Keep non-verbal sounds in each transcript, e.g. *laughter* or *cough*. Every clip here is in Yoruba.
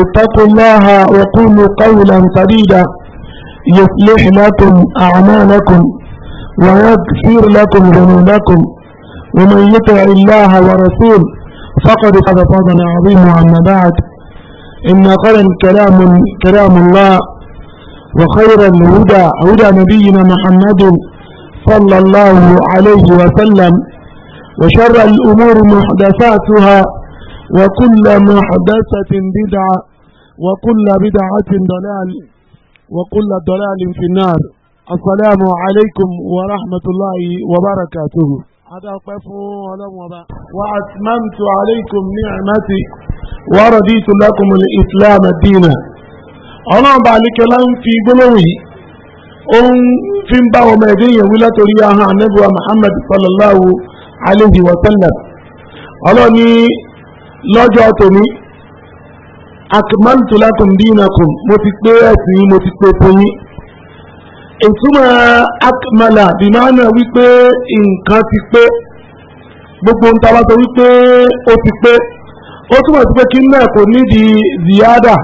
اتقوا الله وقولوا قولا سديدا يصلح لكم أعمالكم ويغفر لكم ذنوبكم ومن يطع الله ورسوله فقد قد فضل عظيما عما بعد إن قال الكلام كلام الله وخير الهدى هدى نبينا محمد صلى الله عليه وسلم وشر الأمور محدثاتها وكل محدثة بدعة وكل بدعة ضلال وكل ضلال في النار السلام عليكم ورحمة الله وبركاته هذا وأتممت عليكم نعمتي ورديت لكم الإسلام دينا ọlọ́run bá alikẹ́lá ń fi gbólóhùn yìí ó ń fi ń bá ọmọ ẹ̀dẹ́ èèyàn wí látòrí ahọ́n anábíwá Muhammad sallallahu alayhi wa sallam ọlọ́run ní lọ́jọ́ tòní akmaltu lakum dinakum mo ti pé ẹ̀sìn yín mo ti pé fún ìtumọ̀ akmala bí máa náà wípé nǹkan ti pé gbogbo ń tàbá sọ wípé ó ti pé ó túmọ̀ sí pé kí náà kò nídìí ziyada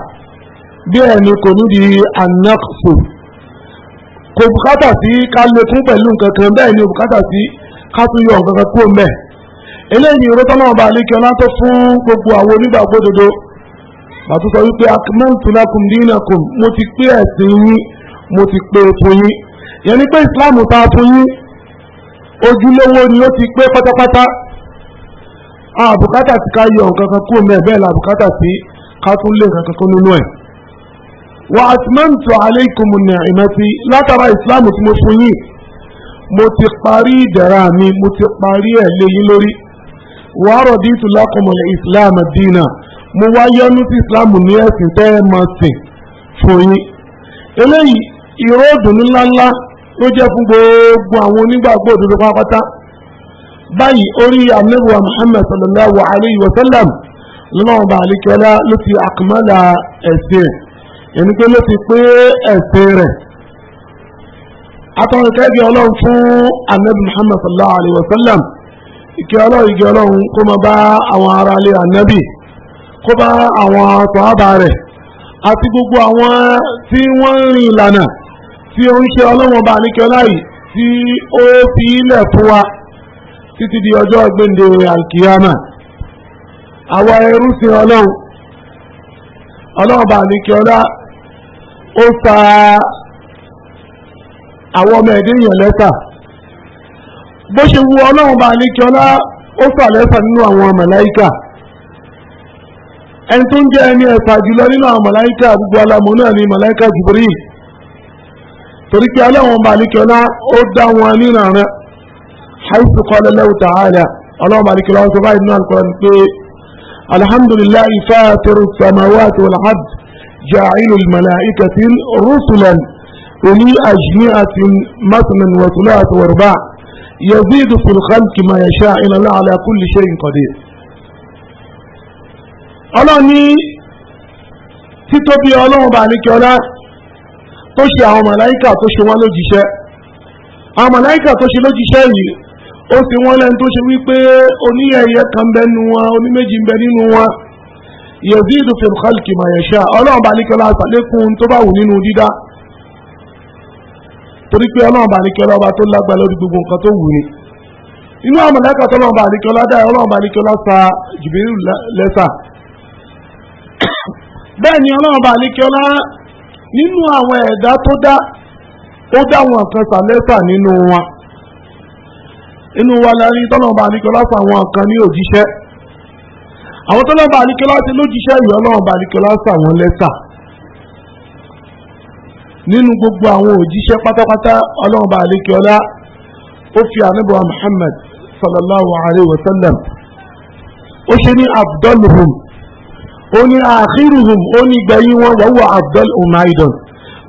bí ẹni kò nídìí anakso kò bùkátà sí ká lékún pẹ̀lú nǹkan kan bẹ́ẹ̀ ni bùkátà sí ká tún yọ nǹkan kan kúrò mẹ́ẹ̀ eléyìí ìró tọ́lọ́wọ́ bá lékè ọlá tó fún gbogbo àwọn onígbàgbọ́ òdodo bàtú sọ wípé akmẹ́ǹtù lakum dinakum mo ti pé ẹ̀sìn yín mo ti pé fún yín yẹn ni pé ìsìláàmù ta fún yín ojúlówó ni ó ti pé pátápátá àbùkátà ti ká yọ nǹkan kan kúrò mẹ́ẹ̀ bẹ́ẹ̀ làbùkátà ti ká tún lé nǹkan kan nínú ẹ̀ wa atmamtu alaykum ni'mati látara ìsìláàmù tí mo fún yín mo ti parí ìdẹ̀ra mi mo ti parí ẹ̀ lé yín lórí wàárọ̀ bí ìtùlákọ̀mọ̀ islam dínà mo wá yọ́nú sí islam ní ẹ̀sìn tẹ́ ẹ mọ̀ sìn fún yín eléyìí ìró ìdùnnú ńláńlá ló jẹ́ fún gbogbo àwọn onígbàgbọ́ òdodo pátápátá báyìí orí ànábìwá muhammad sallallahu alayhi wa sallam lọ́wọ́ bá àlékẹ́lá ló ti àkùmọ́lá ẹ̀sìn rẹ̀ ẹni pé ló ti pé ẹ̀sìn rẹ̀ atọ́rọ̀kẹ́ ọlọ́run fún ànábì muhammad sallallahu alayhi wa sallam ìkẹ́ ọlọ́run ìgẹ́ ọlọ́run kó máa bá àwọn ará ilé ànábì kó bá àwọn sọ̀hábà rẹ̀ àti gbogbo àwọn tí wọ́n ń rìn ìlànà tí ó ń ṣe ọba àníkẹ́ tí ó fi ilẹ̀ fún di ọjọ́ gbèǹde alkiyama àwa ẹrú sí ọlọ́run ọlọ́run ọba ó sa àwọn ọmọ ẹ̀dínyàn bó ṣe wu ọlọ́run bá lékè ọlá ó sàlẹ́fà nínú àwọn àmàláìkà ẹni tó ń jẹ́ ẹni ẹ̀fà jùlọ nínú àwọn àmàláìkà gbogbo alamọ̀ náà ni màláíkà Jibril torí pé ọlọ́run bá lékè ọlá ó dá wọn nínú àrẹ haifu tá a rẹ̀ ọlọ́run bá lékè ọlá ó sọ báyìí nínú Al-Qur'an pé alhamdulillahi fatiru samawati wal ard جاعل الملائكة رسلا أولي أجنئة مثنى وثلاث وارباع يزيد في الخلق ما يشاء إن الله على كل شيء قدير ọlọ́ni títóbi ọlọ́run bá níkẹ́ ọlá tó ṣe àwọn màláíkà tó ṣe wọ́n lójíṣẹ́ àwọn màláíkà tó ṣe lójíṣẹ́ yìí ó sì wọ́n lẹ́nu tó ṣe wípé oníyẹ̀yẹ kan bẹ nínú wọn oníméjì ń bẹ nínú wọn yazidu fil khalqi ma yasha ọlọ́run bá níkẹ́ ọlá àtàlékún tó bá wù nínú dídá torí pé ọlọ́run bá nìkẹ́ ọba tó lágbára lórí gbogbo nǹkan tó wù ní inú àmọ̀lẹ́kà tó ọlọ́run bá nìkẹ́ ọlá dáa ọlọ́run bá nìkẹ́ ọlá sa jìbìrì lẹ́sà bẹ́ẹ̀ ni ọlọ́run bá nìkẹ́ ọlá nínú àwọn ẹ̀dá tó dá ó dá wọn kan sa lẹ́sà nínú wọn inú wa la rí tọ́lọ́run bá nìkẹ́ ọlá sa wọn kan ní òjíṣẹ́ àwọn tọ́lọ́run bá nìkẹ́ ọlá ti lójíṣẹ́ ìyọ́ sa wọn lẹ́sà nínú gbogbo àwọn òjíṣẹ́ pátápátá ọlọ́run bá àlékè ọlá ó fi ànábọ̀wá Muhammad sallallahu alayhi wa sallam ó ṣe ní abdulhum ó ní àkírùhùm ó ní gbẹ̀yìn wọn wọ́wọ́ abdulhum aidan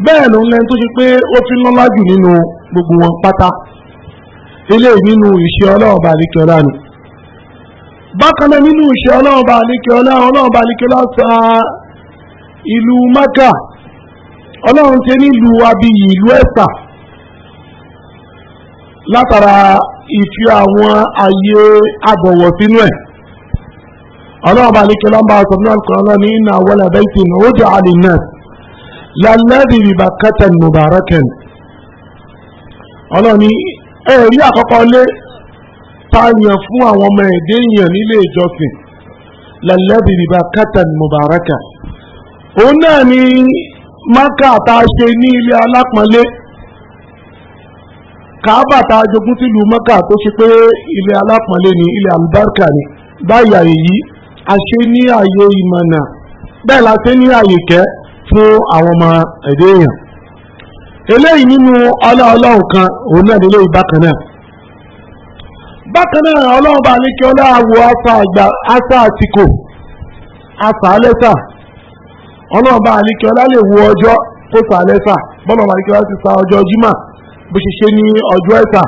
bẹ́ẹ̀ ló ń lẹ́nu tó ṣe pé ó fi lọ́lá jù nínú gbogbo wọn pátá ilé nínú ìṣe ọlọ́run bá àlékè ọlá ni bákan nínú ìṣe ọlọ́run bá àlékè ọlá ọlọ́run bá àlékè ọlá sa ìlú Mẹ́kà ọlọ́run ṣe nílùú wa bí ìlú ẹ̀sà látara ìfi àwọn àyè abọ̀wọ̀ sínú ẹ̀ ọlọ́run bá lékè lọ́mbà sọ̀rọ̀ kan náà ní inna awwala baytin wudi'a linnas lalladhi bi Bakkata mubarakan ọlọ́run ní ẹ̀rí àkọ́kọ́ lé tààyàn fún àwọn ọmọ ẹ̀dẹ́ èèyàn nílé ìjọsìn lalladhi bi Bakkata mubarakan òun náà ní maka tá a ṣe ní ilé alápọ̀nlé kaaba tá a jogún sílùú maka tó ṣe pé ilé alápọ̀nlé ni ilé alibarika ni báyìí àyè yìí a ṣe ní àyè ìmọ̀nà bẹ́ẹ̀ la ṣe ní àyè kẹ́ fún àwọn ọmọ ẹ̀dẹ́ èèyàn eléyìí nínú ọlọ́ọ̀lọ́hùn kan òun náà nílé ìbákan náà bákan náà ọlọ́run ní kí ọlọ́àwọ̀ asa àgbà asa àtìkò asa alẹ́ta ọlọ́ọ̀bá àlekíọ́lá lè wo ọjọ́ ó sà lẹ́sà bọ́lọ̀ọ̀bá ti sa ọjọ́ jimá bó ṣe ṣe ní ọjọ́ ẹ̀sà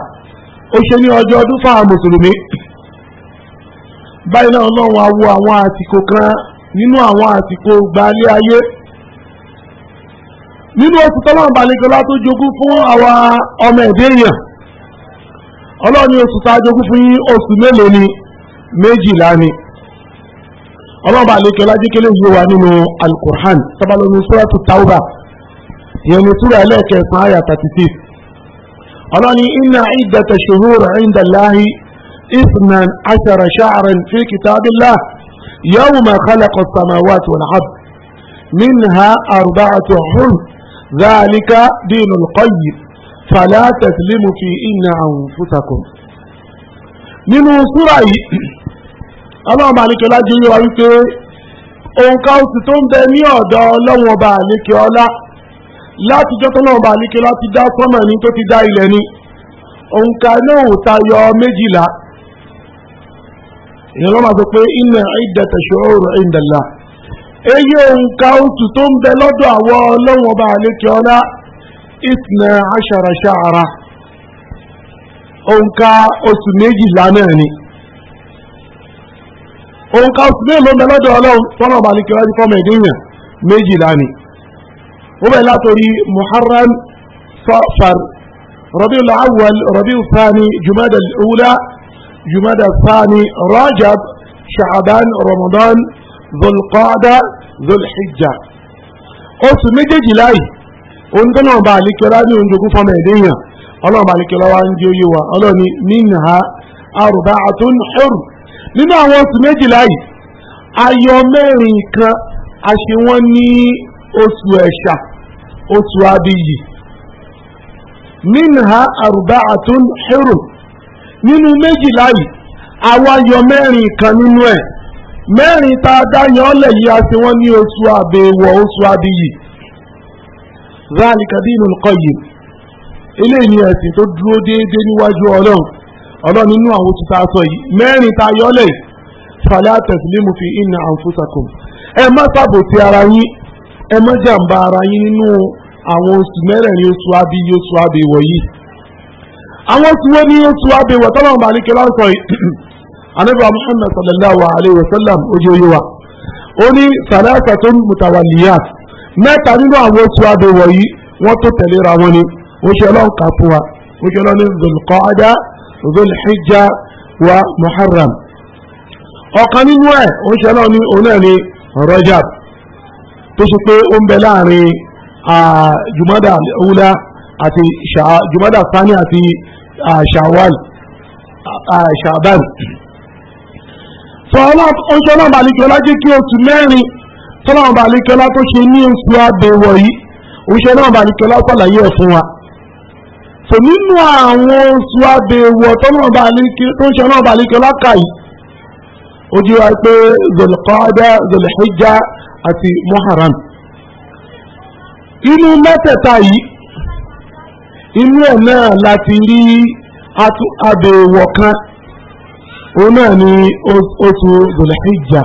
ó ṣe ní ọjọ́ ọdún fáwọn mùsùlùmí báyìí náà àwọn àsìkò kan nínú àwọn àsìkò gbalé ayé nínú oṣù tó jogún fún àwa ọmọ ẹ̀dẹ́ èèyàn oṣù tá a jogún fún yín oṣù mélòó ni ọlọ́ba àlekẹ́ lájẹ́kẹ́lẹ́ yìí wà nínú alukur'an sábàlónú sọ́ràtù tauba ìyẹn ní súrà ẹlẹ́ẹ̀kẹsàn áyà 36 ọlọ́ni inna iddata shuhur inda Allahi اثنا عشر شعرا في كتاب الله يوم خلق السماوات والعرض منها أربعة حر ذلك دين القيم فلا تسلموا في إن أنفسكم من سورة ọlọ́run bá àlekè ọlá jẹ́ yé wa wípé òǹkà oṣù tó ń bẹ ní ọ̀dọ̀ ọlọ́run ọba àlekè ọlá láti jọ́ tọ́lọ́run ọba àlekè ọlá ti dá sọ́mọ̀ ní tó ti dá ilẹ̀ ni òǹkà náà ò tayọ méjìlá èèyàn lọ́mà sọ pé inna iddata shuhur inda Allah èyí òǹkà oṣù tó ń bẹ lọ́dọ̀ àwọn ọlọ́run ọba àlekè ọlá ìtìnà àṣàràṣàrà òǹkà oṣù méjìlá náà ni òun ká oṣù mélòó mẹ́ lọ́dọ̀ ọlọ́run tọ́nà ọba ní kíwájú fọ́mọ ìdíyàn méjìlá ni ó bẹ̀ látòrí muharram safar rabiul awwal rabiul thani jumada al-ula jumada thani rajab sha'ban ramadan zulqada zulhijja oṣù méjèjìlá yìí òun tọ́nà ọba ní kíwájú òun jogún fọ́mọ ìdíyàn ọlọ́run ọba ní kíwájú wa ọlọ́run ní minha arba'atun hurr nínú àwọn oṣù méjìlá yìí ayọ̀ mẹ́rin kan a ní oṣù ẹ̀ṣà oṣù abiyì minha arba'atun hurum nínú méjìlá yìí àwa yọ mẹ́rin kan nínú ẹ̀ mẹ́rin tá a dá yan ọ́lẹ̀ yìí a ní oṣù àbẹ̀wọ̀ oṣù abiyì zalika dinul qayyim eléyìí ni ẹ̀sìn tó dúró déédéé níwájú ọlọ́run ọlọ́run nínú àwọn oṣù tá a sọ yìí mẹ́rin tá a yọlẹ̀ fàlẹ́ àtẹ̀sílẹ́mù fi ìnà àǹfọ̀sàkùn ẹ má ṣàbòtí ara yín ẹ má jàǹbá ara yín nínú àwọn oṣù mẹ́rẹ̀ẹ̀rin oṣù abí oṣù abẹ́wọ̀ yìí àwọn oṣù wo ni oṣù abẹ́wọ̀ tọ́lọ́run bá ní kí lọ́sọ̀ yìí anabi *clears throat* muhammad sallallahu alayhi wa sallam ojú oyé wa ó ní sàlẹ́sà tó mutawalliyat mẹ́ta nínú àwọn oṣù abẹ́wọ̀ yìí wọ́n tó tẹ̀léra wọn ni oṣù ọlọ́run kà fún wa oṣù ọlọ́run ní zulqaada zulhijja wa ومحرم. ọ̀kan nínú ẹ̀ ó ṣe náà ní òun náà ní rajab tó ṣe pé ó ń bẹ láàrin jumada ula àti jumada sani àti shawal shaban fọlá oṣù náà balikọlá jẹ́ kí oṣù mẹ́rin tọ́lá balikọlá tó ṣe ní oṣù abẹ̀wọ̀ yìí oṣù náà balikọlá ṣàlàyé ẹ̀ fún wa so nínú àwọn oṣù abèwọ̀ tó ń ṣe náà bá lékè lákàyè ojú wa pé zolqada zolhijja àti muharram inú mẹ́tẹ̀ẹ̀ta yìí inú ẹ̀ náà láti rí abèwọ̀ kan òun náà ni oṣù zolhijja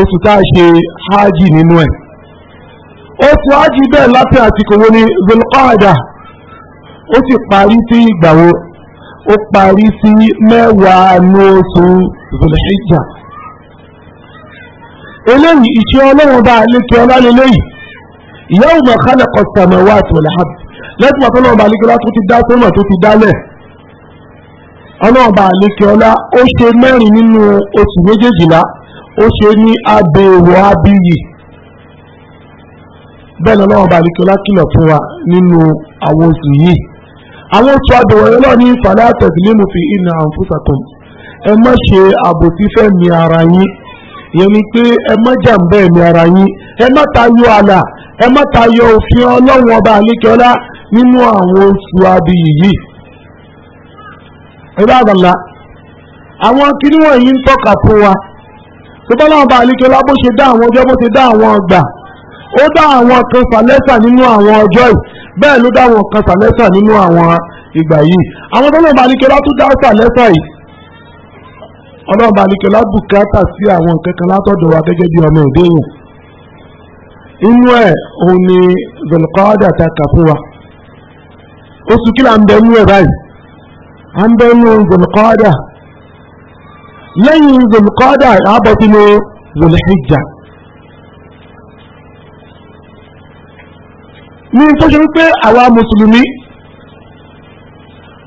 oṣù tá a ṣe hajj nínú ẹ̀ oṣù hajj bẹ́ẹ̀ láti àsìkò wo ni zolqada ó sì parí sí ìgbà wo ó parí sí mẹ́wàá ní oṣù zulhijja eléyìí iṣẹ́ ọlọ́run bá lékè ọlá lélẹ́yìí yawma khalaqa as-samawati wal-ard lẹ́tùmọ̀ tó lọ́wọ́ bá lékè ọlá tó ti dá sọ́nà tó ti dálẹ̀ ọlọ́run bá lékè ọlá ó ṣe mẹ́rin nínú oṣù méjèèjìlá ó ṣe ní abẹ́wò abiyì bẹ́ẹ̀ ni ọlọ́run bá lékè ọlá kìlọ̀ fún wa nínú àwọn oṣù yìí àwọn oṣù àdìwọ̀nyẹ́ náà ní fàlẹ́ àtẹ̀sílẹ́nu fi ìnà àǹfùsàkùn ẹ má ṣe àbòsí mi ara yín yẹn ni pé ẹ má jàǹbẹ́ ẹ̀mí ara yín ẹ má ala àlà ẹ má tayọ òfin ọlọ́run ọba àlékẹ́ọ́lá nínú àwọn oṣù abiyì yìí. ẹ bá àwọn ń tọ́ka fún ọba àlékẹ́ọ́lá bó ṣe dá àwọn ọjọ́ bó ṣe dá àwọn ó dá àwọn kan sàlẹ́sà nínú àwọn ọjọ́ yìí bẹ́ẹ̀ ló dá àwọn kan sàlẹ́sà nínú àwọn ìgbà yìí àwọn tọ́lọ́ bá nìkẹ́lá tó dá sàlẹ́sà yìí ọlọ́run bá nìkẹ́lá bùkátà sí àwọn kankan látọ̀dọ̀ wa gẹ́gẹ́ bí ọmọ ìdéhùn inú ẹ̀ òun ni zulqaada ta kà fún wa oṣù kí là ń bẹ nú ẹ̀ báyìí à ń bẹ nú zulqaada lẹ́yìn zulqaada àbọ̀ sínú ní tó ṣe wípé àwa mùsùlùmí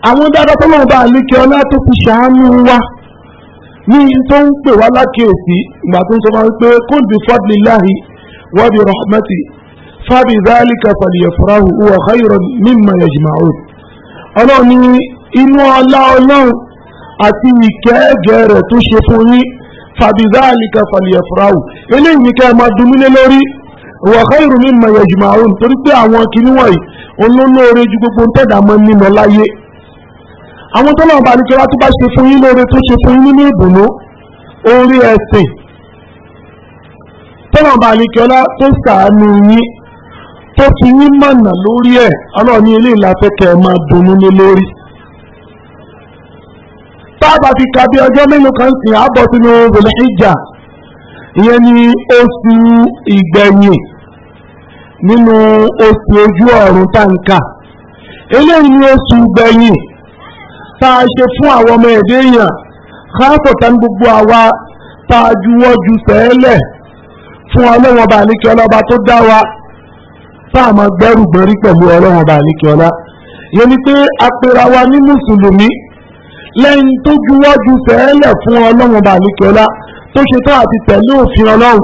àwọn dáadáa tó lọ́wọ́ bá àlékè ọlá tó fi ṣàánú wa ní tó ń pè wá lákèésí ìgbà tó ń sọ máa ń pé kul bi fadlillahi wa bi rahmati fabi dhalika falyafrahu huwa khayran mimma yajma'un ọlọ́run ní inú ọlá ọlọ́run àti ìkẹ́ẹ̀gẹ́ rẹ̀ tó ṣe fún yín fabi dhalika falyafrahu eléyìí ní ká wa khairu mimma yajma'un torí pé àwọn kìíní wọ̀nyí olólóore ju gbogbo tẹ́dà mọ́ nínú láyé àwọn tó lọ́wọ́ bá ní kíra tó bá ṣe fún yín lóore tó ṣe fún yín nínú ìbùnú orí ẹ̀sìn tó lọ́wọ́ bá ní kíra tó sàánú yín tó fi yín mọ̀nà lórí ẹ̀ ọlọ́ọ̀ni ilé ìlàfẹ́kẹ̀ máa dunnú ní lórí tá fi ka bí ọjọ́ mélòó kan sìn àbọ̀ sínú ìyẹn ni oṣù ìgbẹ̀yìn nínú oṣù ojú ọ̀run táǹkà eléyìí ni oṣù gbẹ̀yìn tá a ṣe fún àwọn ọmọ ẹ̀dẹ́ èèyàn káàkọ̀tàn gbogbo àwa tá a juwọ́ ju sẹ́ẹ̀lẹ̀ fún ọlọ́wọ́n bá àlékè ọlọ́ba tó dá wa tá a máa gbẹ́rù gbẹ́rí pẹ̀lú ọlọ́wọ́n bá àlékè ọlá yẹn ni pé apẹ̀rẹ̀ wa ní mùsùlùmí lẹ́yìn tó juwọ́ ju sẹ́ẹ̀lẹ̀ fún ọlọ́wọ́n bá àlékè ọlá tó ṣe tó àti tẹ̀lé òfin ọlọ́run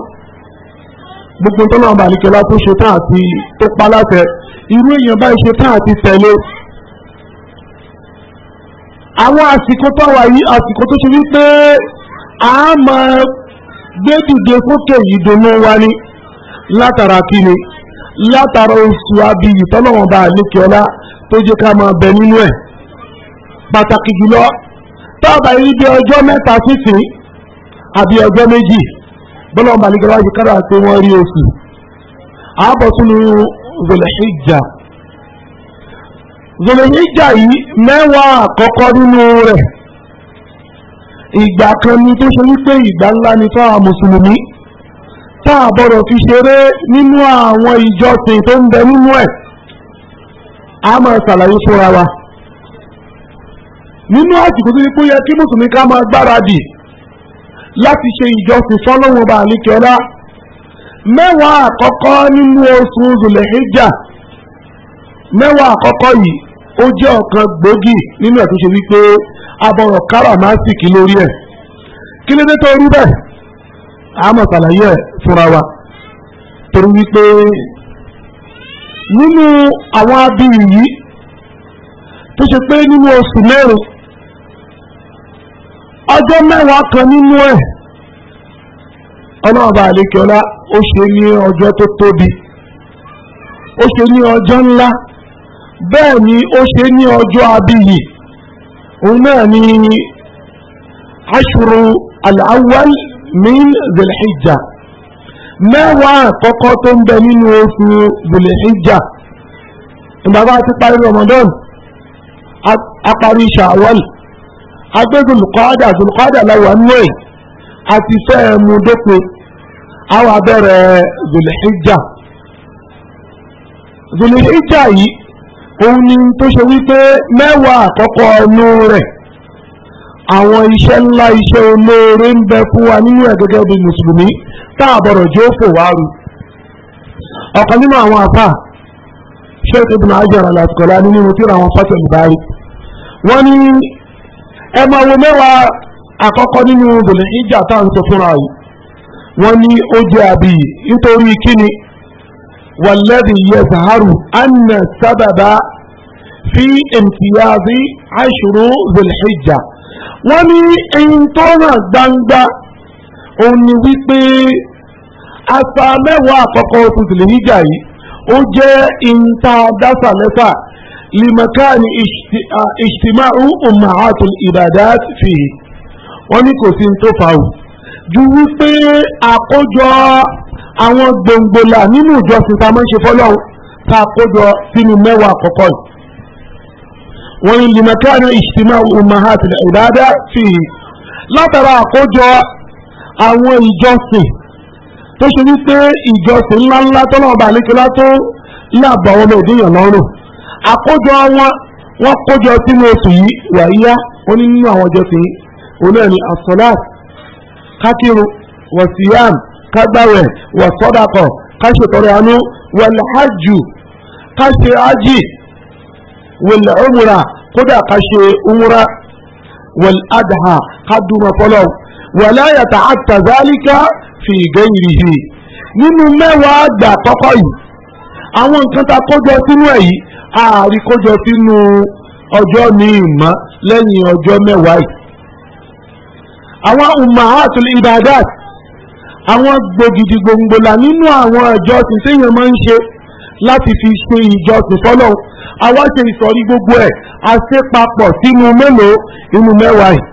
gbogbo tó náà bàlíkẹ́lá tó ṣe tán àti tó pa láṣẹ irú èèyàn báyìí ṣe tán àti tẹ̀lé àwọn àsìkò tó wà yìí àsìkò tó ṣe wípé a máa gbé dìde sókè ìdùnnú wa ni látara kíni látara oṣù abiyì tọ́lọ́wọ́n bá àlékèọ́lá tó jẹ́ ká máa bẹ nínú ẹ̀ pàtàkì jùlọ táàbà yìí di ọjọ́ mẹ́ta sísìn àbí ọjọ́ méjì bọ́lá ọba àlejò wájú kára pé wọ́n rí oṣù àbọ̀ tún ní zolehijja zolehijja yìí mẹ́wàá àkọ́kọ́ nínú rẹ̀ ìgbà kan ni tó ṣe wípé ìgbà ńlá ni fáwọn mùsùlùmí tá a bọ̀rọ̀ fi ṣeré nínú àwọn ìjọsìn tó ń bẹ nínú ẹ̀ a máa ṣàlàyé fúnra wa nínú àsìkò tó ní pé yẹ kí mùsùlùmí ká máa gbáradì láti ṣe ìjọsìn fọ́lọ́wọ́n bá àlékẹ́lá mẹ́wàá àkọ́kọ́ nínú oṣù Zulhijja mẹ́wàá àkọ́kọ́ yìí ó jẹ́ ọ̀kan gbòógì nínú ẹ̀ tó ṣe wípé abọ̀rọ̀ káràmásìkì lórí ẹ̀ kí ló dé tó rí bẹ́ẹ̀ àmọ́ ṣàlàyé ẹ̀ fúnra wa torí wípé nínú àwọn abirùn yìí tó ṣe pé nínú oṣù mẹ́rin ọjọ́ mẹ́wàá kan nínú ẹ̀ ọlọ́ọ̀bà àlekẹ́ọ́lá ó ṣe ní ọjọ́ tó tóbi ó ṣe ní ọjọ́ ńlá bẹ́ẹ̀ ni ó ṣe ní ọjọ́ abiyì òun náà ni ashuru al-awwal min zilhijja mẹ́wàá àkọ́kọ́ tó ń bẹ nínú oṣù zilhijja ìgbà bá ti parí ramadan a parí agbẹ́gùn kọ́dà gùn kọ́dà láwà ní ẹ̀ àti fẹ́ mú dópin àwọn abẹ́rẹ́ zulhijja zulhijja yìí òun ni tó ṣe wípé mẹ́wàá àkọ́kọ́ ọnú rẹ̀ àwọn iṣẹ́ ńlá iṣẹ́ olóore ń bẹ fún wa nínú ẹ̀ gẹ́gẹ́ bí mùsùlùmí tá a bọ̀rọ̀ jó fò wá rú ọ̀kan nínú àwọn àfà Sheikh Ibn Hajar al nínú tíra àwọn fásitì báyìí wọ́n ní ẹ máa wo mẹ́wàá àkọ́kọ́ nínú bòlẹ̀ ìjà tá à ń sọ fúnra yìí wọ́n ní ó jẹ́ àbí nítorí kíni wàlẹ́dì yẹ̀sàárù anna sábàbá fi imtiyazi aṣùrù zulhijja wọ́n ní ẹyin tó hàn gbangba òun ni wípé asa mẹ́wàá àkọ́kọ́ oṣù zulhijja yìí ó jẹ́ ìntàdásà lẹ́fà لمكان ìṣtìmáà ummahatul العبادات فيه، wọ́n ní kò sí tó fà ó ju wípé àkójọ àwọn gbòǹgbòlà nínú ìjọsìn tá a máa ń ṣe fọ́lọ́run tá a kójọ sínú mẹ́wàá àkọ́kọ́ yìí wọ́n ní limakani ìṣtìmáà ummahatul ibadat fihi látara àkójọ àwọn ìjọsìn tó ṣe wípé ìjọsìn ńláńlá tọ́lọ́ọ̀bà àlékelá tó lábàá ọmọ ìdíyàn lọ́rùn àkójọ wọn wọ́n kójọ sínú oṣù yìí wàyíyá ó ní nínú àwọn ọjọ́ tèyí òun náà ni asọ́láàt kákírun wọ̀síyàm kágbáwẹ̀ wọ̀sọ́dàkọ̀ káṣetọrẹ àánú wọ̀lẹ́hájù káṣe ájì wọ̀lẹ́ ọ̀mùrà kódà káṣe ọ̀mùrà wọ̀lẹ́àdàhà kádùmọ̀ fọlọ́ wọ̀láyàtà àtàzálíkà fi gẹ́yìrì nínú mẹ́wàá àgbà kọ́kọ́ yìí àwọn nǹkan tá a kójọ sínú ẹ̀ yìí àríkójọ sínú ọjọ́ ní ìmọ̀ lẹ́yìn ọjọ́ mẹ́wàá yìí. àwọn ummahatul ibadat àwọn gbògidì gbòǹgbòlà nínú àwọn ìjọsìn téèyàn máa ń ṣe láti fi ṣe ìjọsìn fọ́lọ́ àwa ṣe ìsọ̀rí gbogbo ẹ̀ a ṣe papọ̀ sínú mélòó inú mẹ́wàá yìí.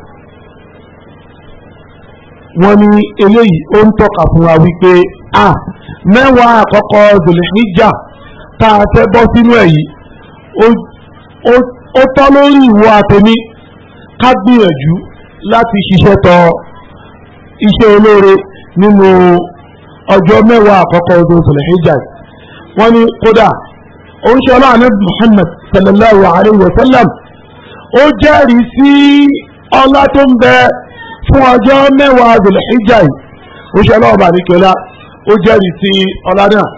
wọ́n ní eléyìí ó ń tọ́ka fún wa wípé a mẹ́wàá àkọ́kọ́ Dhul Hijjah tá a fẹ́ bọ́ sínú ẹ̀ yìí ó tọ́ lórí ìwọ àtẹ̀mí ká gbìyànjú láti ṣiṣẹ́ tọ iṣẹ́ olóore nínú ọjọ́ mẹ́wàá àkọ́kọ́ ọdún sọ̀lẹ̀híjà wọ́n ní kódà oúnjẹ ọlọ́run Muhammad sallallahu alayhi wa sallam ó jẹ́rìí sí ọlá tó ń bẹ fún ọjọ́ mẹ́wàá sọ̀lẹ̀híjà oúnjẹ ọlọ́run bá nìkẹ́lá ó jẹ́rìí sí ọlá náà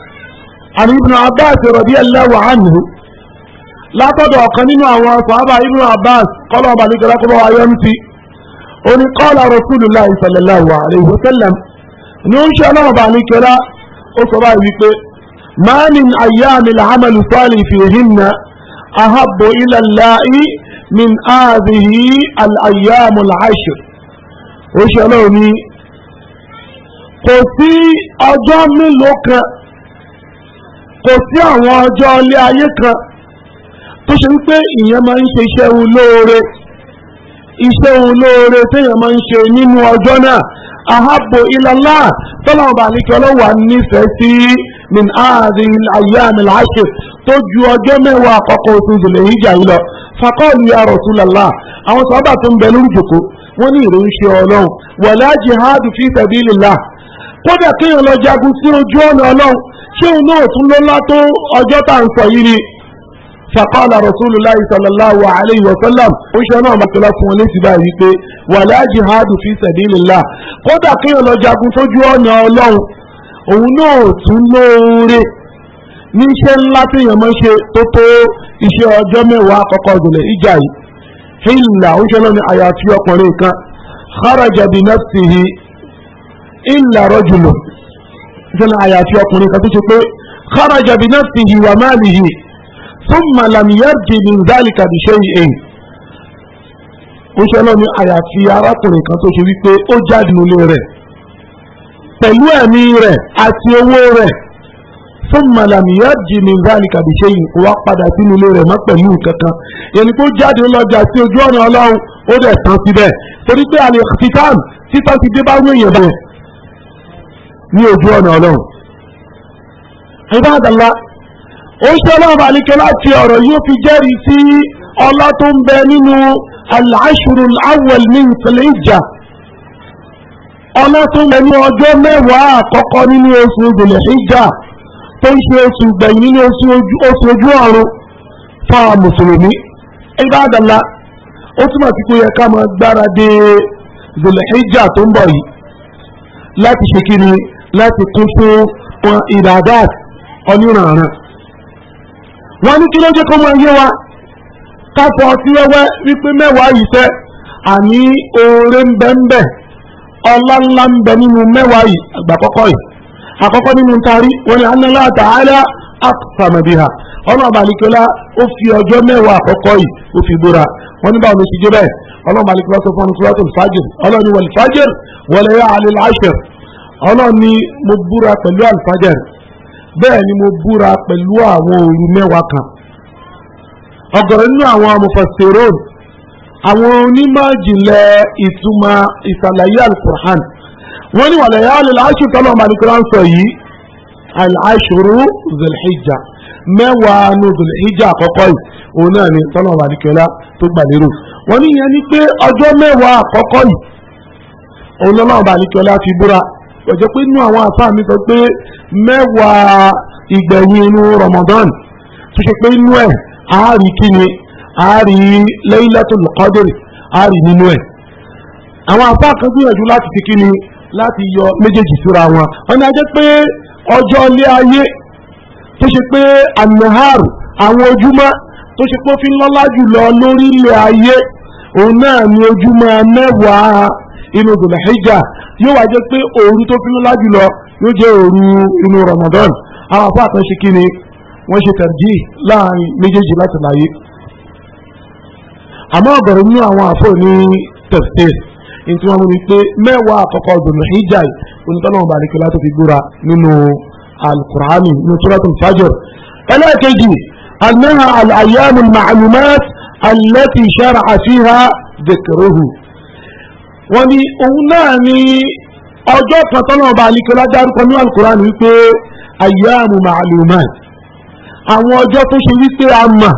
àní Ibn Abbas radiyallahu anhu látọ̀dọ̀ ọ̀kan nínú àwọn sàhábà ibnu abbas kọ́lọ̀ ọba nígbà lákọ́bọ̀ ayọ́ntì oní kọ́lá rasulullahi sallallahu alaihi wa sallam ní ó ń ṣe ọlọ́wọ́ ọba nígbà ó sọ báyìí wípé máa ní ayyami al-amalu salih fihinna ahabbu ila Allahi min hadhihi al-ayyamu al-ashr ó ṣe ọlọ́wọ́ ní kò sí ọjọ́ mélòó kan kò sí àwọn ọjọ́ ilé ayé kan tó ṣe wípé ìyẹn máa ń ṣe iṣẹ́ òun lóore iṣẹ́ òun lóore téèyàn máa ń ṣe nínú ọjọ́ náà ahabbo ilallah tọ́lọ́wọ́n bá ní kí ọlọ́wà nífẹ̀ẹ́ sí min aadi ayyam al-ashr tó ju ọjọ́ mẹ́wàá àkọ́kọ́ oṣù ìdìlẹ̀ ìjà yìí lọ faqalu ya rasulallah àwọn sábà tó ń bẹ lórí jòkó wọ́n ní ìrìnṣẹ́ ọlọ́run wala jihadu fi sabilillah kódà kéèyàn lọ jagun sí ojú ọ̀nà ọlọ́run ṣé òun náà tún lọ́lá tó ọjọ́ tá à ń sọ yìí ni فقال رسول الله صلى الله عليه وسلم وشنا ما تلفون ليس بايبي ولا جهاد في سبيل الله قد كان لو جاغون توجو ọ̀nà Ọlọ́hun òun náà tún lóore ní iṣẹ́ ńlá tí èèyàn máa ń ṣe tó tó iṣẹ́ ọjọ́ mẹ́wàá àkọ́kọ́ ìgbìnlẹ̀ ìjà yìí hìlà ó ṣẹlẹ̀ ní àyàfi ọkùnrin kan kharaja bi nafsihi illa rajulun ṣẹlẹ̀ àyàfi ọkùnrin kan tó ṣe pé kharaja bi nafsihi wa malihi thumma lam yarji min dhalika bi shay'in ó ṣe lọ́ni àyàfi arákùnrin kan tó ṣe wípé ó jáde nílé rẹ̀ pẹ̀lú ẹ̀mí rẹ̀ àti owó rẹ̀ thumma lam yarji min dhalika bi shay'in wá padà sínú ilé rẹ̀ mọ́ pẹ̀lú kankan èyí tó jáde lọ́jà sí ojú ọ̀nà ọlọ́run ó dẹ̀ tán síbẹ̀ torí pé àlè fitan títàn ti dé bá wéèyàn bẹ̀rẹ̀ ní ojú ọ̀nà ọlọ́run. ibadallah ó ṣe ọlọ́run àlíkẹ́ láti ọ̀rọ̀ yóò fi jẹ́rìí sí ọlá tó ń bẹ nínú al-ashru al-awwal min Dhul-Hijjah ọlá tó ń bẹ ní ọjọ́ mẹ́wàá àkọ́kọ́ nínú oṣù Dhul-Hijjah tó ń ṣe oṣù gbẹ̀yìn nínú oṣù ojú ọ̀run fáwọn mùsùlùmí ẹgbẹ́ àdàlá ó túmọ̀ sí pé yẹ ká máa gbáradì Dhul-Hijjah tó ń bọ̀ yìí láti ṣe kí ni láti kún fún ìdàdà onírànràn wọ́n ní kí ló jẹ́ kó máa yé wa kápọ̀ sí ẹwẹ́ wípé mẹ́wàá yìí fẹ́ àní oore ń bẹ ń bẹ ọlá ńlá ń bẹ nínú mẹ́wàá yìí àgbà kọ́kọ́ yìí àkọ́kọ́ nínú taari wọ́n ní anala àtàhálà àfàmàbíhà ọ̀nà àbàlíkọ́lá ó fi ọjọ́ mẹ́wàá àkọ́kọ́ yìí ó fi búra wọ́n ní báwo ló ti bẹ́ẹ̀ ọlọ́run àbàlíkọ́lá sọ fún ọ́n sọ́wọ́tò fàájìr ọlọ́run ni ni mo bẹ́ẹ̀ ni mo búra pẹ̀lú àwọn òru mẹ́wàá kan ọ̀gọ̀rọ̀ nínú àwọn amòfàsẹ̀rọ̀n àwọn onímọ̀ jìnlẹ̀ ìtumọ̀ ìsàlàyé alukur'an wọ́n ní wàlẹ̀ yà á lè láṣù tọ́lọ̀ màdìkúrà ń sọ yìí aláṣùrù zulhijja mẹ́wàá nu zulhijja àkọ́kọ́ yìí òun náà ni tọ́lọ̀ màdìkúrà tó gbà lérò wọ́n ní yẹn ni pé ọjọ́ mẹ́wàá àkọ́kọ́ yìí òun lọ́lọ́ màdìkúrà ti búra ọ̀jẹ́ pé inú àwọn àfáà mi sọ pé mẹ́wàá ìgbẹ̀yìn inú Ramadan tó ṣe pé inú ẹ̀ àárí kíni àárí Laylatul Qadr àárí nínú ẹ̀ àwọn àfáà kan gbìyànjú láti fi kíni láti yọ méjèèjì síra wọn wọn ni a jẹ́ pé ọjọ́ ilé ayé tó ṣe pé anahar àwọn ojúmọ́ tó ṣe pé ó fi lọ́lá jùlọ lórí ilé ayé òun náà ni ojúmọ́ mẹ́wàá inú dùlẹ̀híjà yóò wá jẹ́ pé òru tó fi ńlá jùlọ yóò jẹ́ òru inú Ramadan àwọn àpá àtúnṣe kí ni wọ́n ṣe tẹ̀jí láàrin méjèèjì láti láyé àmọ́ ọ̀bẹ̀rẹ̀ nínú àwọn àfọ̀ ní tẹ̀sítẹ̀ ní tí wọ́n mú ni pé mẹ́wàá àkọ́kọ́ dùlẹ̀híjà onítọ́nà ọba àdìkẹ́ láti fi gbúra nínú alukur'ani nínú suratul fajr ẹlẹ́ẹ̀kejì annaha al-ayyamul ma'lumat allati shara'a wọ́n ní òun náà ní ọjọ́ kan ọba àlìkọ́lá dárúkọ ní alukurani wípé ayyamu ma'lumat àwọn ọjọ́ tó ṣe wípé a mà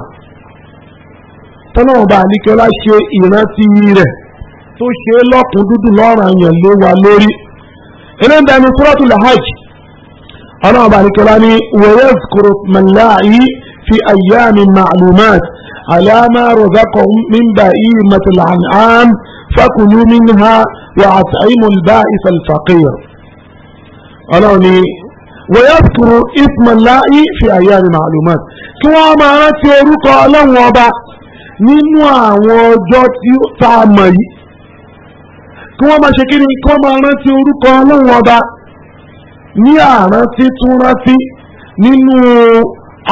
tọ́nà ọba àlìkọ́lá ṣe ìrántí rẹ̀ tó ṣe lọ́kùn dúdú lọ́ranyàn lé wa lórí eléyìí dání suratul hajj ọba àlìkọ́lá ní wa fi على ما رزقهم من بهيمة الأنعام فكلوا منها وأطعموا البائس الفقير ألوني ويذكر اسم الله في أيام معلومات كما ما تيروك ألم وبا nínú àwọn ọjọ́ tí ó ta mọ̀ yìí kí wọ́n máa ṣe kí ni kọ́ máa rántí orúkọ ọlọ́run ọba ní àrántí tún rántí nínú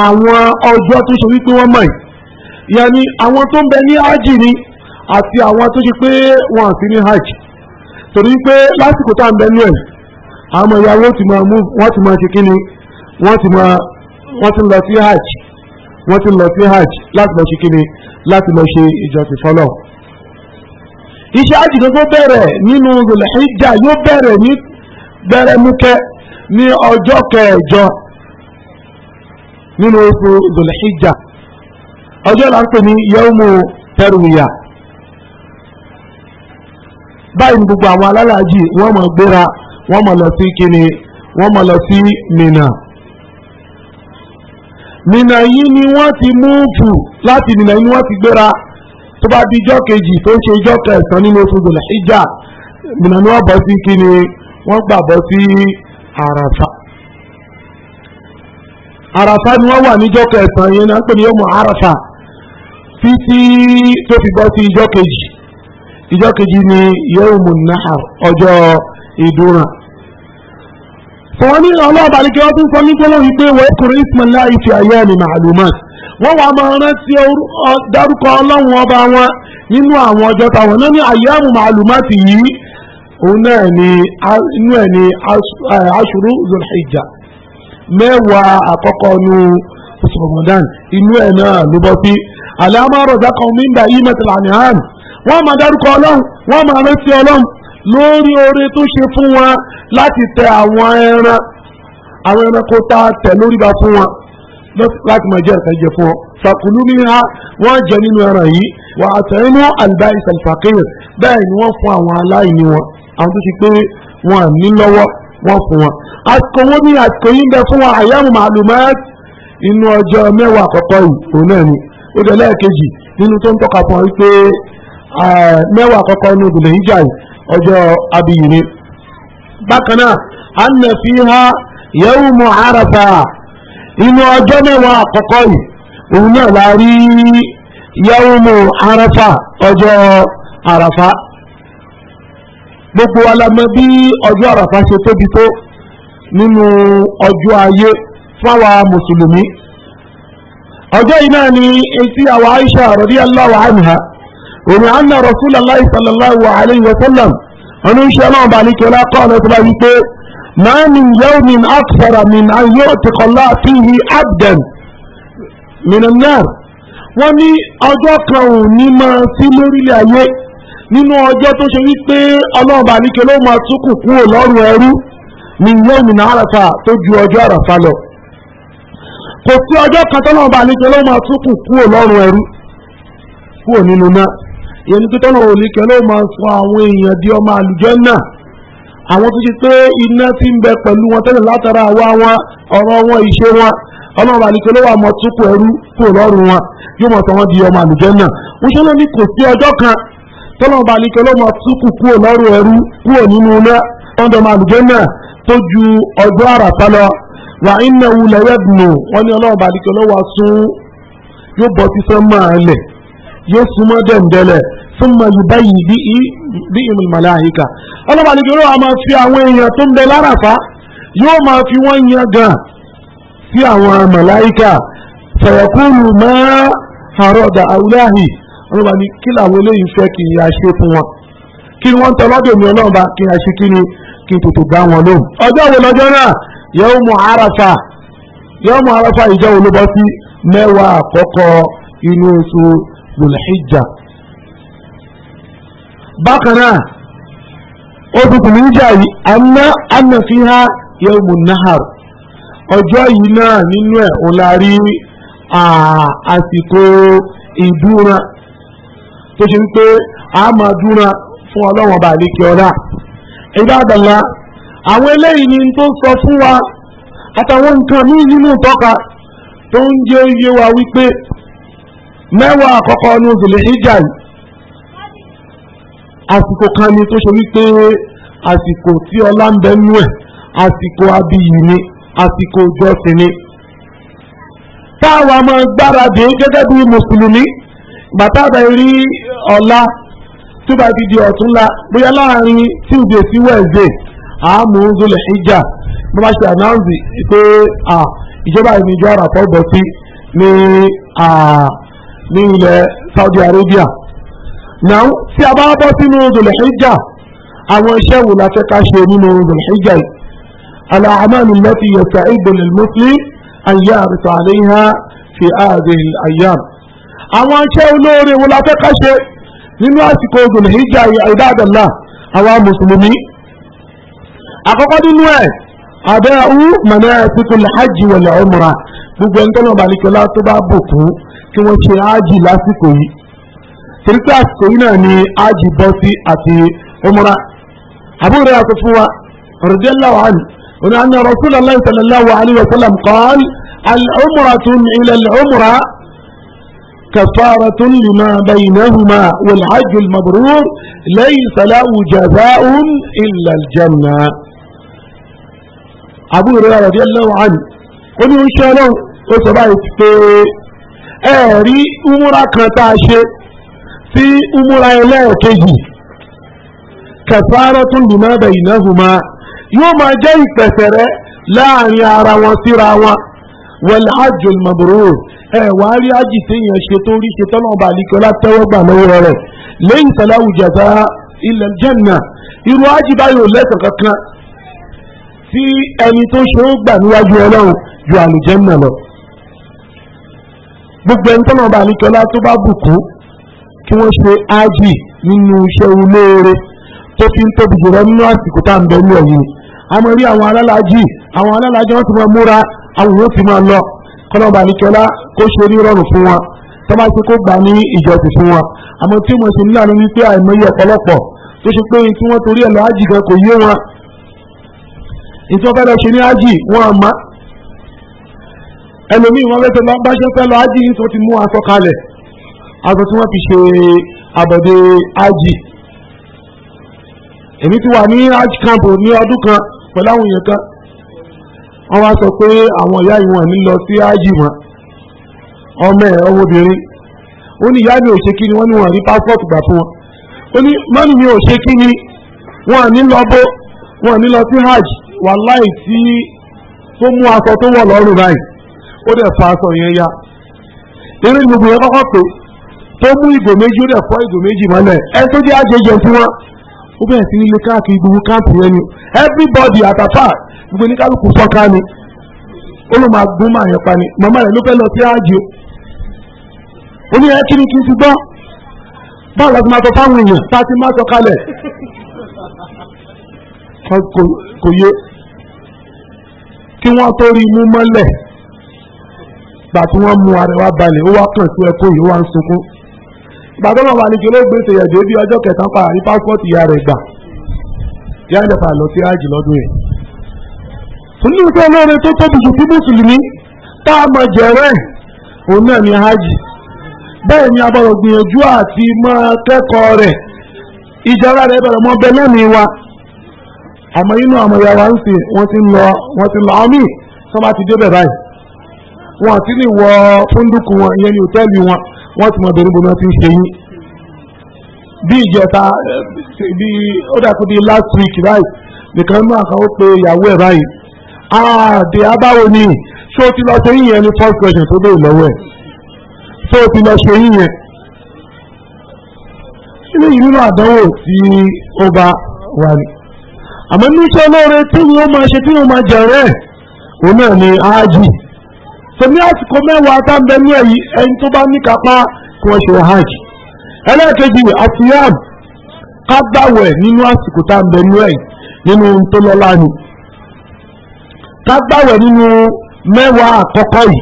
àwọn ọjọ́ tó ṣe wípé wọ́n mọ̀ yìí yàní àwọn tó ń bẹ ní hajj ni àti àwọn tó ṣe pé wọn àti ní hajj torí pé lásìkò tá à ń bẹ nú ẹ̀ àwọn ìyàwó ti máa mú wọ́n ti máa ṣe kí ni wọ́n ti máa wọ́n ti lọ sí hajj wọ́n ti lọ sí hajj láti lọ ṣe kí ni láti lọ ṣe ìjọsìn fọlọ́ iṣẹ́ hajj tó bẹ̀rẹ̀ nínú Dhul-Hijjah yóò bẹ̀rẹ̀ ní bẹ̀rẹ̀ múkẹ́ ní ọjọ́ kẹjọ nínú oṣù Dhul-Hijjah ọjọ́ là ń pè ní yẹ́wùmù tẹ́rùwìyà báyìí gbogbo àwọn alálàájì wọ́n mọ̀ gbéra wọ́n mọ̀ lọ sí kíni wọ́n mọ̀ lọ sí mìnà mìnà yìí ni wọ́n ti múùfù láti mìnà yìí ni wọ́n ti gbéra tó bá di ijọ́ kejì tó ń ṣe ijọ́ kẹsàn-án nínú oṣù gbòlá ìjà mìnà ni wọ́n bọ́ sí kíni wọ́n gbà bọ́ sí àràfà àràfà ni wọ́n wà níjọ́ kẹsàn-án yẹn náà ń pè ní yọmọ àràfà títí tó fi bọ́ sí ìjọ kejì ìjọ kejì ni yawmun nahar ọjọ́ ìdúràn wọ́n ní ọlọ́ọ̀bà ní kí wọ́n tún sọ ní gbọ́nà wípé wọ́n kùnrin ismaila ife ayé ẹni màálùmọ́ wọ́n wà máa rántí dárúkọ ọlọ́run ọba wọn nínú àwọn ọjọ́ táwọn náà ní ayé ẹmu màálùmọ́ ti yìí òun náà ní inú ẹ̀ ní aṣùrù zulhijja mẹ́wàá àkọ́kọ́ nu oṣù inú ẹ̀ náà ló bọ́ sí àlámọ́rọ̀ dákọ̀ mímba yìí mẹ́tìlá ní hàn wọ́n máa dárúkọ ọlọ́run wọ́n máa rántí ọlọ́run lórí oore tó ṣe fún wọn láti tẹ àwọn ẹran àwọn ẹranko tá a tẹ lórí ba fún wọn láti máa jẹ ẹ̀ka jẹ fún ọ fàkùlù mi ha wọ́n jẹ nínú ẹran yìí wà á tẹ̀yìn mọ́ àlùbáyé sàlùfàkìrì bẹ́ẹ̀ ni wọ́n fún àwọn aláìní wọn àwọn tó ti pé wọn ní lọ́wọ́ wọn fún wọn. àsìkò wo ni àsìkò yìí ń bẹ fún wa àyàmù màlúmáàtì inú ọjọ́ mẹ́wàá àkọ́kọ́ yìí ó dẹ̀ lẹ́ẹ̀kejì nínú tó ń tọ́ka fún wípé mẹ́wàá àkọ́kọ́ ní ìbùnà ìjà ọjọ́ abiyì ni bákan náà anna fi ha yawmu arafa inú ọjọ́ mẹ́wàá àkọ́kọ́ yìí òun náà la rí yawmu arafa ọjọ́ arafa gbogbo alamọ bí ọjọ́ àràfà ṣe tóbi tó nínú ọjọ́ ayé fáwa mùsùlùmí ọjọ́ iná ni etí àwọn aisha radiyallahu anha òní anna rasulallah sallallahu alayhi wa sallam ọdún iṣẹ́ náà bá ní kẹlá kọ́ ọ̀nà tó bá wí pé máa ní yóò ní akṣara min an yóò ti kọ́lá fihi abdan minan nar wọ́n ní ọjọ́ kan ò ní máa sí lórílẹ̀ ayé nínú ọjọ́ tó ṣe wípé ọlọ́run ní kẹlá ó máa túkù kúrò lọ́rùn ẹrú ní yóò ní àràfà tó ju ọjọ́ àràfà lọ kò sí ọjọ́ kan tọ́lọ́wọ́ bá níkẹ́ ló máa túkù kúrò lọ́rùn ẹrú kúrò nínú náà ìyẹn ní tọ́lọ́wọ́ níkẹ́ ló máa sọ àwọn èèyàn di ọmọ àlùjẹ́ náà àwọn tó ṣe pé iná ti ń bẹ pẹ̀lú wọn tẹ́lẹ̀ látara àwa wọn ọ̀rọ̀ wọn ìṣe wọn ọlọ́run bá níkẹ́ ló wà mọ́ túkù ẹrú kúrò lọ́rùn wọn yóò mọ̀ sọ di ọmọ àlùjẹ́ náà mo ṣe lóní kò sí ló máa wà iná wulẹ̀ yẹ́dùnú wọ́n ní ọlọ́run bàdìkẹ́ lọ́wọ́ sún yóò bọ́ sí sánmà lẹ̀ yóò súnmọ́ dẹ̀ǹdẹ̀lẹ̀ súnmọ́ yìí báyìí bí ìmùlẹ̀ àyíká ọlọ́run bàdìkẹ́ lọ́wọ́ máa fi àwọn èèyàn tó ń bẹ láràfá yóò máa fi wọ́n yan gan sí àwọn màláíkà fẹ̀yẹ̀kúrú máa àrọ̀dà àwùláhì ọlọ́ba ní kí làwọn eléyìí fẹ́ kí n yà ṣe fún wọn kí yawmu arafa yawmu arafa ìjọ olóbọ́ sí mẹ́wàá àkọ́kọ́ inú oṣù zulhijja bákan náà oṣù zulhijja yìí fi ha yawmu nahar ọjọ́ yìí náà nínú ẹ̀ òun la rí àsìkò ìdúnra tó ṣe ń a máa fún ọlọ́wọ̀n kí àwọn eléyìí ni tó sọ fún wa àtàwọn nǹkan míì nínú tọ́ka tó ń jẹ́ oyé wa wípé mẹ́wàá àkọ́kọ́ ní òsèlè ìjà yìí àsìkò kan ni tó ṣe wípé àsìkò tí ọlá ń bẹ nú ẹ̀ àsìkò abiyì ni àsìkò ìjọsìn ni táwa máa gbáradì gẹ́gẹ́ bí mùsùlùmí bàtàbà rí ọ̀la tó bá ti di ọ̀túnla bóyá láàrin tíwdè sí wẹ̀ẹ́dẹ̀ẹ́ àmú zulẹ̀ ìjà bó bá ṣe ànáǹsì pé ìjọba ìníjọ àràpọ̀ bọ̀ sí ní ní ilẹ̀ Saudi Arabia náà tí a bá bọ́ sínú zulẹ̀ ìjà àwọn iṣẹ́ wo la fẹ́ ká ṣe nínú zulẹ̀ ìjà yìí alaamani lati yasa'idu lil muslim an yarisa alayha fi hadhihi al ayyam àwọn iṣẹ́ olóore wo la fẹ́ ká ṣe nínú àsìkò zulẹ̀ ìjà yìí ibadallah àwa mùsùlùmí àkọ́kọ́ nínú ẹ̀ àdáhù manasikul hajj wal umra gbogbo ẹni tọ́lọ́ balẹ̀kọ́lá tó bá bò fún kí wọ́n ṣe ájì lásìkò yìí torí pé àsìkò yìí náà ni ájì bọ́ sí àti umra àbúrò rẹ̀ àti fún wa radiyallahu anhu òní àná rasulullahi sallallahu alaihi wa sallam qala al umratun ila al umra. كفارة لما بينهما والحج المبرور ليس له جزاء إلا الجنة أبو هريرة رضي الله عنه قل إن شاء الله وصبعت في أري أمورا تاشي في أمور لا كجي كفارة لما بينهما يوم جاي كسر لا يعني أرى وصيرا والحج المبرور ẹ̀wà rí ájì téèyàn ṣe tó rí ṣe tọ́lọ́ ọba àlìkọ́lá tẹ́wọ́gbà lọ́wọ́ rẹ̀ lẹ́yìn tẹ̀lé àwùjọba ilẹ̀ jẹ́nà irú ájì báyìí ò lẹ́sàn kankan tí ẹni tó ṣe ó gbà níwájú ọlọ́run ju àlùjẹ́nà lọ. gbogbo ẹni tọ́lọ́ ọba àlìkọ́lá tó bá bùkún kí wọ́n ṣe ájì nínú iṣẹ́ olóore tó fi ń tóbi jùlọ nínú àsìkò tá à ń bẹ ní ọ̀yìn àmọ́ rí àwọn alálàájì àwọn alálàájì wọ́n ti máa múra àwọn yóò ti máa lọ kọlọ́ba àníkẹ́lá kó ṣe ní rọrùn fún wọn tó bá ṣe kó gbà ní ìjọsìn fún wọn àmọ́ tí mo ṣe nílànà ní pé àìmọye ọ̀pọ̀lọpọ̀ tó ṣe pé tí wọ́n torí ẹ̀ lọ ájì gan kò yé wọn ìtọ́fẹ́ lọ ṣe ní ájì wọn àmọ́ ẹlòmíì wọn fẹ́ sọ bá ṣe fẹ́ lọ ájì ní tó ti mú aṣọ kalẹ̀ aṣọ tí wọ́n fi ṣe àbọ̀dé ájì èmi ti wà ní ájì kampo ní ọdún kan pẹ̀lú àwọn èèyàn kan wọ́n wá sọ pé àwọn ìyá ìwọ̀n ní lọ sí ájì wọn ọmọ ẹ̀ ọmọbìnrin ó ní ìyá mi ò ṣe kí ni wọ́n ní wọ́n rí pásítọ̀tù gbà fún wọn ó ní mọ́nì mi ò ṣe kí ni wọ́n ní lọ bó wọ́n ní lọ sí hajj wàláì tí tó mú aṣọ tó wọ̀ lọ́rùn báyìí ó dẹ̀ fa aṣọ yẹn ya eré gbogbo yẹn kọ́kọ́ pé tó mú ìgò méjì ó dẹ̀ fọ́ ìgò méjì mọ́lẹ̀ ẹ tó jẹ́ àjẹjẹ fún wọn ó bẹ̀rẹ̀ sí nílé káàkiri gbogbo káàpù rẹ ni everybody at apá gbogbo ní kálukú sọ́ká ni ó ló máa gún máa yẹn pa ni màmá rẹ̀ ló fẹ́ lọ sí ààjò ó ní ẹ kí ni kí n ti gbọ́ báwo la ti máa sọ fáwọn èèyàn tá a ti máa sọ kalẹ̀ kò yé kí wọ́n tó rí mú mọ́lẹ̀ gbà tí wọ́n mú arẹwà balẹ̀ ó wá kàn sí ẹkọ yìí ó wá ń sunkún gbàdúrà wà ní jọlọ gbèsè ẹ̀dọ́ bí ọjọ́ kẹta padà ní pásítọ̀tì ìyá rẹ̀ gbà yá ẹ̀dẹ̀ padà lọ sí ájì lọ́dún yẹn. nínú iṣẹ́ olóore tó tóbi jù fún mùsùlùmí tá a mọ̀ jẹ̀rẹ̀ òun náà ní ájì bẹ́ẹ̀ ni a bọ̀rọ̀ gbìyànjú àti máa kẹ́kọ̀ọ́ rẹ̀ ìjọra rẹ̀ bẹ̀rẹ̀ mọ́ bẹ lónìí wa àmọ́ inú àmọ́ ìyá wa ń sè wọ́n ti lọ wọ́n ti lọ àwọn míì tó bá ti débẹ̀ báyìí wọ́n ti ní wọ fúndùkù wọn ìyẹn ní òtẹ́ẹ̀lì wọn wọ́n ti mọ bẹ̀rù bọ́ná ti ń ṣe yín bí ìjọta eh, bí ó dàtú bí last week right? nìkan náà kan ó pe ìyàwó ẹ̀ báyìí àdè ah, abáwo ni ṣé o ti lọ ṣe yín yẹn ní first question tó béèrè lọ́wọ́ ẹ̀ ṣé o ti lọ ṣe yín yẹn ilé yìí nínú àdánwò tí ó bá wà ní. àmọ́ níṣẹ́ lóore tí wọ́n máa ṣe tí wọ́n máa jẹ̀rẹ́ òun náà ni áájì so ní àsìkò mẹ́wàá tá ń bẹ ní ẹ̀yí ẹni tó bá ní kápá kí wọ́n ṣe hajj ẹlẹ́ẹ̀kejì àfihàn kágbàwẹ̀ nínú àsìkò tá ń bẹ ní ẹ̀yí nínú tó ni kágbàwẹ̀ nínú mẹ́wàá àkọ́kọ́ yìí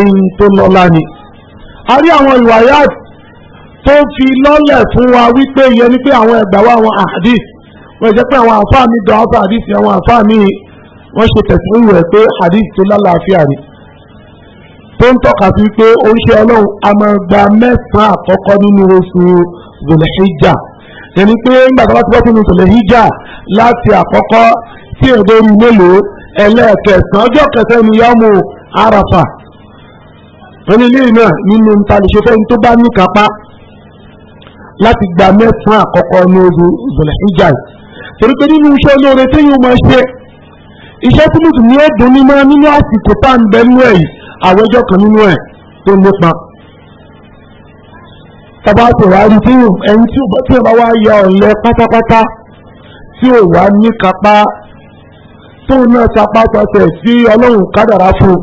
ẹni tó lọ́lá ni a rí àwọn ìwàyà tó fi lọ́lẹ̀ fún wa wípé ìyẹn ni pé àwọn ẹgbàá wa àwọn àdìs wọ́n jẹ́ pé àwọn àfáà mi dọ̀ àwọn àdìs àwọn àfáà mi wọ́n ṣe tẹ̀síwò rẹ̀ pé àdìs tó lálàáfíà ni tó ń tọ́ka sí pé ó ń ṣe ọlọ́run a máa gba mẹ́sàn-án àkọ́kọ́ nínú oṣù zòlẹ́híjà ẹni pé nígbà tó bá ti bọ́ sínú zòlẹ́híjà láti àkọ́kọ́ tí èdè orí mélòó ẹlẹ́ẹ̀kẹsàn ọjọ́ kẹsàn ni yọ́mù àràfà wọn ilé náà nínú ntàlẹ́ṣẹ́ fẹ́ni tó bá ní kápá láti gba mẹ́sàn àkọ́kọ́ ní oṣù zòlẹ́híjà torí pé nínú iṣẹ́ olóore téèyàn máa ṣe iṣẹ́ tí mùsùlùmí ẹ̀dùn ní máa nínú àsìkò tá à ń bẹ́nu ẹ̀ yìí àwẹ́jọ́ kan nínú ẹ̀ tó nípa tọba rí tí ẹni tí ó bá wá ya ọ̀lẹ pátápátá tí ò wá ní kápá tó náà sapá tọ́tẹ̀ sí ọlọ́run kádàrá fún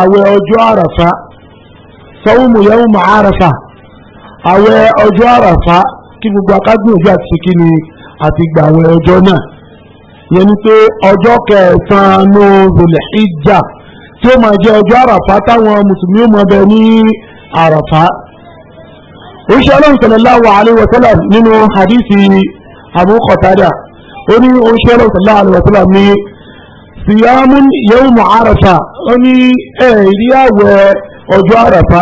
àwẹ̀ ọjọ́ àràfà sọ́wọ́mù yẹ́wù mà àràfà àwẹ̀ ọjọ́ àràfà kí gbogbo akágbìyànjú àti ṣèkí ni àti gbàwẹ̀ ọjọ́ náà yẹn ni pé ọjọ́ kẹsàn-án ló rọlẹ̀ ìjà tí ó máa jẹ́ ọjọ́ àràfá táwọn mùsùlùmí ó máa bẹ ní àràfá oṣù ọlọ́run sallallahu alaihi wa sallam nínú hadithi Abu Qatada ó ní oṣù ọlọ́run sallallahu alaihi wa sallam ní siyamun yawmu àràfá ó ní ẹ̀rí àwẹ̀ ọjọ́ àràfá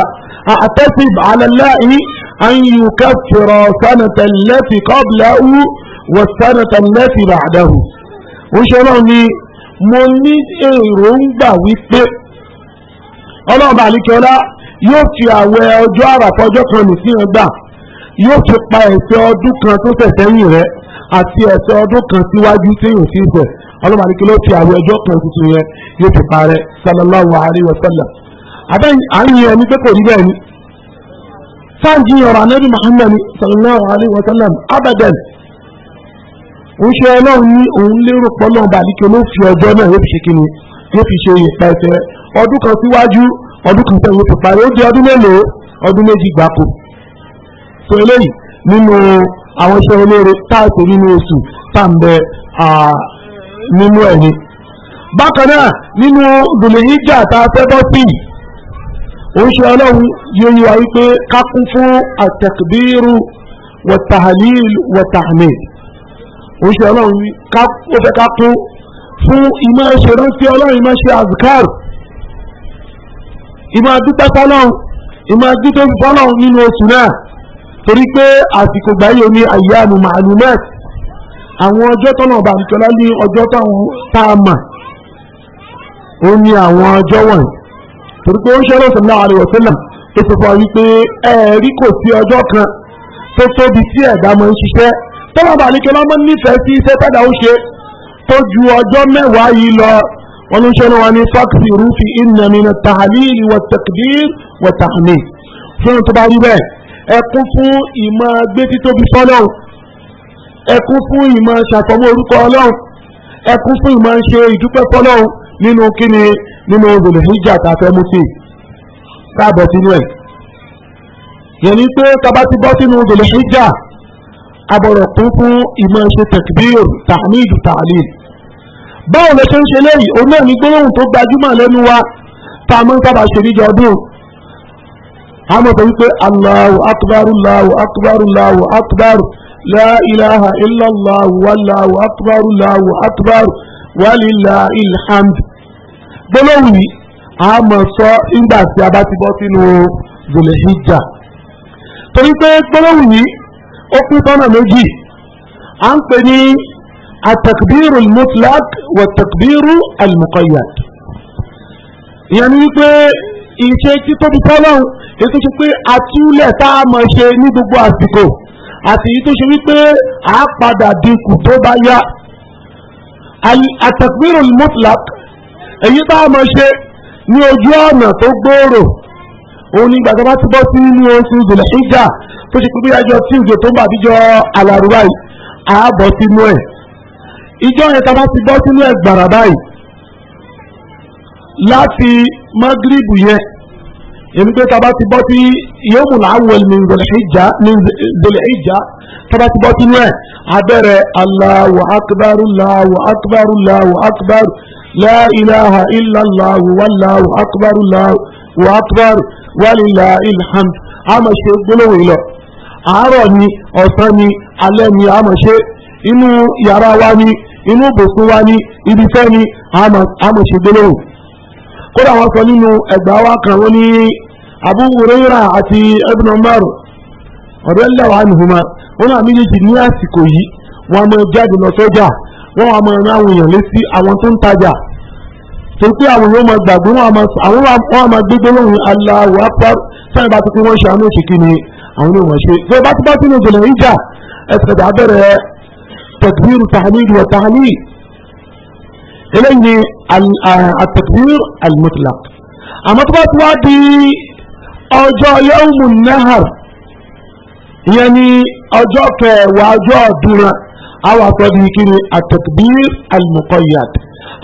a'tasib ala Allahi an yukaffira sanata allati qablahu wa sanata allati ba'dahu oṣù ọlọ́run ní mo ní èròǹgbà wípé ọlọ́ọ̀bà àlíkẹ́ọ́lá yóò fi àwẹ̀ ọjọ́ àràpọ̀ kan nù sí ẹgbà yóò fi pa ẹ̀ṣẹ̀ ọdún kan tó tẹ̀ sẹ́yìn rẹ̀ àti ẹ̀ṣẹ̀ ọdún kan síwájú téèyàn sí ìfẹ́ ọlọ́ọ̀bà àlíkẹ́ọ́lá yóò fi àwẹ̀ kan tuntun yẹn yóò fi parẹ́ ń ṣe ọlọ́run ní òun lérò pọ́lọ́run bá àdíkẹ́ ló fi ọjọ́ náà yóò fi ṣe kíni yóò fi ṣe ìpa ẹsẹ̀ rẹ̀ ọdún kan síwájú ọdún kan sẹ́yìn tó parí ó di ọdún mélòó ọdún méjì gbáko tó eléyìí nínú àwọn iṣẹ́ olóore táàpù nínú oṣù tàǹbẹ nínú ẹ̀yìn bákan náà nínú dùlẹ̀yìnjà tá a fẹ́ bọ́ sí òun ṣe ọlọ́run yóò yíwa wípé ká kún fún àtẹ̀kbírù wàtàhálíl wàtàhálíl ó ṣe ọlọ́run wí ká ó fẹ́ ká kún fún ìmọ̀ ṣe rántí ọlọ́run ìmọ̀ ṣe azkar ìmọ̀ dúpẹ́ fọlọ́run ìmọ̀ dúpẹ́ fọlọ́run nínú oṣù náà torí pé àsìkò gbáyé ní ayyamu ma'lumat àwọn ọjọ́ tọ́nà ọba àbíkọ́lá ní ọjọ́ tá a mà ó ní àwọn ọjọ́ wọ̀nyí torí pé ó ń ṣẹ́rọ̀ sallallahu alaihi wasallam tó sọ fún wípé ẹ̀ẹ́rí kò sí ọjọ́ kan tó tóbi tí ẹ̀dá máa ń ṣiṣẹ́ tọ́lọ́ba àlekẹ́lá mọ́ nífẹ̀ẹ́ sí iṣẹ́ tẹ́dà ó ṣe tó ju ọjọ́ mẹ́wàá yìí lọ wọn ló ń ṣẹ́nu wa ní fáksì rúfi ìnàmínà tàhálìlì wà tẹ̀kìdìr wà tàhálì fún tó bá rí bẹ́ẹ̀ ẹkún fún ìmọ̀ gbé títóbi fọ́lọ́hùn ẹkún fún ìmọ̀ ṣàfọ̀mọ́ orúkọ ọlọ́hùn ẹkún fún ìmọ̀ ṣe ìdúpẹ́ fọ́lọ́hùn nínú kíni nínú òdòdó ìjà tàfẹ́ mú káàbọ̀ sínú ẹ̀ yẹn ni pé tabati bọ́ sínú òdòdó ìjà abọ̀rọ̀ kún fún ìmọ̀ ṣe tẹ̀kbíyò tàmídù tààlì báwo ló ṣe ń ṣe léyìí òun náà ní gbólóhùn tó gbajúmọ̀ lẹ́nu wa tá a máa ń sábà ṣe níjọ ọdún a mọ̀ tó wípé Allahu akbar Allahu akbar Allahu akbar la ilaha illallah wallahu akbar Allahu akbar walillahil hamd gbólóhùn yìí sọ nígbà tí a bá ti bọ́ sínú Dhul Hijjah torí pé gbólóhùn yìí ó pín sọ́nà méjì à ń pè ní atakbiru mutlak wa takbiru almuqayyad ìyẹn ni wípé ìṣe títóbi tọ́lọ́run èyí tó ṣe pé atúlẹ̀ tá a mọ̀ ṣe ní gbogbo àsìkò àti èyí ṣe wípé a padà dínkù tó bá yá atakbiru mutlak èyí tá a mọ̀ ṣe ní ojú ọ̀nà tó gbòòrò òun ní gbàgbọ́ bá ti bọ́ sí ní oṣù ìjìnlẹ̀ ìjà tó ṣe pípé àjọ tí ìjọ tó ń bà bíjọ alárùbá yìí àábọ̀ sínú ẹ̀ ìjọ yẹn tá a bá ti bọ́ sínú ẹ̀ gbàrà báyìí láti magrib yẹn èmi pé tá a bá ti bọ́ sí yéèmù làwọn ní ìjọlẹ̀ ìjà tá a bá ti bọ́ sínú ẹ̀ abẹ́rẹ́ Allahu akbar Allahu akbar Allahu akbar la ilaha illa Allahu wallahu akbar Allahu akbar wàlílà ilham àmọ̀ ṣe gbólóhùn ìlọ àárọ̀ ni ọ̀sán ni alẹ́ ni àmọ̀ ṣe inú yàrá wa ni inú bùkún wa ni ibi fẹ́ ni àmọ̀ ṣe gbólóhùn kódà wọn sọ nínú ẹgbà wa kan wọn ní Abu àti Ibn Umar ọ̀rẹ́ lẹ́wàá nìhùmá wọn náà méjèèjì ní àsìkò yìí wọn a jáde lọ sọ́jà wọn a máa rán àwọn èèyàn létí àwọn tó ń tajà torí pé àwọn yóò máa gbàgbé wọn àwọn wọn máa gbégbé lóhùn aláwọ̀ apá sáyẹn bá ti pé wọ́n ṣe àánú òkìkí ni àwọn yóò wọ́n ṣe pé bá ti bá ti ní ìjìnlẹ̀ ìjà ẹ̀sìn àbẹ̀rẹ̀ takbir tahmid wa tahmid eléyìí at-takbir al tó bá ti wá di ọjọ́ yawmun nahar ìyẹn ni ọjọ́ kẹwàá ọjọ́ ọdún àwọn àtọ́jú kiri at-takbir al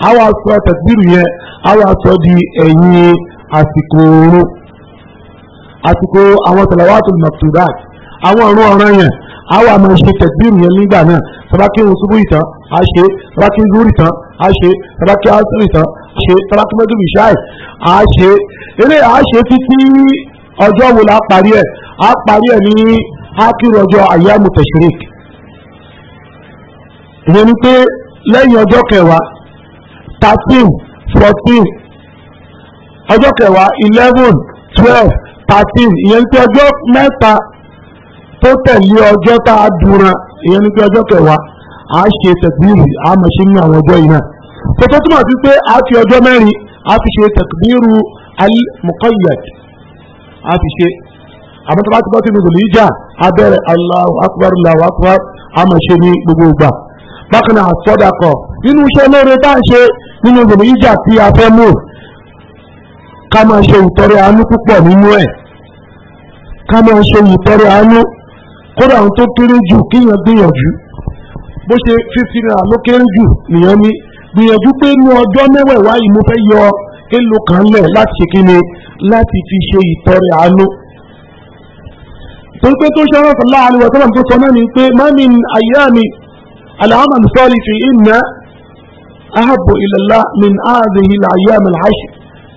a wá sọ tẹ̀síìrì yẹn a wá sọ di ẹ̀yìn àsìkò oorun àsìkò àwọn tẹ̀lẹ̀wàtò nọ̀tùdáàt àwọn ọ̀run ọ̀ràn yẹn a wá máa ṣe tẹ̀síìrì yẹn nígbà náà sabaki osubu ìtàn a ṣe sabaki lórí ìtàn a ṣe sabaki asiri ìtàn a ṣe sabaki mẹ́tòlù ìṣáì a ṣe eléyà a ṣe títí ọjọ́ wo la parí ẹ̀ a parí ẹ̀ ní ákìrì ọjọ́ àyàmù tẹ̀sírìkì ìyẹn ni pé lẹ́yìn ọjọ́ kẹwàá thirteen fourteen ọjọ́ kẹwàá eleven twelve thirteen ìyẹn ti pé ọjọ́ mẹ́ta tó tẹ̀lé ọjọ́ tá a dùnran ìyẹn ní pé ọjọ́ kẹwàá a ṣe tẹ̀kbírì a mọ̀ ṣe ní àwọn ọjọ́ yìí náà tó túmọ̀ sí pé a fi ọjọ́ mẹ́rin a fi ṣe tẹ̀kbírù al-muqayyad a fi ṣe àmọ́ tó bá ti bọ́ sínú ìgbòlì ìjà abẹ́rẹ́ Allahu akbar Allahu akbar a mọ̀ ṣe ní gbogbo ìgbà bákan náà àsọdàkọ̀ nínú iṣẹ́ lóore tá à ń ṣe nínú ìgbìmọ̀ ìjà tí a fẹ́ mú ká máa ṣe ìtọrẹ àánú púpọ̀ nínú ẹ̀ ká máa ṣe ìtọrẹ àánú kódà àwọn tó kéré jù kíyàn gbìyànjú bó ṣe fífi náà ló kéré jù nìyẹn ní gbìyànjú pé ní ọjọ́ mẹ́wẹ̀ẹ̀wá yìí mo fẹ́ yọ èlò kan lẹ̀ láti ṣe kíni láti fi ṣe ìtọrẹ àánú torí pé tó ṣe ọ̀rọ̀ sọ̀lá àlùwọ̀ tó sọ náà ni pé má min àyà mi العمل الصالح إن أحب إلى الله من هذه الأيام العشر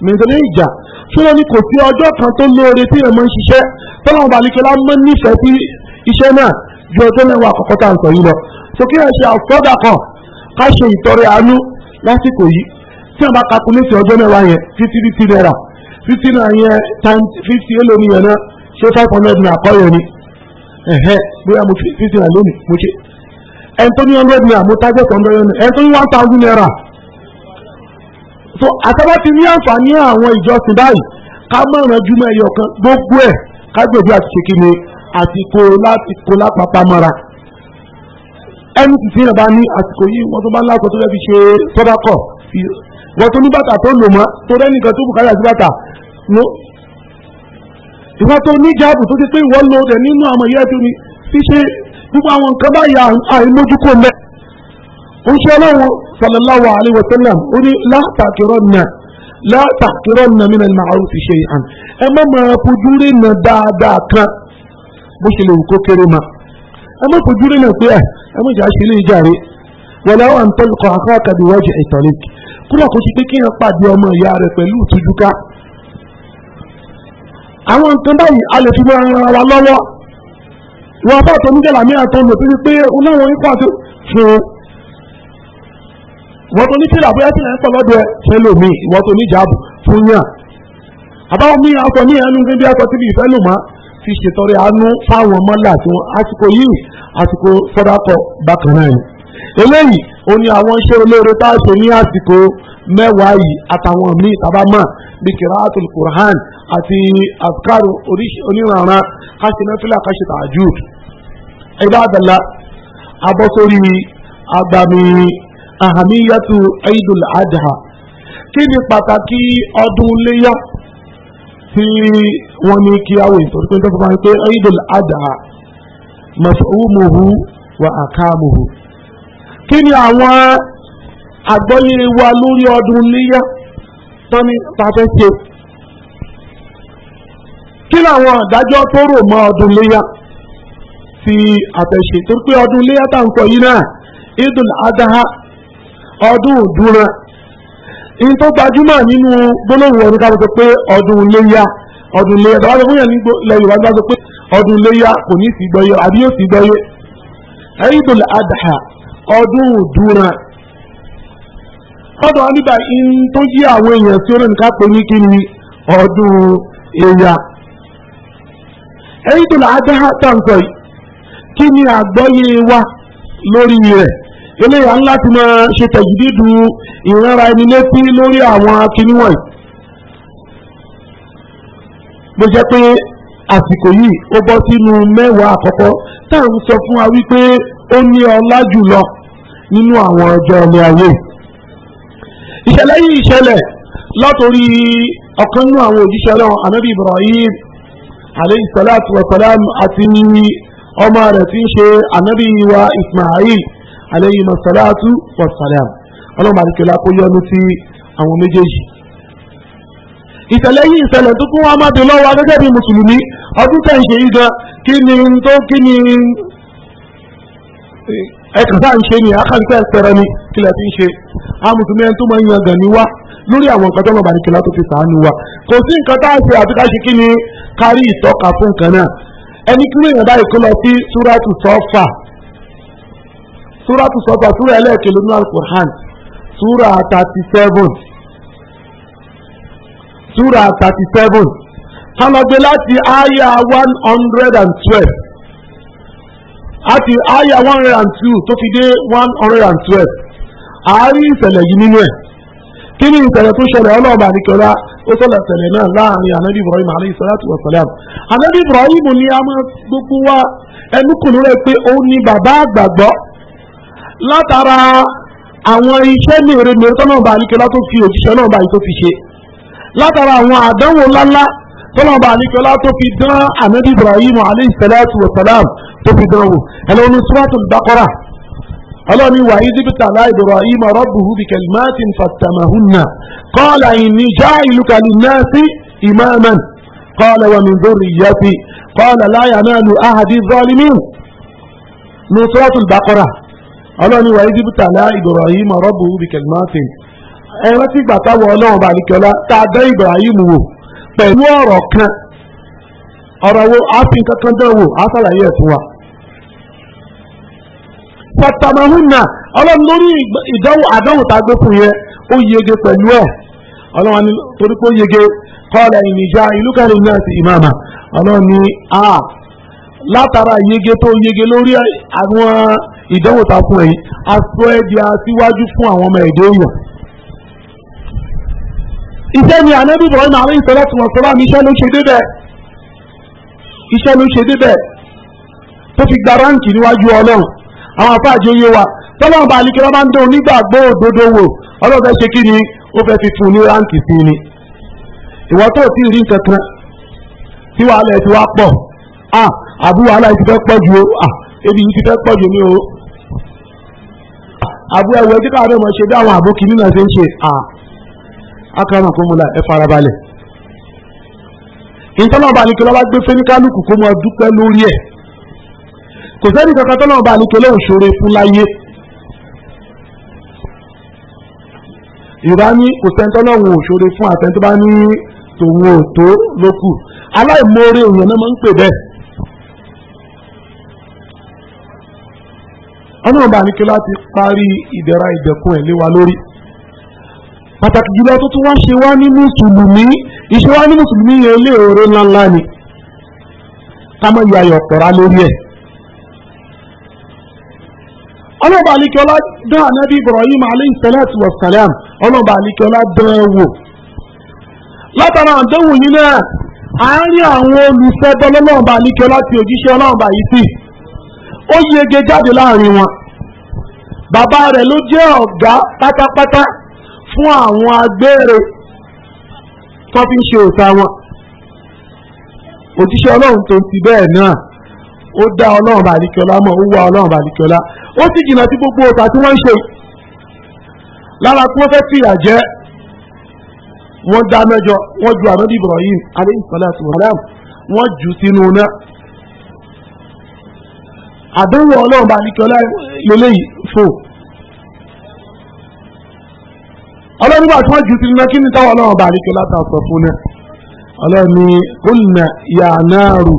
من ذي الحجة kíló ní kò sí ọjọ́ kan tó lóore tí èèyàn máa ń ṣiṣẹ́ tọ́lọ́mù balikẹ́lá máa ń nífẹ̀ẹ́ sí iṣẹ́ náà ju ọjọ́ mẹ́wàá àkọ́kọ́ tá à ń sọ yìí lọ. sókè ẹ̀ ṣe àfọ́dà kan ká ṣe ìtọrẹ àánú lásìkò yìí tí wọ́n bá kakuléètì ọjọ́ mẹ́wàá yẹn fifty fifty naira fifty naira yẹn times fifty èlòmí yẹn náà ṣé five hundred naira kọ́ yẹn ni bóyá mo fi fifty naira lónìí mo ṣe ẹni hundred naira mo target hundred naira ẹni one thousand naira so àtàbá ti ní àǹfààní àwọn ìjọsìn báyìí ká mọ̀ràn jùmọ̀ ẹ̀yọ̀ kan gbogbo ẹ̀ ká gbèbí àti ṣe kíni àsìkò láti kó lápapá mọ́ra ẹni sì ti yàn bá ní àsìkò yìí wọ́n tó bá ń lákòó tó fẹ́ fi ṣe sọ́dákọ̀ wọ́n tó ní bàtà tó lò mọ́ tó rẹ́nìkan tó bùkálà sí bàtà ló ìwọ́n tó ní jáàbù tó ti pé ìwọ́n lo rẹ̀ nínú àmọ̀ yẹ́ fi ṣe gbogbo àwọn nǹkan báyà àìmójúkó mẹ́ ó ṣe ọlọ́run sallallahu alaihi wa sallam ó ní la tahqiranna la tahqiranna min al-ma'ruf shay'an ẹ má máa fojú rí nà dáadáa kan bó ṣe lè wù kó kéré ma ẹ má fojú rí nà pé ẹ eh, ẹ má jà ṣe lè jàre walaw an talqa akhaka bi wajhin taliq kúrò kó ṣe pé kéèyàn pàdé ọmọ ìyá rẹ pẹ̀lú ìtújúká àwọn nǹkan báyìí a lè fi máa ran ara lọ́wọ́ wọ́n bá tó níjẹ́ làmí àtọ́ lò sí pé oláwọn ikọ̀ àti fún wọ́n tó ní tíra bóyá tíra ń pọ̀ lọ́dọ̀ ẹ fẹ́lò mi wọ́n tó ní jáàbù fún yàn àbáwọn mi akọ ní ẹnu gbé bí akọ síbi ìfẹ́ lò má fi ṣètọrẹ àánú fáwọn mọ́lá tí wọ́n àsìkò yìí àsìkò sọ́dọ̀tọ̀ bákan náà ni eléyìí ó ní àwọn iṣẹ́ olóore tá a ṣe ní àsìkò mẹ́wàá yìí àtàwọn míì tábàmà bí kìrààtul Qur'an àti àfikàrò oníranran káṣí náfìlà ibadallah abọ́sórí agbami ahamiyatu Eidul Adha kí ni pàtàkì ọdún léyà tí wọ́n ní kí awò ìtọ́jú pé tọ́jú máa wa tọ́ni pàfẹ́ ṣe kí ni àdájọ́ tó tí àtẹ̀ṣe tó pé ọdún ilé yàtà ń sọ yìí náà idul adaha ọdún ìdúrà in tó gbajúmọ̀ nínú gbólóhùn ọdún ká sọ pé ọdún iléyà ọdún iléyà tó bá sọ fún yẹn nílẹ̀ yorùbá tó sọ pé ọdún iléyà kò ní sí gbọ́yé àbí yóò sí gbọ́yé idul adaha ọdún ìdúrà ọdún àníbà in tó yí àwọn èèyàn tí ó lè nìka pé ní kí ni ọdún iléyà idul adaha tàǹkọ̀ yìí kí ni àgbọ́yé wa lórí rẹ̀ eléyà ńlá ti máa ṣe tẹ̀jìdídu ìrara ẹni létí lórí àwọn akíníwọ̀n bó jẹ́ pé àsìkò yìí ó bọ́ sínú mẹ́wàá àkọ́kọ́ tá à ń sọ fún wa wípé ó ní ọlá jùlọ nínú àwọn ọjọ́ ilé ayé ìṣẹ̀lẹ̀ yìí ìṣẹ̀lẹ̀ látòrí ọ̀kan nínú àwọn òjíṣẹ́ náà anábì Ibrahim aleyhi salatu wa salam àti ọmọ rẹ̀ tí ń ṣe ànábì wa Ismail alayhi masalatu wa salam ọlọ́mọ àdìkẹ́lá kó yọnu sí àwọn méjèèjì ìṣẹ̀lẹ̀ yìí ìṣẹ̀lẹ̀ tó kún wa máa dé lọ́wọ́ gẹ́gẹ́ bí mùsùlùmí ọdún tẹ̀ ń ṣe yìí gan kí ni tó kí ni ẹ̀kàn sáà ń ṣe ni àkàlùkọ́ ẹ̀sẹ̀rẹ̀ ni kí lẹ́ fi ń ṣe a ẹni tó máa ń yan gàn ní wá lórí àwọn nǹkan tó máa bàdìkì látó fi sàánú wa kò sí nǹkan tá a ṣe àti ká ṣe kí ni kárí ìtọ́ka fún nǹkan náà ẹni kí lóyìn báyìí kó lọ sí súrátù sọ́fà súrátù sọ́fà súrà ẹlẹ́ẹ̀kẹ́ lónú alukur'an súrà thirty seven súrà thirty seven kálọ́gbé láti àyà one hundred and twelve àti àyà one hundred and two tó fi dé one hundred and twelve àárín ìṣẹ̀lẹ̀ yìí nínú ẹ̀ kí ni ìṣẹ̀lẹ̀ tó ṣẹlẹ̀ ọlọ́ọ̀bà nìkọ́lá ó sọ̀lá tẹ̀lé náà láàrin anabi ibrahim alayhi salatu wa salam anabi ibrahim ni a máa gbogbo wa ẹnu kò lórí pé ó ní bàbá àgbàgbọ́ látara àwọn iṣẹ́ ní èrè mèrè tọ́nà ọba àlìkẹ́lá tó fi òjíṣẹ́ náà báyìí tó fi ṣe látara àwọn àdánwò ńláńlá tọ́nà ọba àlìkẹ́lá tó fi dán anabi ibrahim alayhi salatu tó fi dán wò ẹ̀ lọ́nu suratul baqara ọlọ́ni wà yí dípítà láì bọ̀rọ̀ ìmọ̀ rọ́bùhù bí kẹlìmáàtìn fàtàmàhùnà kọ́ọ̀lá ìní já ìlú kàlínáàsì ìmáàmàn kọ́ọ̀lá wà mí lórí yẹtì kọ́ọ̀lá láyà náà lu ahadi zọ́ọ̀lìmí ní sọ́ọ̀tù ìbákọ́ra ọlọ́ni wà yí dípítà láì bọ̀rọ̀ ìmọ̀ rọ́bùhù bí kẹlìmáàtìn ẹ̀rọ tí gbàtà wọ ọlọ́run bá tá a dá Ibrahim wò pẹ̀lú ọ̀rọ̀ kan ọ̀rọ̀ wo fatamahunna ọlọ́run lórí ìdánwò àdánwò tá a gbé fún yẹn ó yege pẹ̀lú ẹ̀ ọlọ́run ni torí pé ó yege kọ́ọ̀lẹ̀ ìnìjà ìlú kẹrin náà ti ìmáàmà ọlọ́run ni a látara yege tó yege lórí àwọn ìdánwò tá a fún ẹ̀yìn aṣọ ẹ̀dì aṣíwájú fún àwọn ọmọ ẹ̀dẹ́ èèyàn. iṣẹ́ ni ànábì Ibrahim alayhi salatu wa salam iṣẹ́ ló ṣe débẹ̀ iṣẹ́ ló ṣe débẹ̀ tó fi gba ráǹkì níwájú ọlọ́run àwọn àfáàjì oyé wa tọ́lọ́wọ́n bá alikẹ́ bá ń dún onígbàgbọ́ òdodo wò ọlọ́fẹ́ ṣe kí ni ó fẹ́ fi fún ní ráǹkì sí ni ìwọ́n tó ti rí tí wàhálà ti wá pọ̀ à wàhálà ti o à ebi yìí ti fẹ́ pọ̀ ju mi o àbú ẹ̀wọ̀ ẹ̀ díkà àdó mọ̀ ṣe bí àwọn àbókì nínú ẹ̀ ṣe ń ṣe à akọ̀ràn kó mu la ẹ farabalẹ̀ kò sẹ́ni kankan tọ́lọ́ ọba àlùkò lóhùn ṣòro fún láyé yorùbá ní kò sẹ́ni tọ́lọ́ òun ò ṣòro fún àtẹ́ni tó bá ní tòun ò tó lókù aláìmoore èèyàn náà máa ń pè bẹ́ẹ̀ ọlọ́run bá ní kí láti parí ìdẹ̀ra ìdẹ̀kùn ẹ̀ lé lórí pàtàkì jùlọ tó tún wá ṣe wá ní mùsùlùmí ìṣe wá ní mùsùlùmí yẹn ilé ńláńlá ni ká má yọ ayọ̀ pọ̀ra lórí ẹ̀ ọlọ́ba àlekíọ́lá dán ànábì Ibrahim alayhi salatu wa salam ọlọ́ba àlekíọ́lá dán ẹ wò látara àdéhùn yìí náà àárín àwọn olùfẹ́ bọ́lọ́lọ́ọ̀ba àlekíọ́lá ti òjíṣẹ́ ọlọ́ọ̀ba yìí sí ó yege jáde láàrin wọn bàbá rẹ̀ ló jẹ́ ọ̀gá pátápátá fún àwọn agbére tó fi ń ṣe òòṣà wọn òjíṣẹ́ ọlọ́run tó ti bẹ́ẹ̀ náà ó dá ọlọ́run bá àlìkíọ́lá mọ̀ ó wá ọlọ́run bá àlìkíọ́lá ó sì jìnnà sí gbogbo ọ̀tà tí wọ́n ń ṣe lára tí wọ́n fẹ́ fìyà jẹ wọ́n dá mẹ́jọ wọ́n ju ànábì Ibrahim alayhi salatu wasalam wọ́n jù sínú náà àdéhùn ọlọ́run bá àlìkíọ́lá lélẹ́yìí fò ọlọ́run bá tí wọ́n jù sínú náà kí ni táwọn ọlọ́run bá àlìkíọ́lá ta sọ fún ọlọ́run ni qulna ya naru.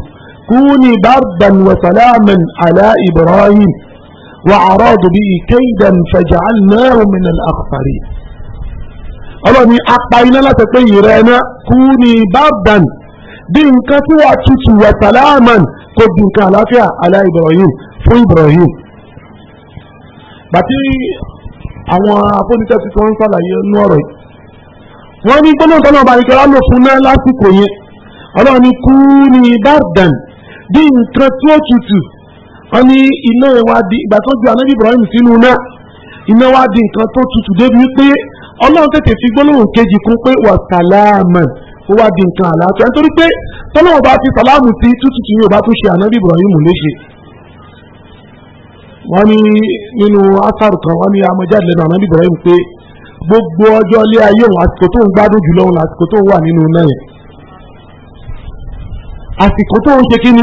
كوني بردا وسلاما على إبراهيم وأرادوا به كيدا فجعلناه من الأخفرين ọlọ́ni apainá láti pé ìrẹ́ ẹ̀ná kú ní bábàn bí nǹkan tí wà tútù wà sàlámàn kò ju nǹkan àlàáfíà alá Ibrahim fún Ibrahim bàtí àwọn afọ́nitẹ́ ti kan ń sàlàyé inú ọ̀rọ̀ yìí wọ́n ní gbọ́nà tọ́nà bàríkẹ́ lánàá fún náà lásìkò yẹn ọlọ́ni kú ní bábàn bí nǹkan tí ó tutù wọ́n ní iná wa di ìgbà tó ju anábì Ibrahim sínú náà iná wa di nǹkan tó tutù débi wípé ọlọ́run tètè fi gbólóhùn kejì kún pé wà sàlámà ó wá di nǹkan àlàáfíà nítorí pé tọ́lọ́wọ́ bá fi sàlámù sí tútù tí yóò bá tún ṣe anábì Ibrahim léṣe wọ́n ní nínú asaru kan wọ́n ní amọ̀jáde lẹ́nu anábì Ibrahim pé gbogbo ọjọ́ ilé ayé òun àsìkò tó ń gbádùn jùlọ òun àsìkò tó ń wà nínú náà àsìkò tó ń ṣe kí ni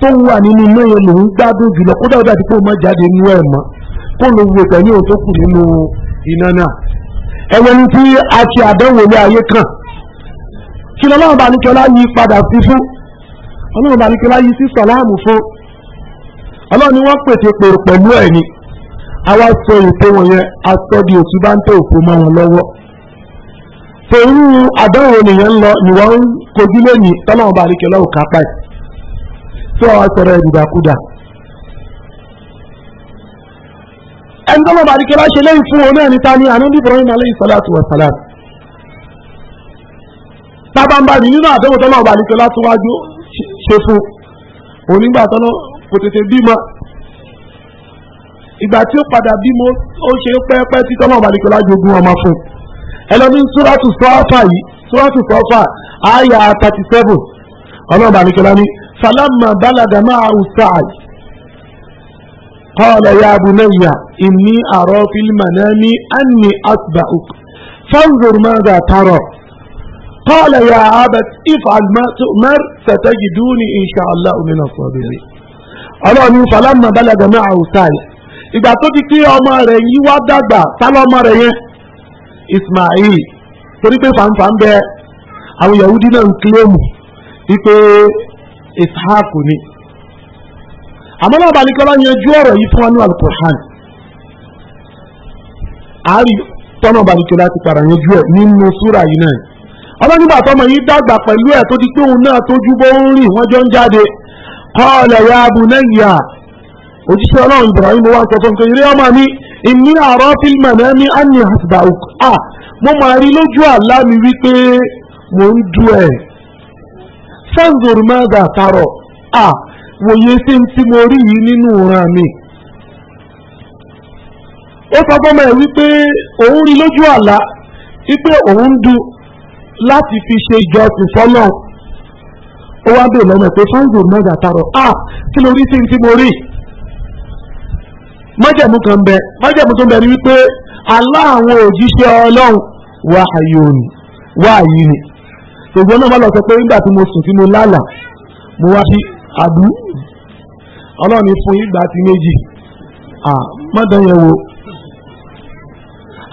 tó ń wà nínú ilé yẹn lòún gbádùn jùlọ kó dáadáa dípò mọ́ jáde inú ẹ̀ mọ́ kó ló wo pẹ̀lú òun tó kù nínú iná náà ẹ̀wọ̀n a ṣe àdánwò ní ayé kan kí ni ọlọ́run yí padà sí fún ọlọ́run yí sí sàlámù fún ọlọ́run ni wọ́n pèsè pèrò pẹ̀lú so irú àdánwò nìyẹn lọ nìwọ ń kojú lónìí tọ́lọ́wọ́n bá àríkẹ́ lọ́wọ́ kápá ẹ̀ tí wọ́n wá sọ̀rọ̀ ìdìdàkudà ẹni tọ́lọ́wọ́n bá àríkẹ́ bá ṣe lẹ́yìn fún oní ẹni ta ni ànábì Ibrahim alayhi salatu wa salam pápánbáàdì nínú àdánwò tọ́lọ́wọ́n bá àríkẹ́ látúwájú ṣe fún onígbà tọ́lọ́ kò tètè bímọ ìgbà tí ó padà bímọ ó ṣe pẹ́ẹ́pẹ́ tí tọ́lọ́wọ́n bá àríkẹ́ lájogún ọmọ fún un ẹlọ́ni sóràtù sọ́fà yìí sóràtù sọ́fà àyà thirty seven ọlọ́ọ̀bà nìkẹ́lá ní sàlámà bàlàdà máa ń sáàyè kọ́ọ̀lẹ̀ ya bunayya inni àrọ́ fílmà náà ní anni asba'uk fanzur maza taro kọ́ọ̀lẹ̀ ya abat if'al ma tu'mar satajiduni insha Allah min as-sabirin ọlọ́ọ̀ni sàlámà bàlàdà máa ń ìgbà tó ti pé ọmọ rẹ̀ yí wá dàgbà sálọ́mọ rẹ̀ yẹn Ismail torí pé fàǹfà ń bẹ àwọn Yahudi náà ń kílómù wípé Ishaq ni àmọ́ náà balikọ́lá yanjú ọ̀rọ̀ yìí fún wa ní alukur'an àárí tọ́nà balikọ́lá ti padà yanjú ẹ̀ nínú súra yìí náà ọlọ́run nígbà tọ́mọ yìí dàgbà pẹ̀lú ẹ̀ tó di pé òun náà tójú bó ń rìn wọ́n jọ ń ya abunayya òjíṣẹ́ ọlọ́run Ibrahim wá sọ fún mi pé eré ọmọ mi ìní àárọ̀ fílmà náà ní àní àtìgbà òkú à mo máa rí lójú àlá mi wípé mò ń du ẹ̀ sanzori máa dà tarọ̀ à ah, wòye sí tí mo rí yìí nínú ìran mi ó sọ fún mi wípé òun rí lójú àlá wípé òun du láti fi ṣe ìjọsìn fọlọ́ ó wá bèèrè lọ́nà pé sanzori tarọ̀ à ah, kí ló rí sí tí mo rí yìí. májẹ̀mú kan bẹ májẹ̀mú tó bẹ ni wípé aláwọn òjíṣẹ́ ọlọ́run wà wà náà lọ sọ pé nígbà mo sùn tí mo lálàá mo wá sí ọlọ́run fún ìgbà tí méjì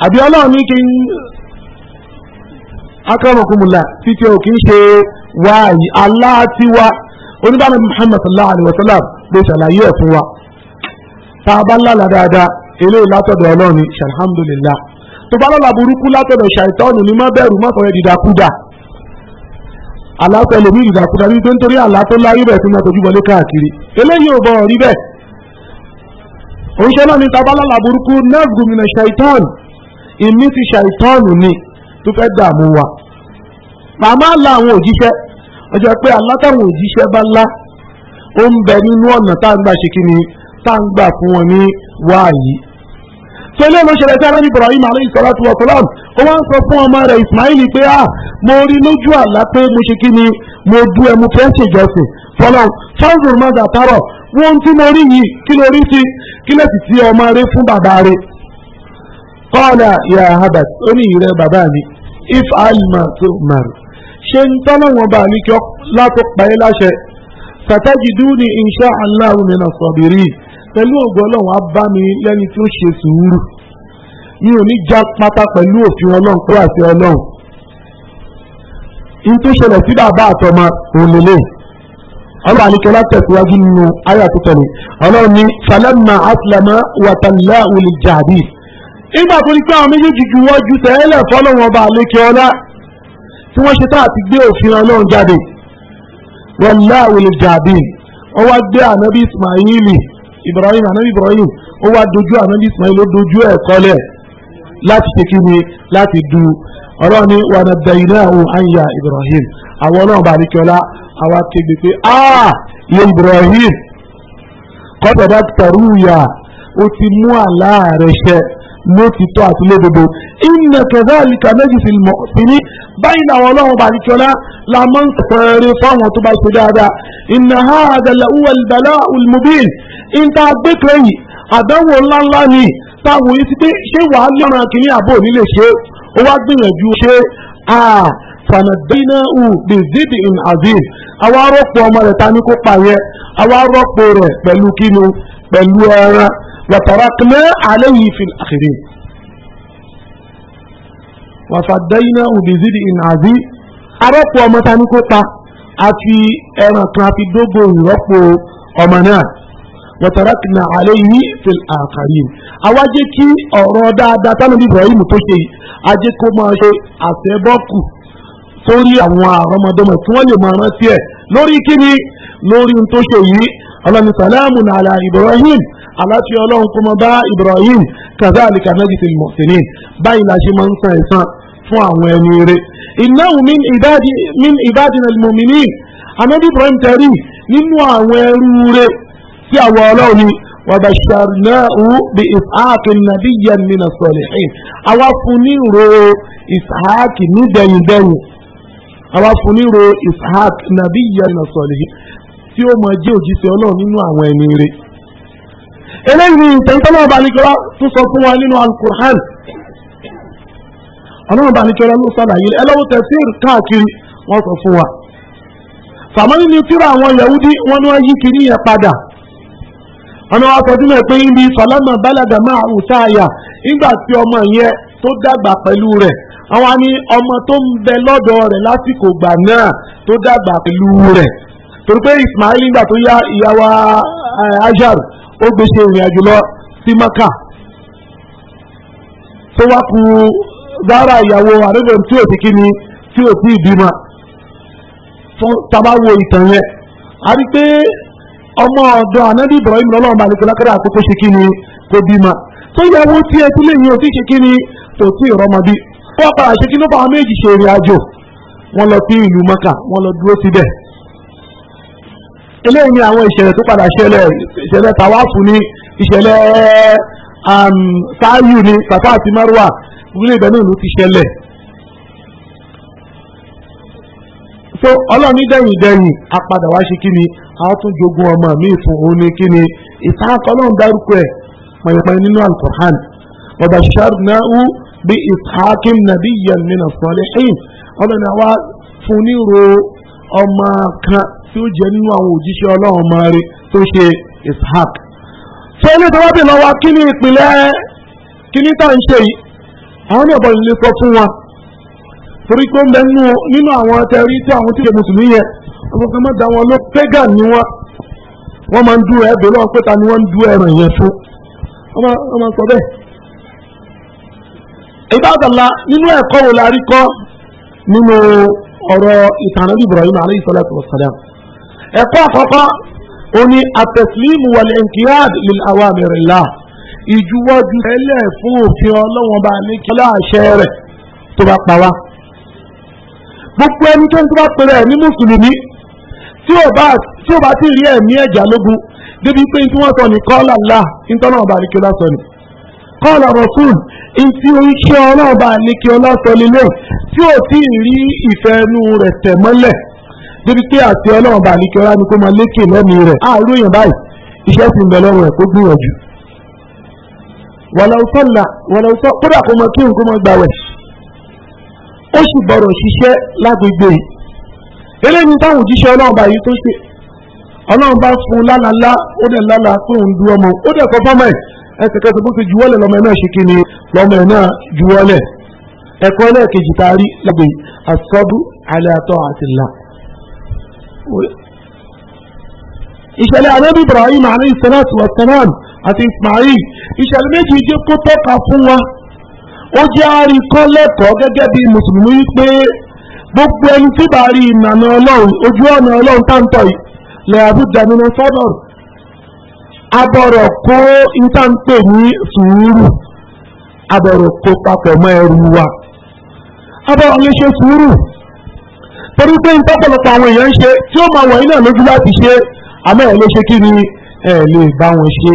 à yẹn wo n títí o kì í ṣe sallallahu alayhi wa ta a bá lálà dáadáa eléyìí látọ̀dọ̀ ọlọ́run alhamdulillah tó bá lálà burúkú látọ̀dọ̀ ṣàìtọ́nù ni má bẹ̀rù má sọ̀rọ̀ dìdàkudà aláfẹ́ lòmí ìdàkudà ní tó ń torí àlá tó láyé bẹ̀ tó máa tojú wọlé káàkiri eléyìí ò bọ̀ rí bẹ́ẹ̀ òṣèlú ni tá a bá lálà burúkú nafzu mina ṣàìtọ́n ìmí ti ṣàìtọ́nù ni tó fẹ́ dààmú wa màmá la àwọn òjíṣẹ́ ọjọ́ pé alátàwọn òjíṣẹ́ bá lá ó ń bẹ nínú ọ̀nà tá a ń gbà ṣe kí ni tá à ń gbà fún wọn ní wáàyí. tó ilé ló ṣẹlẹ̀ sí arábí Ibrahim aleyhi salatu wa salam ó wá ń sọ fún ọmọ rẹ̀ Ismail pé a ah, mo rí lójú àlá pé mo ṣe kí ni mo du ẹmu fẹ́ ṣèjọsìn fọlọ́ charles mazà tarọ̀ wọ́n tí mo rí yìí kí ló rí sí kí lè sì ti ọmọ rẹ fún bàbá rẹ. kọ́ọ̀dà ya habat ó ní ìrẹ́ bàbá mi if alma tó mari ṣe ń tọ́lọ̀ wọn bá ní kí ọ látọ̀ pàyẹ́ láṣẹ satajiduni insha Allahu minas sabirin pẹ̀lú ògo ọlọ́run á bá mi lẹ́ni tó ṣe sùúrù mi ò ní já pátá pẹ̀lú òfin ọlọ́run kúrò àti ọlọ́run in tó ṣẹlẹ̀ sí bàbá àtọmọ òlélẹ̀ ọlọ́run àníkẹ́lá tẹ̀síwájú nínú ayé àtútẹ̀lé ọlọ́run ní falamma aslama wàtàlá òlè jàdí nígbà tó ní pé àwọn méjèèjì ju wọ́jú tẹ́lẹ̀ fọ́lọ́run ọba àlékè ọlá tí wọ́n ṣe tá àti gbé òfin ọlọ́run jáde wàlá òlè jàdí ọwọ́ gbé ànábì Ismaili ibrahim anabi ibrahim ó wá dojú anabi ismail ó dojú ẹ̀ kọ́lẹ̀ láti ṣe kí ni láti du ọlọ́run ní wàhánà dẹ̀yìnà òun àyà ibrahim àwọn náà bá àríkẹ́ọ́lá àwa kegbe pé ah iye ibrahim kọ́tọ̀dá tàrúyà ó ti mú àlá rẹ̀ ṣẹ lótìtọ́ àti lódodo inna kadhalika méjì sí ní báyìí làwọn ọlọ́run bá ní kíọ́lá la máa ń pẹ̀rẹ̀ fáwọn tó bá ṣe dáadáa inna hadha la huwa al-bala'u ìta gbẹ́kẹ̀ yìí àdánwò ńláńlá ni táwọn yìí ti pé ṣé wàá lọ́ràn kìíní àbò nílé ṣe ó wá gbìyànjú ṣe à fànàdínà ù bìzídì in azim àwa rọ́pò ọmọ rẹ̀ ta ní kó pa yẹ àwa rọ́pò rẹ̀ pẹ̀lú kínu pẹ̀lú ẹran wàtàràkìlẹ̀ alẹ́ yìí fi àkèrè wàfàdẹ́yìnà òbèzìdì ìnàzí arọ́pò ọmọ ta ní kó pa àti ẹran kan àti dógò ìrọ́pò ọmọ náà watarakna alayhi fil akharin àwa jẹ́ kí ọ̀rọ̀ dáadáa tánàbí ibrahim tó ṣe ajé kó máa ṣe àtẹ́bọ́kù sórí àwọn àrọ́mọdọ́mọ tí wọ́n lè máa rántí ẹ̀ lórí kíni lórí ohun tó ṣe yìí ọlọ́ni sàlámù nàlà ibrahim aláti ọlọ́run kó máa bá ibrahim kazalika najzil muhsinin báyìí la ṣe máa ń san ẹ̀san fún àwọn ẹni rẹ̀ innahu min ibadina nínú àwọn sí àwọn ọlọ́run ni wàbàṣàrnáhù bí ìsáàkì nàbíyà mìíràn sọ̀lẹ̀hìn àwa fún níro ìsáàkì ní dẹ̀yìndẹ̀yìn àwa fún níro ìsáàkì tí ó mọ jẹ́ òjíṣẹ́ ọlọ́run nínú àwọn ẹni rẹ̀ eléyìí ni ìtẹ̀ntẹ́lọ́ tún sọ fún wa nínú alukur'an ọlọ́run ló sàlàyé tẹ̀síìr káàkiri wọ́n sọ yahudi wọ́n yí kiri ọ̀nà wa sọ sílẹ̀ pé ibi sọlọ́mọ bálàgà máa hù sáàyà nígbà tí ọmọ yẹn tó dàgbà pẹ̀lú rẹ̀ àwọn ni ọmọ tó ń bẹ lọ́dọ̀ rẹ̀ lásìkò gbà náà tó dàgbà pẹ̀lú rẹ̀ torí pé Ismail nígbà tó yá ìyàwó Hajar eh, ó gbé ìrìn àjò lọ sí Maka tó wá ku Zara ìyàwó àdéhùn tí ò kí ni tí ò sí ìbímọ fún tabawo ìtàn yẹn a pé ọmọ ọ̀dọ̀ ànábì Ibrahim lọ́lọ́run balẹ̀ kẹlẹ́ kẹlẹ́ àkókò ṣe kí ni kò bímọ tó yàwó tí ẹ tilẹ̀ yìí ò tí ṣe kí ni kò tí ìrọmọ bí wọ́n padà ṣe kí ló bá wọn méjì ṣe ìrìn àjò wọ́n lọ sí ìlú Mẹ́kà wọ́n lọ dúró síbẹ̀ eléyìí ni àwọn ìṣẹ̀lẹ̀ tó padà ṣẹlẹ̀ ìṣẹ̀lẹ̀ tàwáfù ni ìṣẹ̀lẹ̀ sáyù um, ni tàfà àti márùwà ìbílẹ̀ ìbẹ̀ náà ló ti ṣẹlẹ̀ so ọlọ́ọ̀ni dẹ̀yìn dẹ̀yìn apadà wá ṣe kí ni a tún jogún ọmọ mi fún òun ní kí ni ìsáàkọ́ náà dárúkọ ẹ̀ pẹ̀lẹ́pẹ̀lẹ́ nínú alukur'an ọ̀dà ṣàrùnáhù bí ìsáàkìm nàbí yẹn nínú sọ̀lẹ́hìn ọlọ́ọ̀ni àwa fún níro ọmọ kan tí ó jẹ́ nínú àwọn òjíṣẹ́ ọlọ́run ọmọ rẹ̀ tó ṣe ishaq. tó ní tí wọ́n lọ́wọ́ kí ni ìpìlẹ̀ tá à ń ṣe yìí àwọn ní torí pé ń bẹ nínú àwọn tẹ̀rí tí àwọn tí kò mùsùlùmí yẹ àwọn kan máa da wọn ló pẹ́gà ní wọn wọ́n máa ń dú ẹ̀ bẹ̀rẹ̀ wọn pé ta ni wọ́n ń dú ẹ̀ràn yẹn fún wọ́n máa sọ bẹ́ẹ̀. ìbádàlá nínú ẹ̀kọ́ wo la rí kọ́ nínú ọ̀rọ̀ ìtànàbí Ibrahim alayhi salatu wa salam ẹ̀kọ́ àkọ́kọ́ òní àtẹ̀sílímù wal inqiyad lil awamirillah ìjuwọ́jú ẹlẹ́ fún òfin ọlọ́wọ́n bá ní kí láàṣẹ rẹ̀ tó bá pa wá gbogbo ẹni tó ń tó bá pèrè ẹ̀ ní mùsùlùmí tí ò bá ti rí ẹ̀mí ẹ̀jà lógun débi pé tí wọ́n sọ ní kọ́ọ̀lá ńlá ìtọ́nà ọba àríkíọ́lá sọ ni kọ́ọ̀lá rọ̀fún ìtì oríṣẹ́ ọlọ́ọ̀ba àríkíọ́lá sọ nílé tí ò tí ì rí ìfẹ́ inú rẹ̀ tẹ̀ mọ́lẹ̀ débi pé àti ọlọ́ọ̀ba àríkíọ́lá ni kó máa lékè lẹ́mìí rẹ̀ àárú èèyàn báyìí iṣẹ́ ti ń bẹ lọ́rùn rẹ̀ kó gbìyànjú wàlàùsọ̀là wàlàùsọ̀ kódà kó máa kírun kó máa gbàwẹ̀ ó sì gbọ́dọ̀ ṣiṣẹ́ lágbègbè eléyìí táwọn òjíṣẹ́ ọlọ́run bá yìí tó ṣe ọlọ́run bá fún lálàlá ó dẹ̀ lálà pé òun du ọmọ ó dẹ̀ kọ́ fọ́mọ̀ ẹ̀ ẹsẹ̀kẹsẹ̀ bó ti juwọ́lẹ̀ lọ́mọ ẹ̀ náà ṣe kíni lọ́mọ ẹ̀ náà juwọ́lẹ̀ ẹ̀kọ́ ẹlẹ́ẹ̀kejì tá a rí lágbè àsọdú alẹ́ àtọ́ àtìlá. ìṣẹ̀lẹ̀ anábì Ibrahim alayhi salatu àti Ismail ìṣẹ̀lẹ̀ méjì jẹ́ kó tọ́ka fún wa ó jẹ́ àárín kan lẹ́kọ̀ọ́ gẹ́gẹ́ bí mùsùlùmí wípé gbogbo ẹni tí bá rí ìlànà ọlọ́run ojú ọ̀nà ọlọ́run táǹtọ̀ yìí lẹ́yàbú dàmínà sọ́dọ̀ abọ̀rọ̀ kó ìtàǹpẹ̀ ní sùúrù abọ̀rọ̀ kó papọ̀ mọ́ ẹrù wa abọ̀rọ̀ lè ṣe sùúrù torí pé ń tọ́pọ̀lọpọ̀ àwọn èèyàn ṣe tí ó máa wọ̀nyí náà lójú láti ṣe àmọ́ ẹ̀ lè ṣe kí ni ẹ̀ lè bá wọn ṣe.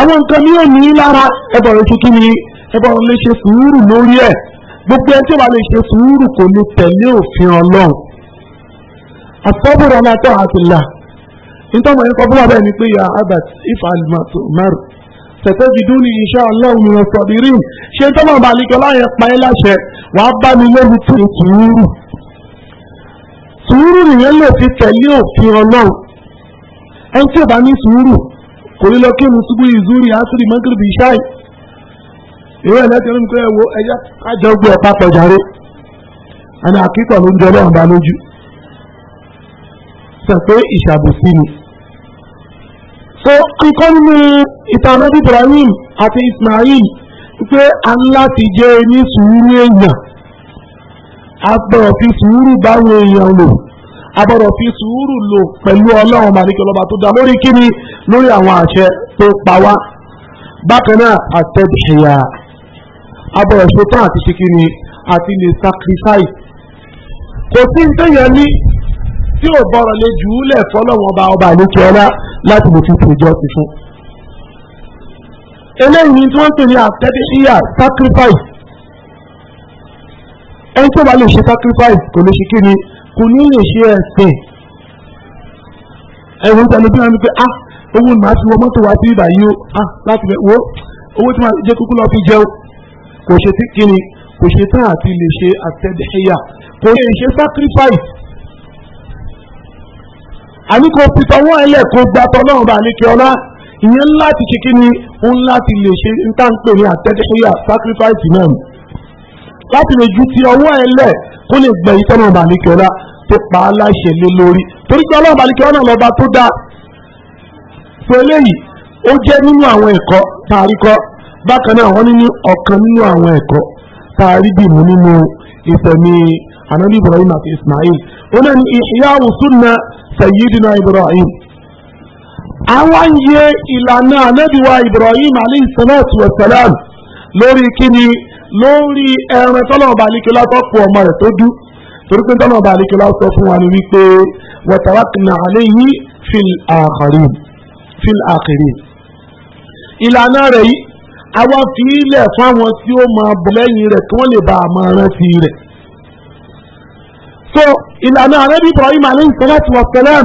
àwọn nǹkan mi ò ní lára ẹbọ̀rọ̀ tuntun ni ẹbọ̀rọ̀ lè ṣe sùúrù lórí ẹ̀ gbogbo ẹni tó bá lè ṣe sùúrù kò lè tẹ̀lé òfin ọlọ́run àtọ́bùrọ̀ náà tọ́ àtìlá nítorí wọn kọ́ búra bẹ́ẹ̀ ni pé ya abat ifa alimatu maru tẹ̀tẹ́ bidú ni iṣẹ́ ọlọ́run ni wọ́n sọ̀rọ̀ rí ṣé tó máa balẹ̀ láyẹn pa ẹ́ láṣẹ wàá bá mi lórí tó sùúrù sùúrù nìyẹn lè fi tẹ̀lé òfin ọlọ́run ẹni kò ní lọ kí òun ṣubú ìzúrí àásùrì mọ́gìrìbì ṣáì ìwé ẹ̀lẹ́tẹ̀ ní kò ẹ̀wò ẹ̀yà kájọ gbé ọ̀pá pẹ̀járe àni àkíkọ̀ ló ń jọ lọ́wọ́n bá lójú sọ pé ìṣàbòsí ni. so kíkọ́ nínú ìtàn Ànábì Ibrahim àti Ismail pé a ń láti jẹ́ ní sùúrù èèyàn a gbọ́dọ̀ fi sùúrù báwọn èèyàn lò abọ́dọ̀ fi sùúrù lò pẹ̀lú ọlọ́run màníkẹ́lọ́ba tó dá lórí kíni lórí àwọn àṣẹ tó pa wá bákan náà àtẹ̀dìṣẹ̀yà abọ́dọ̀ ṣetán àti ṣe kíni àti lè sacrifice kò sí ntẹ́yẹ ní tí ò bọ̀rọ̀ lè jù ú lẹ̀ fọlọ́wọ́n ọba ọba àlékè ọlá láti lè fi tòjọ́ ti fún. eléyìí tí wọ́n ń ní àtẹ́díṣíyà sacrifice ẹni tí bá lè ṣe sacrifice kò lè ṣe kí kò ní lè ṣe ẹ̀sìn ẹ̀wọ̀n tẹ̀lé bí wọn pé a ah, owó ni màá fi wọ mọ́tò wá sí ibà yìí o a ah, láti fẹ́ wo owó tí màá jẹ́ kúkú lọ́ọ́ fi jẹun kò ṣe tí kíni kò ṣe tán àti lè ṣe àtẹ̀dẹ́yà kò lè ṣe sacrifice àní kò fi tọwọ́ ẹlẹ́ kó gba tọ́lọ́run bá lékè ọlá ìyẹn láti ṣe kíni ó ń láti lè ṣe ń tà ń pè ní àtẹ̀dẹ́yà sacrifice náà láti lè ju ti ọwọ́ ẹ lẹ̀ kó lè gbẹ ìtọ́nà ọ̀bàníkẹ́lá tó pa á láṣẹ lé lórí torí pé ọlọ́run ọ̀bàníkẹ́lá náà lọ́ba tó dáa fún eléyìí ó jẹ́ nínú àwọn ẹ̀kọ́ tá a rí kọ́ bákan náà wọ́n ní ní ọ̀kan nínú àwọn ẹ̀kọ́ tá a nínú ìtẹ̀mí anabi ibrahim àti ismail ó náà ní ìyáwó súnà sayyidina ibrahim àwọn yẹ ìlànà anabiwa ibrahim alayhi salatu wa salam lórí kíni lórí ẹran tọ́lọ́ọ̀bà àlekèlá tó pọ̀ ọmọ rẹ̀ tó dú torí pé tọ́lọ́ọ̀bà àlekèlá sọ fún wa ni wípé wa tarakna alayhi fil akhirin fil akhirin ìlànà rẹ̀ yìí àwa fi ilẹ̀ fáwọn tí ó máa bọ̀ lẹ́yìn rẹ̀ kí wọ́n lè bá a máa rántí rẹ̀ so ìlànà àrẹ́bí Ibrahim alayhi salatu wa salam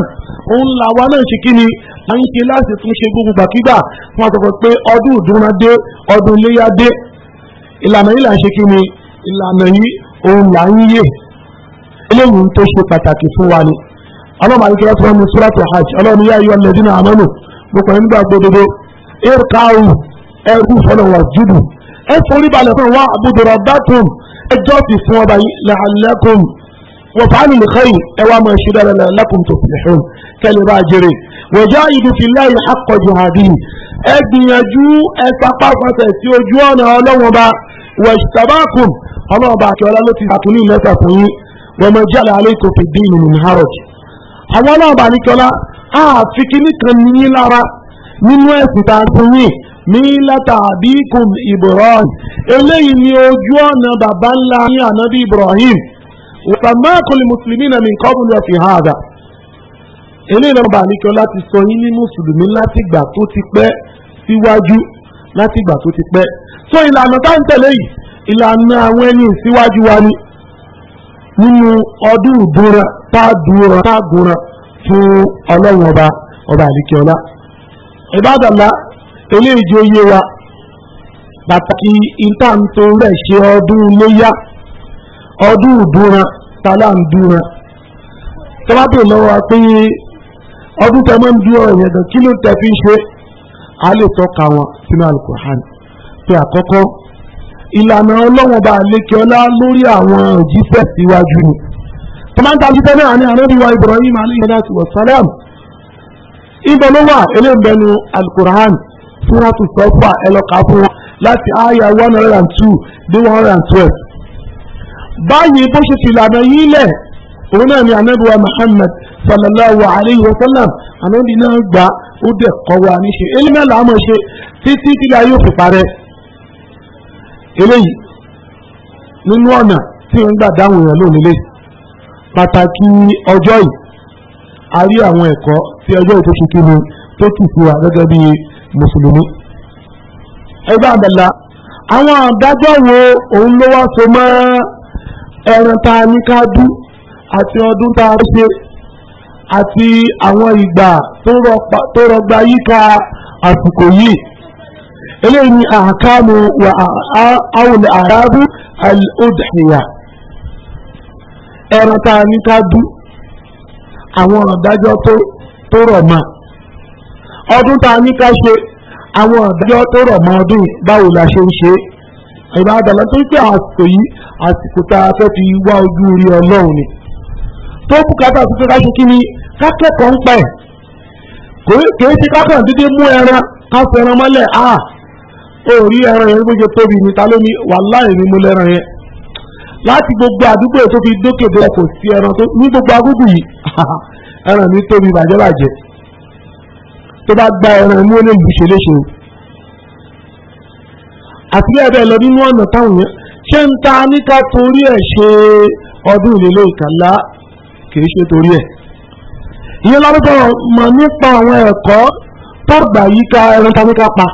òun làwa náà ṣe kí ni à ń ṣe láti tún ṣe gbogbo gbàkígbà fún àtọ̀kọ̀ pé ọdún ìdúnadé ọdún iléyà ìlànà yìí là ń ṣe kí ni ìlànà yìí òun là ń yè eléyìí tó ṣe pàtàkì fún wa ni ọlọ́run àti kẹrẹ fún mi sùràtù hajj ọlọ́run yá ayọ́ lẹ́dínà àmọ́nù mo kàn ń gbà gbódodo irkaw ẹrú fọlọ́wọ́ jùdù ẹ forí balẹ̀ fún wa àbúdò rọ̀bátùm ẹjọ́ ti fún ọba yìí làálẹ́kùn wọ́n fàánù lìkọ́yì ẹ wá máa ṣe dára lẹ́kùn tó fi hàn kẹ́lẹ́ bá jèrè wọ́n já ìdù fi láì àkọ́jù hàdí ẹ gbìyànjú ẹ sapá fàṣẹ sí ojú ọ̀nà ọlọ́run ọba wẹ̀ṣtàbákùn ọlọ́ọ̀bà àkíọ́lá ló ti àtúní lẹ́tà fún yín wọ́mọ jáde alaykum fi dín ìnùnú harrod àwọn ọlọ́ọ̀bà àkíọ́lá àfi kíní kan ní lára nínú ẹ̀sìn tá a fún yín mílátà àbíkùn ibrahim eléyìí ni ojú ọ̀nà bàbá ńlá ní ànábì ibrahim ìsàmákùn mùsùlùmí náà mi kọ́ bùnú ọ̀fìn hàdà eléyìí lọ́ba àkíọ́lá ti sọ yín ní mùsùlùmí láti gbà tó ti pẹ́ síwájú. Si láti ìgbà tó ti pẹ́ ìlànà tá ń yìí ìlànà àwọn ẹni ìsíwájú wa ni nínú ọdún ìbúra táàdúra fún ọlọ́run ọba ọba àlìkẹ́ọ́lá ìbádàlá eléyìí ó wa pàtàkì ìtàǹtò rẹ̀ ṣe ọdún léyà ọdún tàlàǹdúra lọ́wọ́ pé ọdún tẹ́ mọ́ ń kí ló tẹ́ fi ṣe a lè tọ́ka wọn sínú alukur'an pé àkọ́kọ́ ìlànà ọlọ́wọ́n bá lékè ọlá lórí àwọn òjíṣẹ́ síwájú ni tọ́mátà jíṣẹ́ náà ní àrẹ́bíwá Ibrahim aleyhisselatu wasalam ibẹ̀ ló wà eléńbẹ́nu alukur'an suratu sọ́fà ẹlọ́ka fún wọn láti àyà one hundred and two dé one hundred and twelve báyìí bó ṣe fìlànà yìí lẹ̀ òun náà ni àrẹ́bíwá Muhammad sallallahu alayhi wa sallam àrẹ́bí náà gbà ó dẹ̀ kọ́ wa níṣe eléyìí náà làá mọ̀ ṣe títí tí ilé yóò fi parẹ́ eléyìí nínú ọ̀nà tí ń gbà dáhùn èèyàn lónìí lé pàtàkì ọjọ́ yìí a rí àwọn ẹ̀kọ́ tí ọjọ́ yìí tó ṣe kí ni tó kì sí wa gẹ́gẹ́ bí mùsùlùmí ẹgbẹ́ àbẹ̀là àwọn àdájọ́ wo òun ló wá so mọ́ ẹran tá a ní ká dú àti ọdún tá a ṣe àti àwọn ìgbà tó rọgbà yíká àsìkò yìí eléyìí ni àkámu wà áwùn àrábù al ẹran tá a ní ká dú àwọn ọ̀dájọ́ tó rọ̀ mọ́ ọdún tá a ní ká ṣe àwọn ọ̀dájọ́ tó rọ̀ mọ́ ọdún báwo la ṣe ń ṣe ìbádàlá tó ń pè àsìkò yìí àsìkò tá a fẹ́ fi wá ojú rí ọlọ́run ni tó bùkátà tó fẹ́ ká ṣe kí ni kákẹ́kọ̀ọ́ ń pẹ̀ kìí ti kákàn dídé mú ẹran ká fẹ́ràn mọ́lẹ̀ a ò rí ẹran yẹn gbójú tóbi ní ta ló ní wàláì ní mú lẹ́ran yẹn láti gbogbo àdúgbò tó fi dókè dé kò sí ẹran tó ní gbogbo agúgù yìí *laughs* ẹran mi tóbi bàjẹ́bàjẹ́ tó bá gba ẹran mú olè lù ṣeléṣe àti bẹ́ẹ̀ bẹ́ẹ̀ lọ nínú ọ̀nà táwọn yẹn ṣé ń ta ní ká torí ẹ̀ ṣe ọdún ìlélẹ́yìn kàlá kìí ṣe torí ẹ̀ ìyẹn lárúbọ̀ mọ̀ nípa àwọn ẹ̀kọ́ tó gbà yíká ẹran tàbí ká pa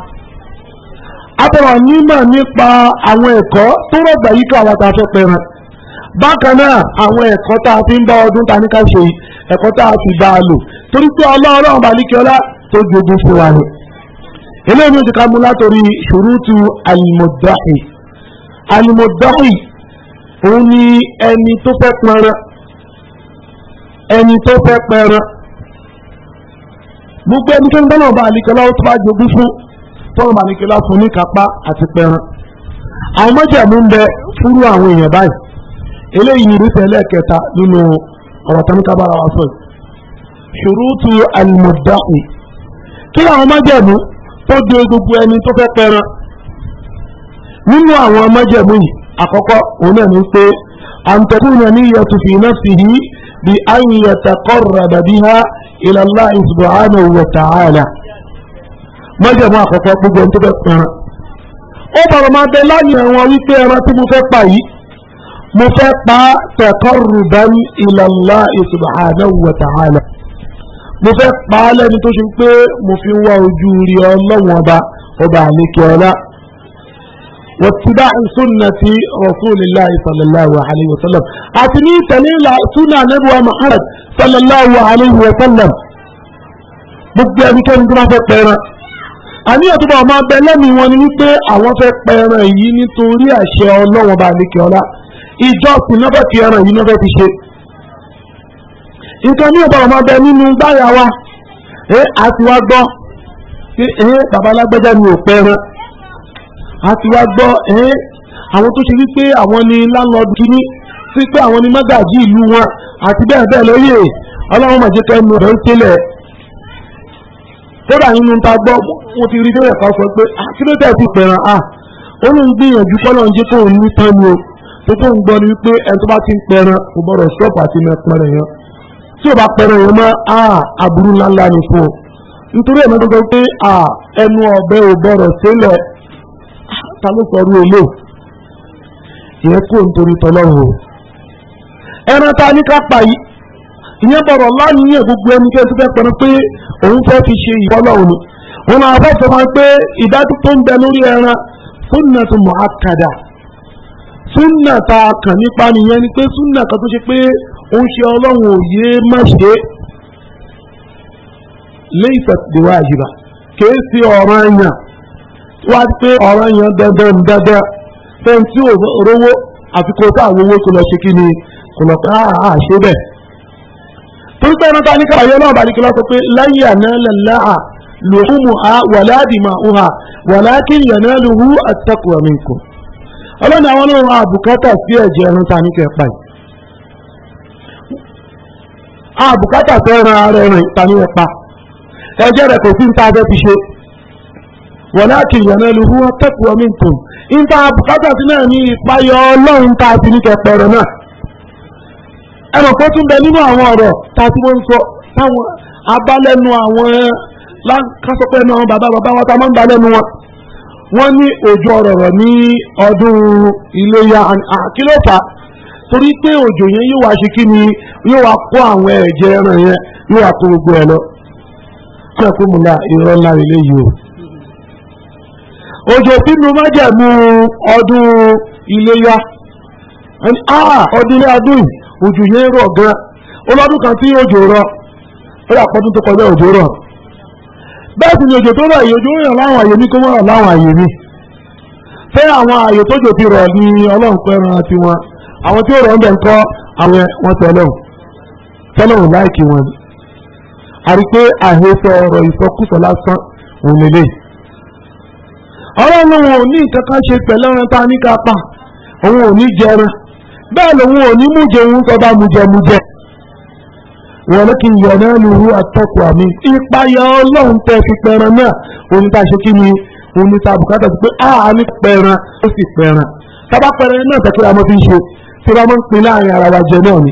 abọ̀rọ̀ nímọ̀ nípa àwọn ẹ̀kọ́ tó rọ̀gbà yíká àwọn tá a fẹ́ pẹ̀rẹ̀ bákan náà àwọn ẹ̀kọ́ tá a fi ń bá ọdún ta ní ká ṣe ẹ̀kọ́ tá a fi bá a lò torí pé ọlọ́run balikẹ́lá tó jogún fún wa ni eléyìí ni ó ti ká mú látòrí ṣùrùtù alimọ̀dáhì alimọ̀dáhì òun ni ẹni tó fẹ́ pẹ̀rẹ̀ ẹni tó fẹ́ pẹ̀rẹ̀ gbogbo ẹni tó ń dáná ọba àlìkẹ́lá ó tó bá jogún fún tọ́lọ́ ọba àlìkẹ́lá fún ní kápá àti pẹran àwọn mọ́jàmú ń bẹ fúrú àwọn èèyàn báyìí eléyìí ni irúfẹ́ ẹlẹ́ẹ̀kẹta nínú ọ̀rọ̀ tán wa sọ̀rọ̀ ṣòrútù àlùmọ̀dáhùn kí àwọn mọ́jàmú tó de gbogbo ẹni tó fẹ́ pẹran nínú àwọn mọ́jàmú yìí àkọ́kọ́ òun náà ní pé àǹtẹ̀kùn náà ní yẹtù náà sì yí bí àyìn yẹtà kọ́ ila Allah subhanahu wa ta'ala májẹ̀mú àkọ́kọ́ gbogbo ohun tó fẹ́ pẹ̀ràn ó bọ̀rọ̀ máa bẹ láyìn àwọn wípé ẹran tí mo fẹ́ pa yìí mo fẹ́ pa taqarruban ila Allah subhanahu wa ta'ala mo fẹ́ pa lẹ́ni tó ṣe pé mo fi wá ojú rí ọlọ́wọ́n ọba ọba àlekè ọlá واتباع سنة رسول الله صلى الله عليه وسلم أعطني تليل سنة نبوة محمد صلى الله عليه وسلم gbogbo ẹnikẹ́ni tó máa fẹ́ pẹ̀rẹ̀ àní ọ̀túnbọ̀ máa bẹ lẹ́mìí wọn ni wípé àwọn fẹ́ pẹ̀rẹ̀ yìí nítorí àṣẹ ọlọ́wọ́n bá ní kíọ́lá ìjọsìn náà fẹ́ fi ẹran yìí náà fẹ́ fi ṣe. nǹkan ní ọ̀bọ̀rọ̀ máa bẹ nínú gbáyà wa ẹ àti wá gbọ́ pé ẹ bàbá alágbẹ́jẹ́ mi ò pẹ̀rẹ̀ a ti wá gbọ́ ẹ́ àwọn tó ṣe wípé àwọn ni láńlọ́ọ̀dù kínní sí pé àwọn ni mọ́gàjì ìlú wọn àti bẹ́ẹ̀ bẹ́ẹ̀ lóye ọlọ́run màjẹ́ kẹ́ ẹnu rẹ̀ ń tẹ́lẹ̀ kódà nínú ta gbọ́ mo ti rí dẹ́rẹ̀ kan sọ pé kí ló dẹ̀ ti pẹ̀ràn à ó ní gbìyànjú kọ́lọ̀ ń jẹ́ kó ń ní tán ni o tó tó ń gbọ́ ni wípé ẹni tó bá ti ń pẹ̀ràn kò gbọ́dọ̀ ṣọ́ọ̀pù àti ẹni pẹ̀ràn yẹn tí ò bá pẹ̀ràn yẹn mọ́ à aburú ńláńlá ni fún un nítorí ẹ̀mọ́ pé à ẹnu ọ̀bẹ ò gbọ́dọ̀ sílẹ̀ ta ló sọ rú ilé ìyẹn kó nítorí tọlọ́run o ẹran ta ní ká pa yìí ìyẹn bọ̀rọ̀ láàyè gbogbo ẹni tó ti fẹ́ pẹ̀lú pé òun fẹ́ fi ṣe ìfọlọ́run ni wọn náà bá sọ wọn pé ìdájọ́ tó ń bẹ lórí ẹran súnà tó mọ̀ àkàdà súnà tá kàn nípa nìyẹn ni pé súnà kan tó ṣe pé ó ń ṣe ọlọ́run òye má ṣe lẹ́yìn tẹ̀síwájú rà kèé sí ọ̀ràn yàn wá pé ọ̀rọ̀ yẹn dandan ní dandan fẹ́n tí ò rówó àfi kó tá àwọn owó kò lọ ṣe kí ni kò lọ ká àṣe bẹ́ẹ̀. torí pé ẹnu ta ní kàwáyé náà bàdí kìlọ́ sọ pé lẹ́yìn àná lẹ́láà lòhùnmù ha wàlá dìmà òhà wàlá kí yànà lòhù àtàkùrọ̀ mi kù. ọlọ́ni àwọn náà àbùkátà sí ẹ̀jẹ̀ ẹnu ta ní kẹpa yìí. àbùkátà fẹ́ràn ara ẹ̀rìn ta ní ẹ̀pa ẹ̀jẹ̀ rẹ̀ kò sí ní ta wọ̀láàkì ìyànlẹ́lu wọ́n tẹ́kùọ́ mìtò níta bùkátà sí náà ní ìpayọ ọlọ́run tá a ní kẹpẹrẹ náà ẹnì kan tún bẹ nínú àwọn ọ̀rọ̀ tá a sọ táwọn àwọn náà bàbá bàbá wa wọn ní òjò ní ọdún iléyà torí pé òjò yẹn yóò wá ṣe kí ni yóò wá kó àwọn ẹ̀jẹ̀ ẹran lọ. òjò sínú májẹ̀mú ọdún iléyá ọdún ilé adún òjò yẹn rọ̀ gan olọ́dún kan tí òjò rọ̀ ó yà pọ́dún tó kọjá òjò rọ̀ bẹ́ẹ̀ sì ni òjò tó rọ̀ yìí òjò rọ̀ láwọn àyè mi kó mọ̀ láwọn àyè mi pé àwọn àyè tó jò ti rọ̀ ní ọlọ́run pẹ́ran àti wọn àwọn tí ó rọ̀ ń bẹ̀ ń kọ́ àwọn wọn tẹ́lọ̀hùn tẹ́lọ̀hùn láìkí wọn ni àrí pé àhesọ ọ̀rọ̀ ìsọkúsọ lásán òun lélẹ́yìí ọlọ́run wọn ò ní nǹkan kan ṣe pẹ̀lú ẹran tá a ní ká pa òun ò ní jẹran bẹ́ẹ̀ lòun ò ní mújẹ òun tó bá mújẹmújẹ. walakin yanaluhu at-taqwa mi ìpayà ọlọ́run tẹ́ fi pẹran náà òun tá ṣe kí ni òun ní ta bùkátà sí pé a ní pẹran ó sì pẹran tábà pẹran náà tẹ́kí ra mọ́ fi ṣe tí wọ́n máa ń pin láàrin ara wa jẹ náà ni.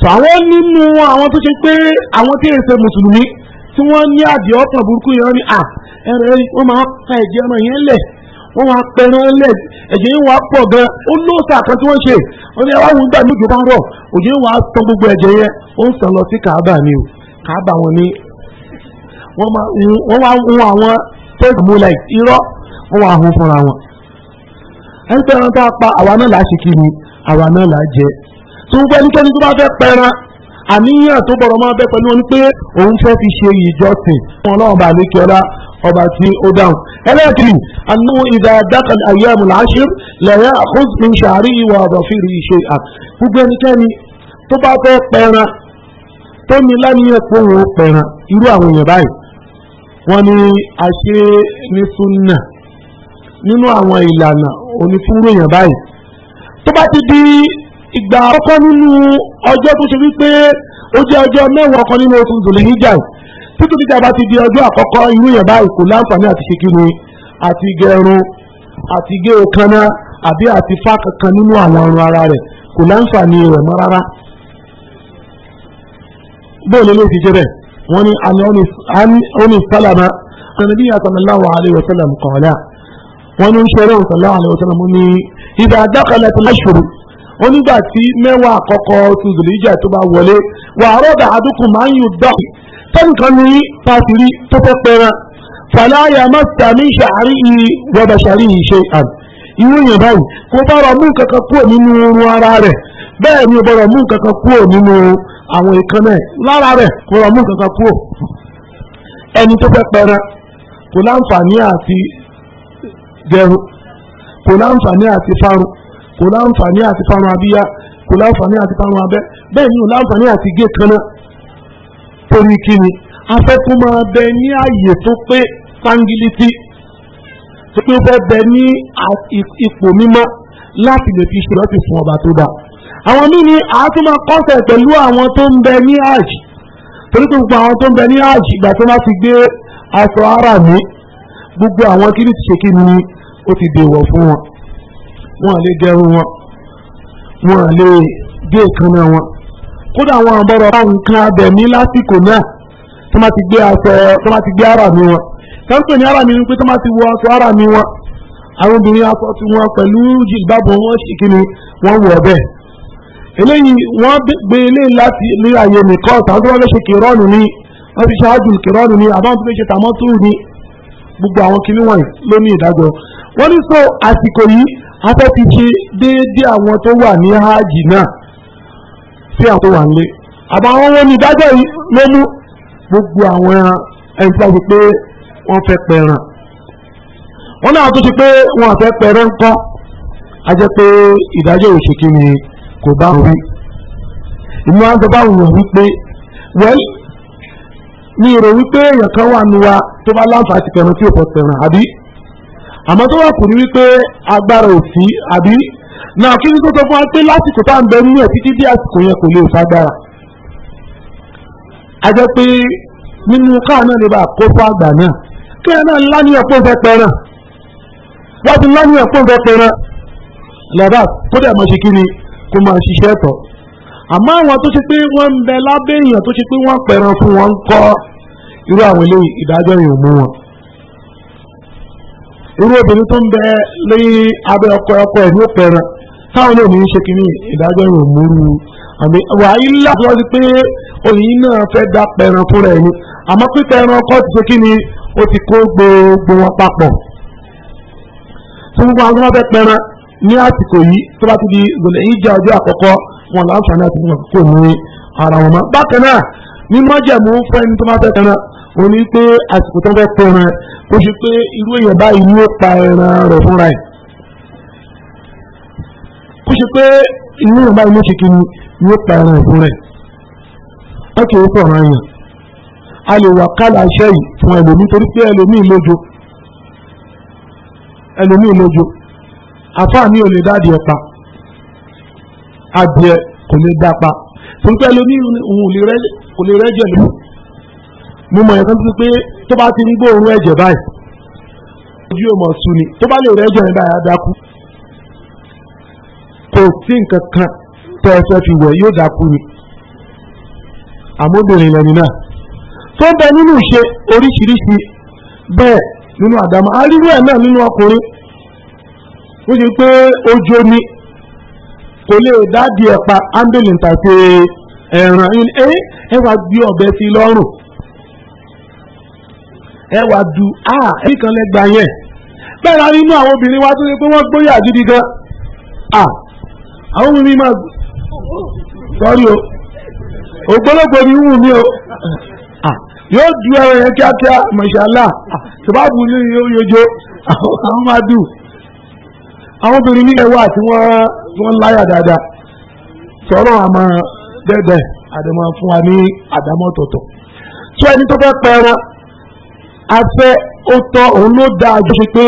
sọ àwọn nínú àwọn tó ṣe pé àwọn tí èsè mùsùlùmí tí wọ́n ní àdì ọkàn burúkú yẹn rí à ẹ̀rọ rí wọ́n máa ka ẹ̀jẹ̀ ọmọ yẹn lẹ̀ wọ́n máa pẹ̀rẹ̀ lẹ̀ ẹ̀jẹ̀ yẹn wàá pọ̀ gan ó lóòsà kan tí wọ́n ṣe wọ́n ní ẹ wá gbà rọ̀ òjò yẹn gbogbo ẹ̀jẹ̀ yẹn ó ń sàn lọ sí kàábà mi o kàábà wọn ni wọ́n àwọn tẹ́gì irọ́ wọ́n fúnra wọn. tá a pa àwa náà àwa náà tó ń tó bá àníyàn tó bọ̀rọ̀ máa bẹ́ pẹ̀lú wọn pé òun fẹ́ fi ṣe ìjọsìn fún ọlọ́run bá lè kí ọlá ọba tí ó dáhùn. ẹlẹ́ẹ̀kìrì anú ìdá dákàl ayé àmúláṣír lẹ́yà àkóso ṣàárí ìwà àbọ̀fìrì ìṣe à. gbogbo ẹnikẹ́ni tó bá fẹ́ pẹran tó ní láníyàn pé òun pẹran irú àwọn èèyàn báyìí wọ́n ní àṣẹ ní súnà nínú àwọn ìlànà onífúrú èèyàn báyìí tó bá ti di ìgbà àkọ́kọ́ nínú ọjọ́ tó ṣe wípé ó jẹ́ ọjọ́ mẹ́wàá ọkọ nínú oṣù Dhul-Hijja títún níjà bá ti di ọjọ́ àkọ́kọ́ irú yẹn báyìí kò láǹfààní àti ṣe kíni àti gẹrun àti gé okanna àbí àti fá kankan nínú àwọn ọrùn ara rẹ̀ kò láǹfààní rẹ̀ mọ́ rárá. bóòlù ló ti jẹ́ bẹ́ẹ̀ wọ́n ní àní sálàmà ànàbí sallallahu alaihi wasallam qala wọ́n ní ń ṣe eré sallallahu alaihi wasallam ní ìdá ó nígbà tí mẹ́wàá àkọ́kọ́ oṣù zòlíjà tó bá wọlé wà á rọ́ọ̀dà àdúkù máa ń yù dọ́ tẹ́nìkan ní pàṣírí tó fẹ́ pẹran fàlàyé amásítà ní ìṣàárí yìí wọ́dà ṣàárí yìí ṣe àn irú yẹn báyìí kò bára mú kankan kúrò nínú oorun ara rẹ̀ bẹ́ẹ̀ ni bọ̀rọ̀ mú kankan kúrò nínú àwọn ìkànnà lára rẹ̀ kò rọ̀ mú kankan kúrò ẹni tó fẹ́ pẹran kò láǹfààní àti kò láǹfààní àti kò láǹfààní àti fáwọn abíyá kò láǹfààní àti fáwọn abẹ́ bẹ́ẹ̀ ni ò láǹfààní àti gé kaná torí kíni afẹ́kùn máa bẹ ní ààyè tó pé pangiliti tó pé ó fẹ́ bẹ ní ipò mímọ́ láti lè fi ṣe láti fún ọba tó dáa àwọn míì ni àátú máa kọ́sẹ̀ pẹ̀lú àwọn tó ń bẹ ní ààjì torí pé gbogbo àwọn tó ń bẹ ní ààjì ìgbà tó bá ti gbé aṣọ ara mi gbogbo àwọn kí ti ṣe kí ni ó ti dèwọ̀ fún wọn wọn à lè gẹrun wọn wọn à lè gé ìkànnà wọn kódà àwọn àbọ̀rọ̀ bá nǹkan abẹ̀mí lásìkò náà tó má ti gbé aṣọ tó má ti gbé ara mi wọn tó ń pè ní ara mi ni pé tó má ti wọ aṣọ ara mi wọn àwọn obìnrin aṣọ ti wọn pẹ̀lú jìlbábò wọn sì kí ni wọ́n wọ̀ bẹ́ẹ̀ eléyìí wọ́n gbé ilé láti ní àyè nìkan tàbí wọ́n lè ṣe kìrọ́ọ̀nù ni wọ́n ti ṣáájú kìrọ́ọ̀nù ni àbáwọn tó lè ṣe tàmọ́tò ni gbogbo àwọn kìnìún ló ní ìdájọ́ wọ́n ní so àsìkò yìí afẹ́ ti ṣe déédéé àwọn tó wà ní hajj náà sí àwọn tó wà nílé àbá àwọn wọn ní ìdájọ́ yìí ló mú gbogbo àwọn ẹni tí wọ́n ti pé wọ́n fẹ́ pẹ̀ràn wọ́n náà tó ṣe pé wọ́n àfẹ́ pẹ̀rẹ́ ń kọ́ a jẹ́ pé ìdájọ́ òṣèké ni kò bá wọn wí ìmú àjọ bá wọn wípé wẹ́l mi rò wípé èèyàn kan wà nù wa tó bá láǹfààní ti pẹ̀ràn tí ò fẹ́ pẹ̀ràn àbí àmọ́ tó wà kù ní wípé agbára òfin àbí náà kí ní tó sọ fún wa pé lásìkò tá à ń bẹ nínú ẹ̀ títí dé àsìkò yẹn kò lè fagbára a jẹ́ pé nínú káà náà lè bá kó fún àgbà náà kí ẹ náà lá ní ẹ̀pọ̀ fẹ́ pẹ̀rẹ̀ wọ́n ti lá ní ẹ̀pọ̀ fẹ́ pẹ̀rẹ̀ lọ́dà kó dẹ̀ máa ṣe kí ni kó máa ṣiṣẹ́ tọ̀ àmọ́ àwọn tó ṣe pé wọ́n ń bẹ lábẹ́ èèyàn tó ṣe pé wọ́n pẹ̀rẹ̀ fún wọn ń kọ́ irú àwọn eléyìí ìdájọ́ yìí ò mú wọn irú obìnrin tó ń bẹ lórí abẹ́ ọkọ ọkọ ẹ̀ ní òpẹ̀rẹ̀ táwọn náà ní í ṣe kínní ìdájọ́ ìwò múru àmì wàhálì ńlá tó wọ́n ti pé oyin náà fẹ́ da pẹ̀ràn fúnra ẹ̀ ni àmọ́ pípẹ́ ẹran ọkọ ti ṣe kínní ó ti kó gbogbo wọn papọ̀ tó gbogbo àwọn tó bá fẹ́ pẹ̀ràn ní àsìkò yìí tó bá ti di gbọ̀dọ̀ yìí jẹ́ ọjọ́ àkọ́kọ́ wọn láǹfààní àti wọn kò ní ara wọn mọ́ bákan náà ní mọ́jẹ̀mú fún tó bá fẹ́ pẹ̀ràn o ní pé àsìkò tó fẹ́ pọ̀ rẹ̀ kó ṣe pé irú èèyàn báyìí ni ó pa ẹran rẹ̀ fúnra ẹ̀ kó ṣe pé irú èèyàn báyìí ló ṣe kí ni ó pa ẹran fúnra ẹ̀ wọ́n kì í pọ̀ ràn yàn a lè wà kálá iṣẹ́ yìí fún ẹlòmíì torí pé ẹlòmíì lójo ẹlòmíì lójo àfáà mi ò lè dá adìẹ pa adìẹ kò lè dá pa torí pé ẹlòmíì òun ò lè rẹ́jẹ̀ lóko mo mọ̀ ẹ̀kan tó pé tó bá ti ń gbóòórùn ẹ̀jẹ̀ báyìí ojú ò mọ̀ sú ni tó bá lè rẹ̀ ẹ̀jẹ̀ yẹn báyìí á dákú kò sí nǹkan kan tó ẹ fẹ́ fi wẹ̀ yóò dákú ni àmóbìnrin lẹni náà tó bẹ nínú ìṣe oríṣiríṣi bẹ́ẹ̀ nínú àdámọ́ arírú ẹ̀ náà nínú ọkùnrin ó ṣe pé ojo ni kò lè dádìí ẹ̀pa ámbìlì ń ta sí ẹran ẹ wàá gbé ọ̀bẹ sí lọ́rùn ẹ wà du a ah, ẹbí kan lẹ́gbà yẹn bẹ́ẹ̀ la nínú àwọn obìnrin wa tó ṣe pé wọ́n gbóyà gidi gan a ah, àwọn obìnrin máa sọ́rí o ògbólógbò ni wù mí o ah, yóò du ẹran yẹn kíákíá mọ̀ṣálá ṣùgbọ́n ní yóyojó àwọn máa dù àwọn obìnrin nílẹ̀ wà tí wọ́n láyà dáadáa sọ̀rọ̀ àmọ́ dẹ́dẹ̀ àdèmọ̀ fún wa ní àdámọ́ tọ̀tọ̀ tó ẹni tó fẹ́ pẹ́ ẹran afẹ́ ó tọ́ òun ló da àjọṣe pé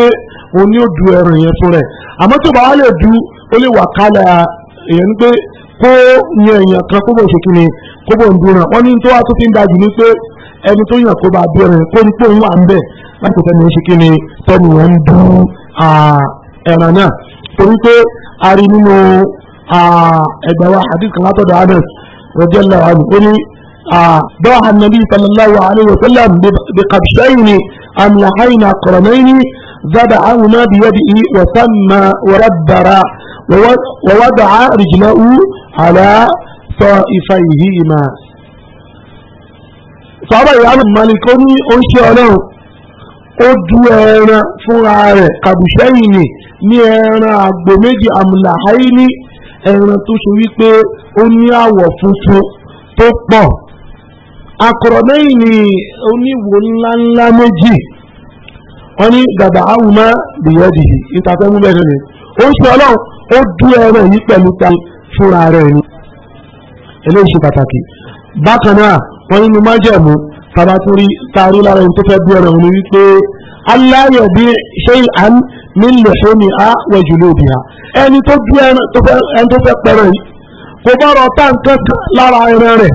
òun ni ó du ẹrù yẹn fún rẹ̀ àmọ́ tó bá wà lè du ó lè wà kálẹ̀ èèyàn pé kó yan èèyàn kan kó bò ṣe kí ni kó bò ń dúró wọn ní tó wá tó fi ń da jù ní pé ẹni tó yàn kó bá du kó láti a rí nínú ẹgbẹ̀rún kan látọ̀dọ̀ ضاح آه. النبي صلى الله عليه وسلم بقبشين أملحين قرنين ذبحهما بيده وسمى وردر ووضع رجلاه على طائفيهما صعب يا عم مالكوني اوشي انا ادو انا فرعي قبشين ني انا بمجي املحين انا توشو ويكو اني اوفوشو توكبو akọ̀rọ̀lẹ́yìn ni oníwò ńláńlá méjì wọ́n ní dàdà áwùmá bìyẹ́dì ìtafẹ́ mú bẹ́ẹ̀ ni ó ń sọ ọlọ́run ó dú ẹrẹ yìí pẹ̀lú ta fúnra rẹ̀ ni eléyìí ṣe pàtàkì bákan náà wọ́n nínú májẹ̀mú tabaturi taari lára ẹni tó fẹ́ bí ẹrẹ òun wípé aláyọ̀ bí ṣéyìn án nílò sómi á wẹ̀jù lóbi ha ẹni tó dú ẹni tó fẹ́ pẹ̀rẹ̀ yìí kò bọ́rọ̀ tá nǹkan lára ẹrẹ rẹ̀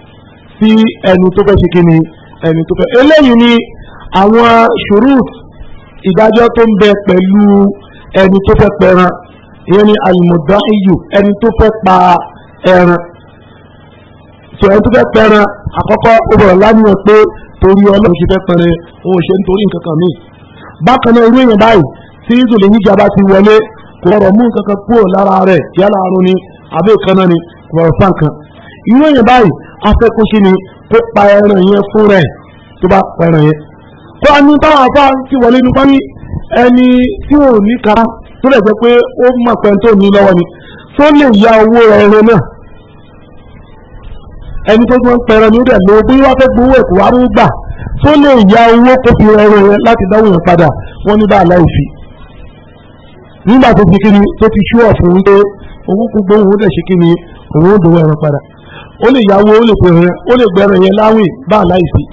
sí ẹni tó fẹ́ ṣe kí ni ẹni tó fẹ́ eléyìí ni àwọn ṣùrùt ìdájọ́ tó ń bẹ pẹ̀lú ẹni tó fẹ́ pẹran ìyẹn ni àlùmọ̀dáìyù ẹni tó fẹ́ pa ẹran tó ẹni tó fẹ́ pẹran àkọ́kọ́ ó bọ̀rọ̀ lánìyàn pé torí ọlọ́run ṣe fẹ́ pẹran òun ṣe nítorí nǹkan kan míì bákan náà irú èèyàn báyìí tí ìzòlè yíjà bá ti wọlé kò rọrọ̀ mú nǹkan kan kúrò lára rẹ̀ yálà àrùn ni àbí ìkànnà ni kò rọrọ̀ fáǹkan irú èèyàn báyìí afẹ́kọ́ sí ni kó pa ẹran yẹn fún rẹ̀ tó bá pa ẹran yẹn. kó a ní táwọn afá ti wọlé ní fámi ẹni tí ò ní kára tó lè jẹ́ pé ó mọ̀ pẹ́ tó ní lọ́wọ́ ni tó lè ya owó ẹran náà ẹni tó gbọ́n pẹ̀rọ ní ìdẹ̀ ló bí wọ́n fẹ́ gbowó ẹ̀kọ́ wá ń gbà tó lè ya owó kó fi ẹrọ rẹ láti dáwọ́ yẹn padà wọ́n ní bá aláìfi nígbà tó fi kíni tó ti ṣú ọ̀fun pé owó gbogbo òun dẹ̀ ṣe kíni òun ò dòwó ẹ̀rọ padà ó lè yáwó ó lè pèrè ó lè gbẹrẹ yẹn láwìn bá láìsí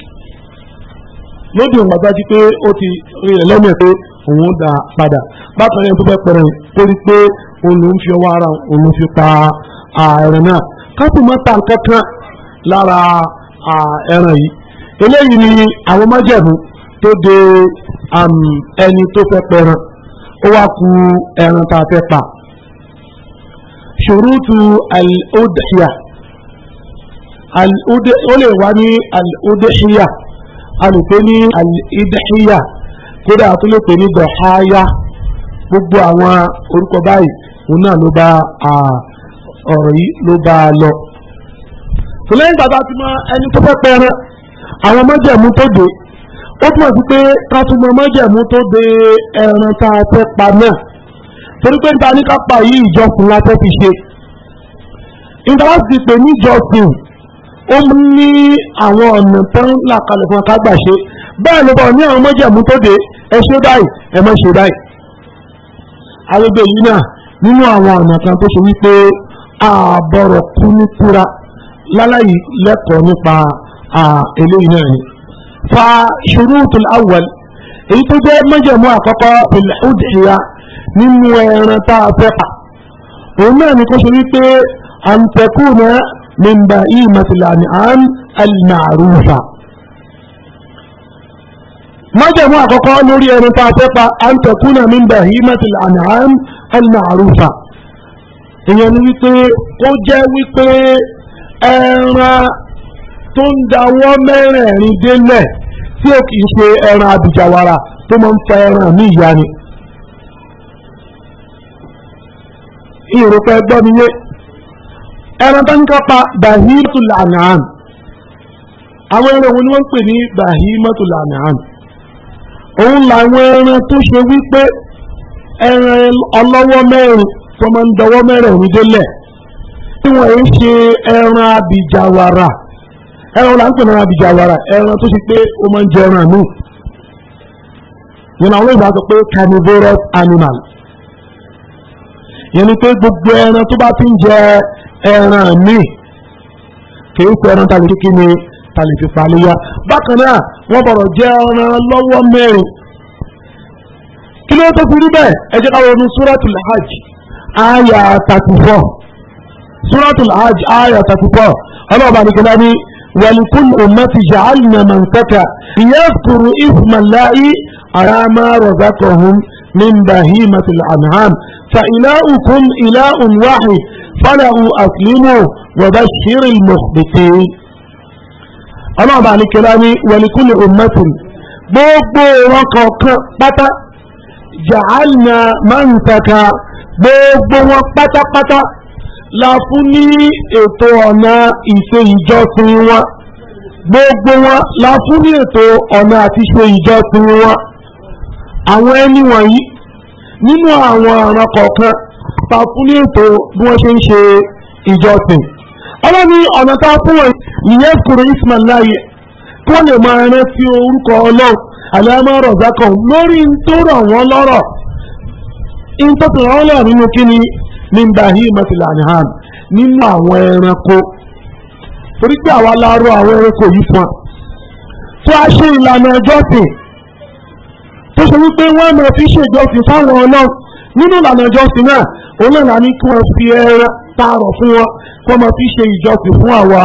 lóde òun àgbájú pé ó ti rí ẹ lọ́mọ̀ pé òun dà padà bákan yẹn tó fẹ́ pẹ̀rẹ̀ torí pé òun ló ń fi ọwọ́ ara òun ló fi pa ẹran náà kápò má ta nǹkan kan lára ẹran yìí eléyìí ni àwọn májẹ̀mú tó de ẹni tó fẹ́ pẹ̀rẹ̀ ó wá ku ẹran tá a fẹ́ pa ṣòro tu al-udhiya ó lè wá ní al-udhiya a lè pè ní al-idhiya kódà tó lè pè ní dọ̀háyá gbogbo àwọn orúkọ báyìí òun náà ló bá ọ̀rọ̀ yìí ló bá a lọ. lẹ́yìn bàbá ti mọ ẹni tó fẹ́ pẹran àwọn mọ́jẹ̀mú tó dé ó túmọ̀ sí pé ká tún mọ mọ́jẹ̀mú tó dé ẹran tá a fẹ́ pa náà torí pé níta ní ká pa yìí ìjọsìn la fẹ́ fi ṣe. ìtawá sì pè ní ìjọsìn ó ní àwọn ọ̀nà tó ń là kalẹ̀ fún akágbà ṣe báyìí ló bá ní àwọn mọ́jẹ̀mú tó dé ẹ ṣe báyìí ẹ má ṣe báyìí. agbègbè yìí náà nínú àwọn ọ̀nà kan tó ṣe wípé ààbọ̀rọ̀ kú ní kúra láláyìí lẹ́kọ̀ọ́ nípa eléyìí náà ni. fa shurutul awwal èyí tó jẹ́ mọ́jẹ̀mú àkọ́kọ́ ìlẹ́hùdìyà nínú ẹran tá a fẹ́ pa òun náà ni kó ṣe wípé àǹtẹ̀kù náà من بهيمة الأنعام المعروفة májẹ̀mú àkọ́kọ́ lórí ẹni tá a fẹ́ pa à ń tẹ̀kúnà min bahimatil an'am al-ma'rufa ìyẹn ni wípé ó jẹ́ wípé ẹran tó ń dawọ́ mẹ́rẹ̀ẹ̀rin délẹ̀ tí ó kìí ṣe ẹran àbìjàwara tó máa ń fa ẹran ní ìyá ni. ìròpẹ́ gbọ́ mi yé ẹran tó ń kápá bahimatul an'am àwọn ẹran wọn ni wọ́n ń pè ní bahimatul an'am òun làwọn ẹran tó ṣe wípé ẹran ọlọ́wọ́ mẹ́rin tó máa ń dọwọ́ mẹ́rin òun délẹ̀ tí wọ́n ń ṣe ẹran abìjàwàrà ẹran là ń pè ní ẹran ẹran tó ṣe pé ó máa ń jẹ ẹran míì yẹn àwọn ìgbà sọ pé carnivorous animal yẹn ni pé gbogbo ẹran tó bá ti ń jẹ ẹran míì kìí pẹ́ ẹran tàbí kí ni tàbí fi paléyà bákan náà wọ́n bọ̀rọ̀ jẹ́ ọ̀ràn lọ́wọ́ mẹ́rin kí ló tó fi rí bẹ́ẹ̀ ẹ jẹ́ ká ronú suratul hajj aya thirty four suratul hajj aya thirty four ọlọ́ọ̀bà nìkan náà ní ولكل أمة جعلنا منسكا ليذكر اسم الله على ما رزقهم من بهيمة الأنعام فإلهكم إله واحد fọ́lẹ̀hù àfìlímù wọ̀bá ṣírí mọ̀pẹ̀tẹ̀ ọlọ́ọ̀bà ní kẹlá ní wẹ̀líkúlẹ̀ òmẹ́tìn gbogbo wọn kọ̀ọ̀kan pátá jàálìnà máa ń tẹ̀ka gbogbo wọn pátápátá la fún ní ètò ọ̀nà ìṣe ìjọsìn wọn gbogbo wọn la fún ní ètò ọ̀nà àti ṣe ìjọsìn wọn àwọn ẹni wọ̀nyí nínú àwọn ọ̀ràn kọ̀ọ̀kan ta fún ní ètò bí wọ́n ṣe ń ṣe ìjọsìn ọlọ́ni ọ̀nà tá a fún wọn ìyẹn kúrò ismail láàyè kí wọ́n lè máa rántí orúkọ ọlọ́run àlẹ́mọ́ rọ̀dá kan lórí ń tó rọ̀ wọ́n lọ́rọ̀ ń tó tẹ̀ wọ́n lọ́rọ̀ nínú kí ni nígbà yìí mẹ́tìlá nìhan nínú àwọn ẹranko torí pé àwa la rọ àwọn ẹranko yìí fún wa tó a ṣe ìlànà ìjọsìn tó ṣe wípé wọ́n mọ̀ fi ṣèjọsìn fáwọn ọlọ́run nínú ìlànà ìjọsìn náà olóòlà ní kí wọ́n fi ẹran tààrọ̀ fún wọn kí wọ́n fi ṣe ìjọsìn fún àwa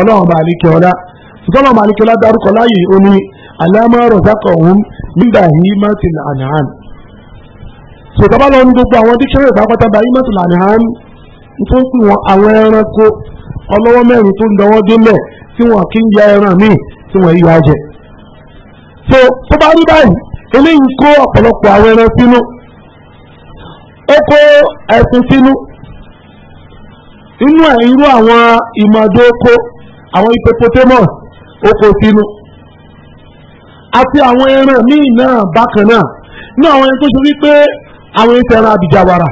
ọlọ́run màálíkẹ́ ọlá ìtọ́nà màálíkẹ́ ọlá dárúkọ láàyè ó ní alámọ̀rọ̀ sákọ̀ òun nígbà yìí má ti là ní hàn. sọ̀tàbá lọ ní gbogbo àwọn díkẹ́rẹ́ ìbápátá bá yìí má ti là ní hàn tó àwọn ẹranko ọlọ́wọ́ mẹ́rin tó ń dọwọ́ délẹ̀ tí wọn kì í ya ẹran míì tí wọn yíya jẹ. so tó bá rí báyìí eléyìí kó ọ̀pọ̀lọpọ̀ àwọn ẹran sínú ó kó ẹ̀sìn sínú inú ẹ̀ irú àwọn ìmọ̀dé oko àwọn hippopotamus oko sínú àti àwọn ẹran míì náà bákan náà ní àwọn ẹni tó ṣe wípé àwọn ẹsẹ̀ ẹran àbìjàwàrà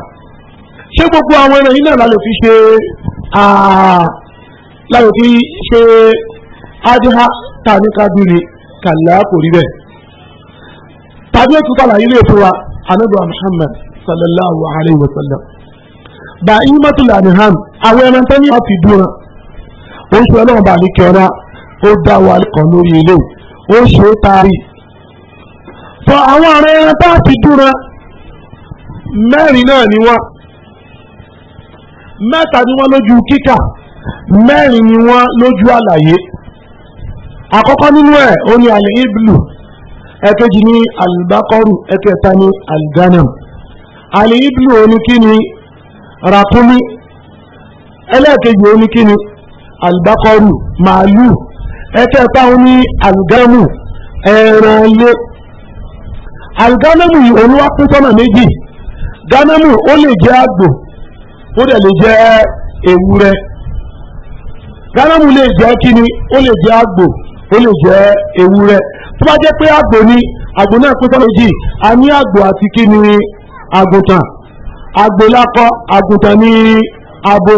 ṣé gbogbo àwọn ẹran yìí náà la lè fi ṣe la lè fi ṣe adéhà tàbí kábìrì kàlá kò bẹ́ẹ̀ tàbí ètùtà làyè lè e fún wa anábìrì Muhammad sallallahu alayhi wa sallam. bá imatul anham àwọn ẹran tó ní wọ́n fi dúró ó ń sọ ọlọ́run bá ní kíọ́lá ó dá wa kan lórí ilé ó ń ṣe é taari. sọ àwọn ará ẹran tá a fi dúró mẹ́rin náà ni wọ́n mẹ́ta ni wọ́n lójú kíkà mẹ́rin ni wọ́n lójú àlàyé àkọ́kọ́ nínú ẹ̀ ó ní alẹ́ iblu ẹ̀kejì ní albakọ́rù ẹ̀kẹta ní alganam àlè ibnu oníkíni ràkúnmí ẹlẹ́ẹ̀kejì oníkíni albakọrù màálù ẹ̀kẹta oní algamu ẹran ilé alganamu olúwa pín sọ́nà méjì ganamu ó lè jẹ́ àgbò ó dẹ̀ lè jẹ́ ewúrẹ́ ganamu lè jẹ́ kíni ó lè jẹ́ àgbò ó lè jẹ́ ewúrẹ́ tó bá jẹ́ pé àgbò ni àgbò náà pín sọ́nà méjì a ní àgùntàn àgbòlákọ àgùntàn ní abo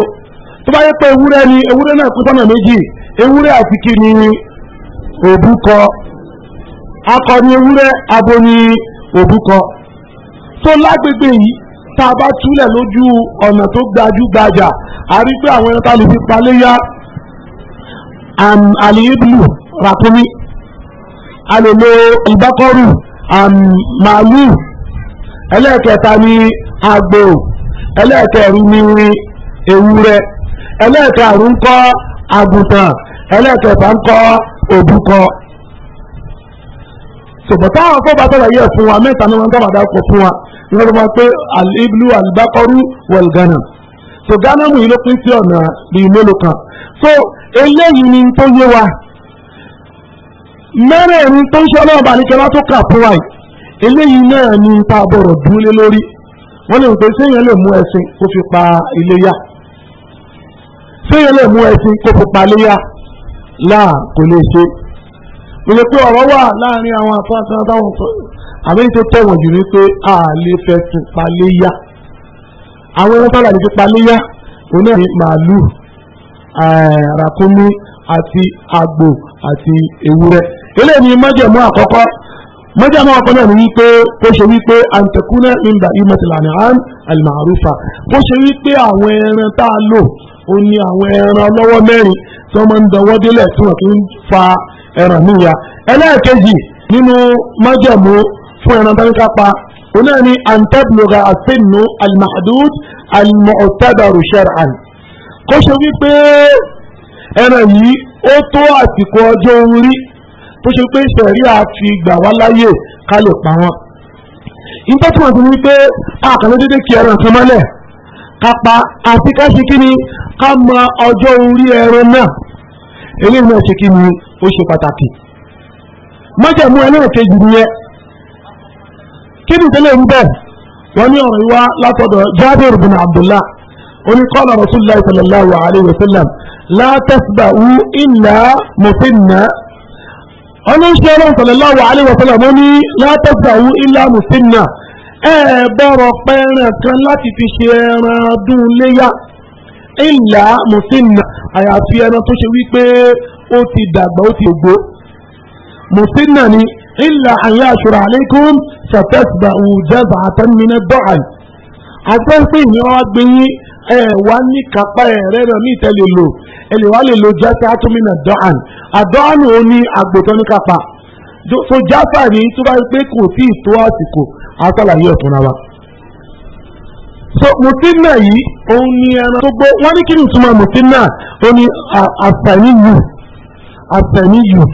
tó bá yẹ pé ewúrẹ́ ni ewúrẹ́ náà kú sọ́nà méjì ewúrẹ́ àti kí ni òbúkọ akọ ni ewúrẹ́ abo ni òbúkọ tó lágbègbè yìí tá a bá túlẹ̀ lójú ọ̀nà tó gbajú-gbajà a rí pé àwọn ẹran tá a lè fi paléyà a lè lo ìbákọ́rù màálù ẹlẹ́ẹ̀kẹta ni àgbò ẹlẹ́ẹ̀kẹrin ni ewúrẹ́ ẹlẹ́ẹ̀kẹrin kọ́ àgùntàn ẹlẹ́ẹ̀kẹfà ń kọ́ òbúkọ. ṣùgbọ́n àwọn afọ́ba tọ́lá yẹ fún wa mẹ́ta ni wọ́n dábàá dákọ̀ fún wa ní wọ́n máa pé aliblu alibakọ́rú wọ̀lgánà tó gánà mú yìí ló pín sí ọ̀nà bíi mélòó kan. so eléyìí ni tó yé wa mẹ́rẹ̀ẹ̀rin tó ń ṣe ọlọ́ọ̀bà ní kẹ́lá tó kà fún wa yìí eléyìí náà ni ta bọ̀rọ̀ dúnlé lórí wọ́n lè pè séèyàn lè mú ẹṣin kó fi pa iléyà séèyàn lè mú ẹṣin kó fi pa iléyà láà kò lè ṣe ìyẹ pé ọ̀rọ̀ wà láàrin àwọn afáàtàn táwọn sọ àmì tó tẹ̀wọ̀n jù ní pé a lè fẹ̀sùn pa iléyà àwọn ẹran tọ́lá lè fi pa iléyà òun náà ní màálù eh, ràkúnmí àti àgbò àti ewúrẹ́ eléyìí ni májẹ̀mú àkọ́kọ́ mọ́jà máa kọ́ náà ní wípé kó ṣe wípé àǹtẹ̀kúnná ìgbà ìmọ̀tìlànà àn àlùmàrúfà kó ṣe wípé àwọn ẹran tá a lò ó ní àwọn ẹran ọlọ́wọ́ mẹ́rin tí wọ́n máa ń dọwọ́ délẹ̀ tí wọ́n fi ń fa ẹran níyà ẹlẹ́ẹ̀kejì nínú májẹ̀mú fún ẹran táníkà pa oná ní àǹtẹ̀bùlọ̀gà àfẹ́nu almahdud almu'tabaru shar'an kó ṣe wípé ẹran yìí ó tó àsìkò ọjọ́ orí tó ṣe pé ìṣẹ̀rí àfi gbà wá láyè ká lè pa wọn. nígbà tí wọ́n ti ní pé àkàlẹ́ dédé kí ẹran kan mọ́lẹ̀ ká pa àti ká ṣe kí ni ká mọ ọjọ́ orí ẹran náà eléyìí náà ṣe kí ni ó ṣe pàtàkì. májàmú ẹlẹ́ẹ̀kejì nìyẹn kí ni ìtẹ́lẹ̀ ń bẹ̀ wọ́n ní ọ̀rọ̀ ìwá látọ̀dọ̀ Jabir bin Abdullah oní qala Rasulullah sallallahu alayhi wa sallam la tasba'u illa musinna ọlọ́run ṣe ọlọ́run sallallahu alaihi wa sallam ní látọ̀gbàwú ilá mùsùlùmí ẹ bọ̀rọ̀ pẹ́ẹ́rẹ́ kan láti fi ṣe ẹran ọdún léyà ilá mùsùlùmí àyàfi ẹran tó ṣe wípé ó ti dàgbà ó ti gbó mùsùlùmí ni ilá àyà àṣùrà alaykum ṣàtẹ́sìbà òjẹ́ bàtà nínú dọ́ọ̀lù àgbẹ̀fẹ́ mi wá gbé yín ẹ wá ní kápá ẹ rẹ rẹ mí ìtẹ́lẹ̀ lò ẹ lè wá lè lo jáfẹ́ átúmínà dọ́hàn àdọ́hàn ò ní àgbòtọ́ ní kápá so jáfà ní tó bá pé kò tí ì tó àsìkò àtàlàyé ọ̀túnra wa. so mùtínà yìí òun ni ẹran tó gbó wọ́n ní kí ni ìtumọ̀ mùtínà òun ni àfẹ̀níyù àfẹ̀níyù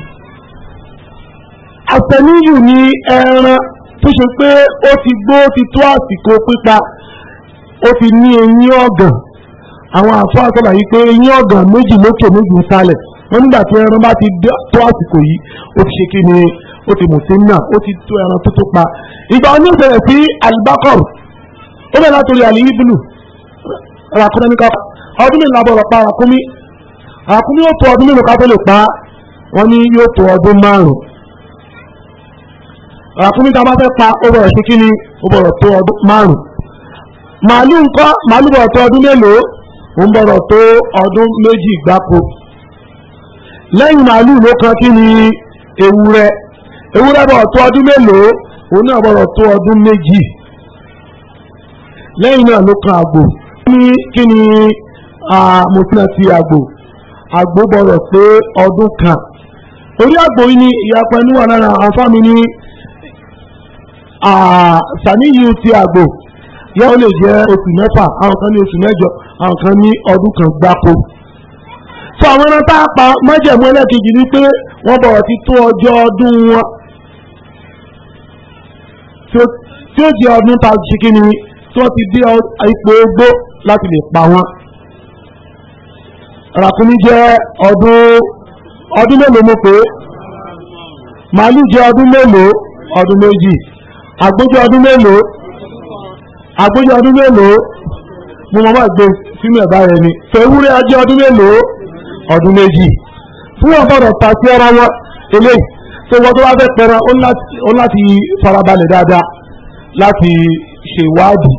àfẹ̀níyù ni ẹran tó ṣe pé ó ti gbó ó ti tó àsìkò pípa. ó ti ní eyín ọ̀gàn àwọn àfáà sọ̀rọ̀ yìí pé eyín ọ̀gàn méjì lókè méjì sálẹ̀ wọ́n nígbà tí ẹran bá ti tó àsìkò yìí ó ti ṣe kí ni ó ti sí náà ó ti tó ẹran tó pa ìgbà wọn ní ìṣẹ̀lẹ̀ sí alibakor ó bẹ̀rẹ̀ látòrí ọdún ọ̀rọ̀ pa ràkúnmí ràkúnmí ó tó ọdún mélòó lè pa wọ́n ní yóò tó ọdún márùn màálù ńkọ́ màálù bọ̀ tó ọdún mélòó ń bọ̀rọ̀ tó ọdún méjì gbáko lẹ́yìn màálù ló kan kí ni ewúrẹ́ ewúrẹ́ bọ̀ ọdún mélòó òun náà bọ̀rọ̀ ọdún méjì lẹ́yìn náà ló àgbò kí ni àgbò àgbò bọ̀rọ̀ pé ọdún kan orí àgbò yìí ní ti yá ó lè jẹ́ oṣù mẹ́fà àwọn kan ní oṣù mẹ́jọ àwọn kan ní ọdún kan gbáko. fún àwọn ẹran tá a pa májẹ̀mú ẹlẹ́kejì ni pé wọ́n bọ̀rọ̀ ti tó ọjọ́ ọdún wọn tí ó jẹ́ ọdún tá a ṣe kí ni tí wọ́n ti dé ipò ogbó láti lè pa wọ́n. ràkúnmí jẹ́ ọdún ọdún mélòó mo pé màálù jẹ́ ọdún mélòó ọdún méjì àgbò ọdún mélòó àgbójọ ọdún mélòó mo mọ̀ máa gbé sínú ẹ̀bá rẹ̀ ni fẹ̀wúrẹ́ ajé ọdún mélòó ọdún méjì fún ọ̀gbọ́dọ̀ ta sí ọ̀rọ̀ wọn eléyìí tó wọ́n tó wá fẹ́ pẹran ó láti farabalẹ̀ dáadáa láti ṣe ìwádìí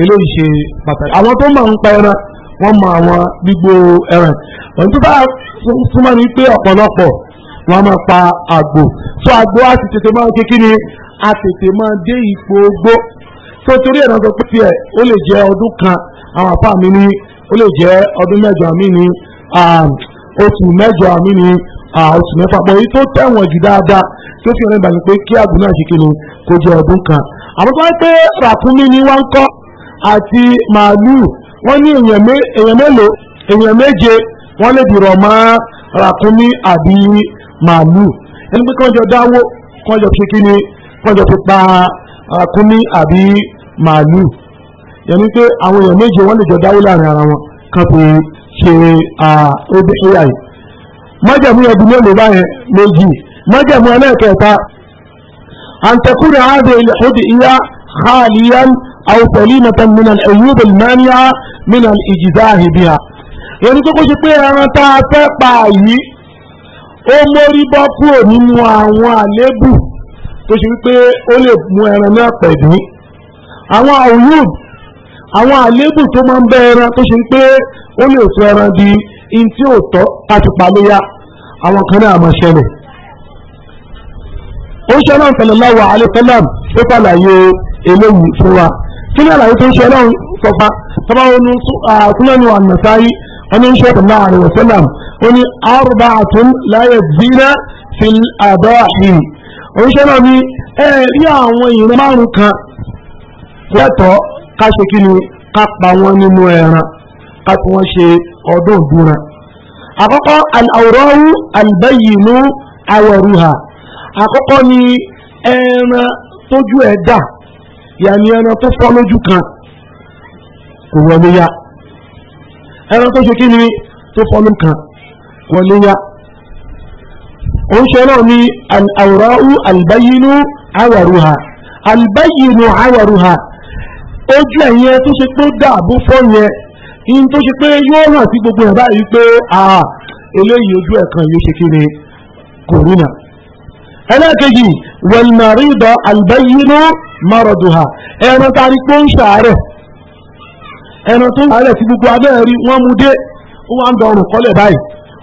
eléyìí ṣe pàtàkì àwọn tó máa ń pa ẹran wọ́n mọ àwọn gbígbó ẹran wọ́n tó bá súnmọ́ ní pé ọ̀pọ̀lọpọ̀ wọ́n máa pa àgbò tó àgbò á ti tètè máa kékeré á tètè máa dé ipò gbó so torí ẹ̀rọ sọ pé tiẹ̀ ó lè jẹ́ ọdún kan àwọn àpá mi ní ó lè jẹ́ ọdún mẹ́jọ mi ní um, oṣù mẹ́jọ mi ní uh, oṣù mẹ́fà pọ̀ èyí tó tẹ̀wọ̀n jù dáadáa tó fi hàn ìbàdàn pé kí àbùn náà kó jẹ́ ọdún kan àmọ́ tó pé ràkúnmí ni wọ́n ń kọ́ àti màálùú wọ́n ní èèyàn mélòó èèyàn méje wọ́n lè dìrọ̀ mọ́ ràkúnmí àbí màálùú ẹni pé kọ́njọ dáwó kọ́njọ fi kọ́njọ fi ràkúnmí àbí màálù yẹni pé àwọn èèyàn méje wọ́n lè jọ dáwó láàrin ara wọn kan pé ṣe obìnrin àyè májàmú ẹbí mélòó báyẹn méjì májàmú ẹlẹ́ẹ̀kẹta àǹtẹ̀kùnrin àádé ìlẹ̀kùdì ìyá khaliyan aw salimatan min al-uyub al-mani'a min al-ijzahi biha yẹni tó kó ṣe pé ẹran tá a fẹ́ pa ó mórí bọ́ kúrò nínú àwọn àlébù tó ṣe wípé ó lè mú ẹran náà pẹ̀lú àwọn àwòrán àwọn àléébù tó máa ń bẹ ẹran tó ṣe wípé ó lè sọ ẹran di in tí ò tọ́ láti paléyà àwọn kan náà máa ṣẹlẹ̀ ó ṣe náà sallallahu alaihi wasallam tó pàlàyé eléyìí fún wa kí ni àlàyé tó ń ṣe náà sọpa tọ́ba onú àtúnyẹ̀nu ànàsáyí oníṣẹ́ sallallahu alaihi wasallam ó ní arba'atun la yadhina fil abahi oníṣẹ́ náà ni ẹ rí àwọn ìran márùn kan lẹ́tọ̀ọ́ ká ṣe kí ni ká pa wọ́n nínú ẹran ká tí wọ́n ṣe ọdún ìdúnra àkọ́kọ́ àwòránwú àlùbẹ́yìnú àwọ̀rúhà àkọ́kọ́ ni ẹran tójú ẹ̀ dà yàní ẹran tó fọ́ lójú kan kò wọlé ẹran tó ṣe kí ni tó fọ́ lójú kan wọlé yá ó ń ṣe náà ní àwòránú àlùbáyínú àwàrúhà àlùbáyínú àwàrúhà ojú ẹ̀yẹn tó ṣe pé dààbò fọ́ yẹn in tó ṣe pé yóò hàn sí gbogbo ẹ̀ báyìí pé àà eléyìí ojú ẹ̀kan yóò ṣe kí ni kòrónà ẹlẹ́ẹ̀kejì wẹ̀lmẹ̀rídọ̀ àlùbáyínú márọ̀dùhà ẹran tá a rí pé ń ṣàárẹ̀ ẹran tó ń ṣàárẹ̀ tí gbogbo abẹ́rẹ́ rí wọ́n mú dé ó wá ń dọrùn kọ́lẹ̀ báyìí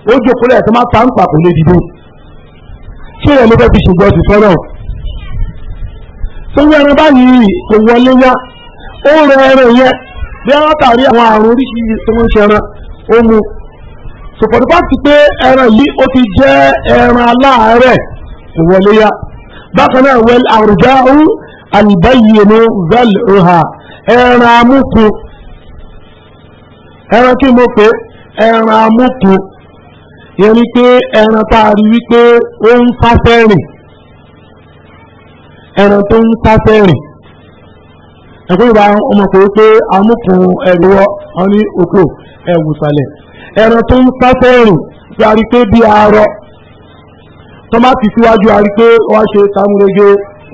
ó jókòó lẹ̀ má ta ń pàkó lé dìde ṣé ìyẹn ló fẹ́ fi ṣùgbọ́n ti fẹ́ràn sórí ẹran báyìí kò wọlé yá ó rọ ẹran yẹn bí wọ́n tàrí àwọn àrùn oríṣiríṣi tó ń ṣẹran ó mu sòpòtìpá ti pé ẹran yìí ó ti jẹ́ ẹran aláàárẹ̀ kò wọlé yá bákan náà wẹ́l àrùjá ń àlùbáyìnú vel ọ̀hà ẹran amúkun ẹran kí mo pè ẹran amúkun yẹn ni pé ẹran tá a rí wípé ó ń fáfẹ́ rìn ẹran tó ń fáfẹ́ rìn ẹ̀kọ́ ìbá ọmọ pé pé amúkùn ẹ̀rọ wọn ní òkú ẹ̀wùsàlẹ̀ ẹran tó ń fáfẹ́ rìn tí a rí pé bí arọ tó má ti síwájú a rí pé wọ́n ṣe tamúrege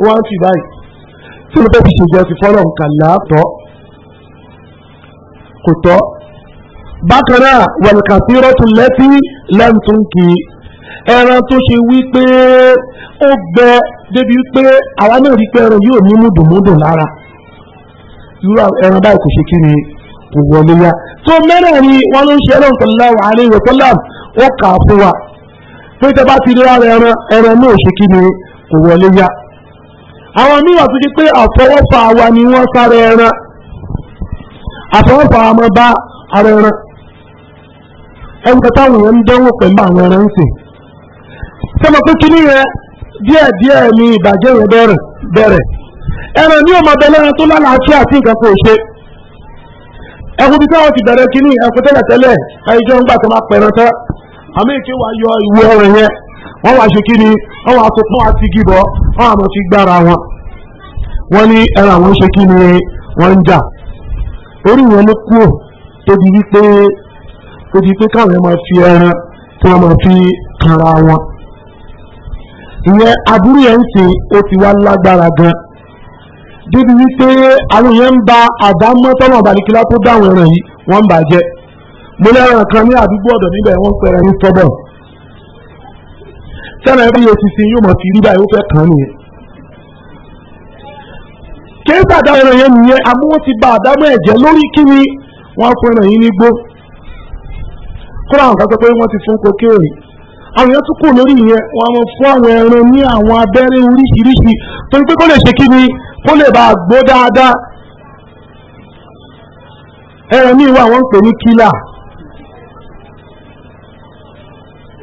wọ́n ti báyìí tí mo fẹ́ fi ṣèjọ́ ti nǹkan láàtọ̀ kò tọ́ bákan náà wẹ̀lùkàfíró tún lẹ́tí lẹ́ǹtún kì í ẹran tó ṣe wí pé ó gbẹ débi pé àwa náà rí pé ẹran yóò ní múdùnmúdùn lára irú ẹran báyìí kò ṣe kí ni kò wọlé yá tó mẹ́rẹ̀ẹ̀rin wọn ló ń ṣe ẹran sallallahu alaihi wa sallam wọ́n kà á fún wa pé tẹ bá ti rí ara ẹran ẹran náà ṣe kí ni kò wọlé yá àwọn míì tó di pé àfọwọ́fà wa ni wọ́n sáré ẹran àfọwọ́fà wa máa bá ara ẹran ẹgbẹ́ táwọn èèyàn ń dánwò pẹ̀lú àwọn ẹran ń sìn sọmọ pé kí nìyẹn díẹ̀ díẹ̀ ni ìbàjẹ́ yẹn bẹ̀rẹ̀ bẹ̀rẹ̀ ẹran ní ọmọ abẹ lẹ́ran tó lálàáfíà àti nǹkan kò ṣe ẹkùn bí táwọn ti bẹ̀rẹ̀ kínní ẹkùn tẹ́lẹ̀ tẹ́lẹ̀ káyíjọ́ ń gbà tó máa pẹ̀rẹ̀ àmì ìké wa yọ ìwé ọ̀rọ̀ yẹn wọ́n wá ṣe wá fi gbára wọn ó di pé káwọn yẹn máa fi ẹran tí wọ́n máa fi kanra wọn ìyẹn aburú yẹn ń ṣe ó ti wá lágbára gan débi wípé àwọn yẹn ń ba àdámọ́ tọ́lọ̀ àbálẹ́kílá tó dáwọn ẹran yìí wọ́n ń bàjẹ́ mo lẹ́ran kan ní àdúgbò ọ̀dọ̀ níbẹ̀ wọ́n pẹ̀rẹ̀ ní sọ́bọ̀ sẹ́nà bí etí sin yóò mọ̀ sí rí báyìí ó fẹ́ kàn nìyẹn. kéésà dáwọn ẹran yẹn nìyẹn amúwó ti ba àdámọ́ ẹ̀jẹ̀ lórí kíni wọ́n fún ẹran yìí nígbó kọ́ra àwọn kan sọ pé wọ́n ti fún kokéèrè àwọn èèyàn tún kù lórí ìyẹn wọn mọ fún àwọn ẹran ní àwọn abẹ́rẹ́ oríṣiríṣi torí pé kó lè ṣe kí ni kó lè bá gbó dáadáa ẹran ní ìwà wọn ń pè ní kílà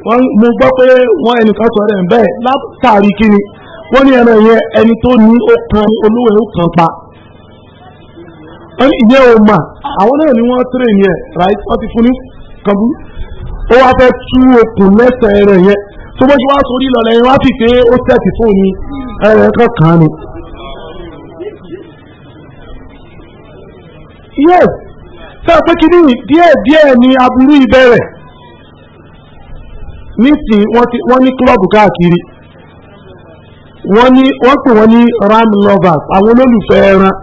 wọ́n mú gbọ́ pé wọ́n ẹnìkan sọ rẹ̀ bẹ́ẹ̀ látàrí kí ni wọ́n ní ẹran yẹn ẹni tó ní ọkàn olówó ẹ̀ kan pa wọ́n ní ìyẹn ò mà àwọn náà ni wọ́n tẹ̀rẹ̀ ní ẹ̀ ráìtì wọ́n ti fún ní kan bú ó wá fẹ́ tú okùn mẹ́sàn rẹ̀ yẹn tó bó wá sórí lọ lẹ́yìn wá fi pé ó tẹ̀sí fún mi ẹ̀rẹ̀ kan kàn án ni. yes sáà pé kí ni díẹ̀ díẹ̀ ni aburú ìbẹ̀rẹ̀ nísìn wọ́n ní kílọ̀bù káàkiri wọ́n pè wọ́n ní ram lovers àwọn olólùfẹ́ ẹran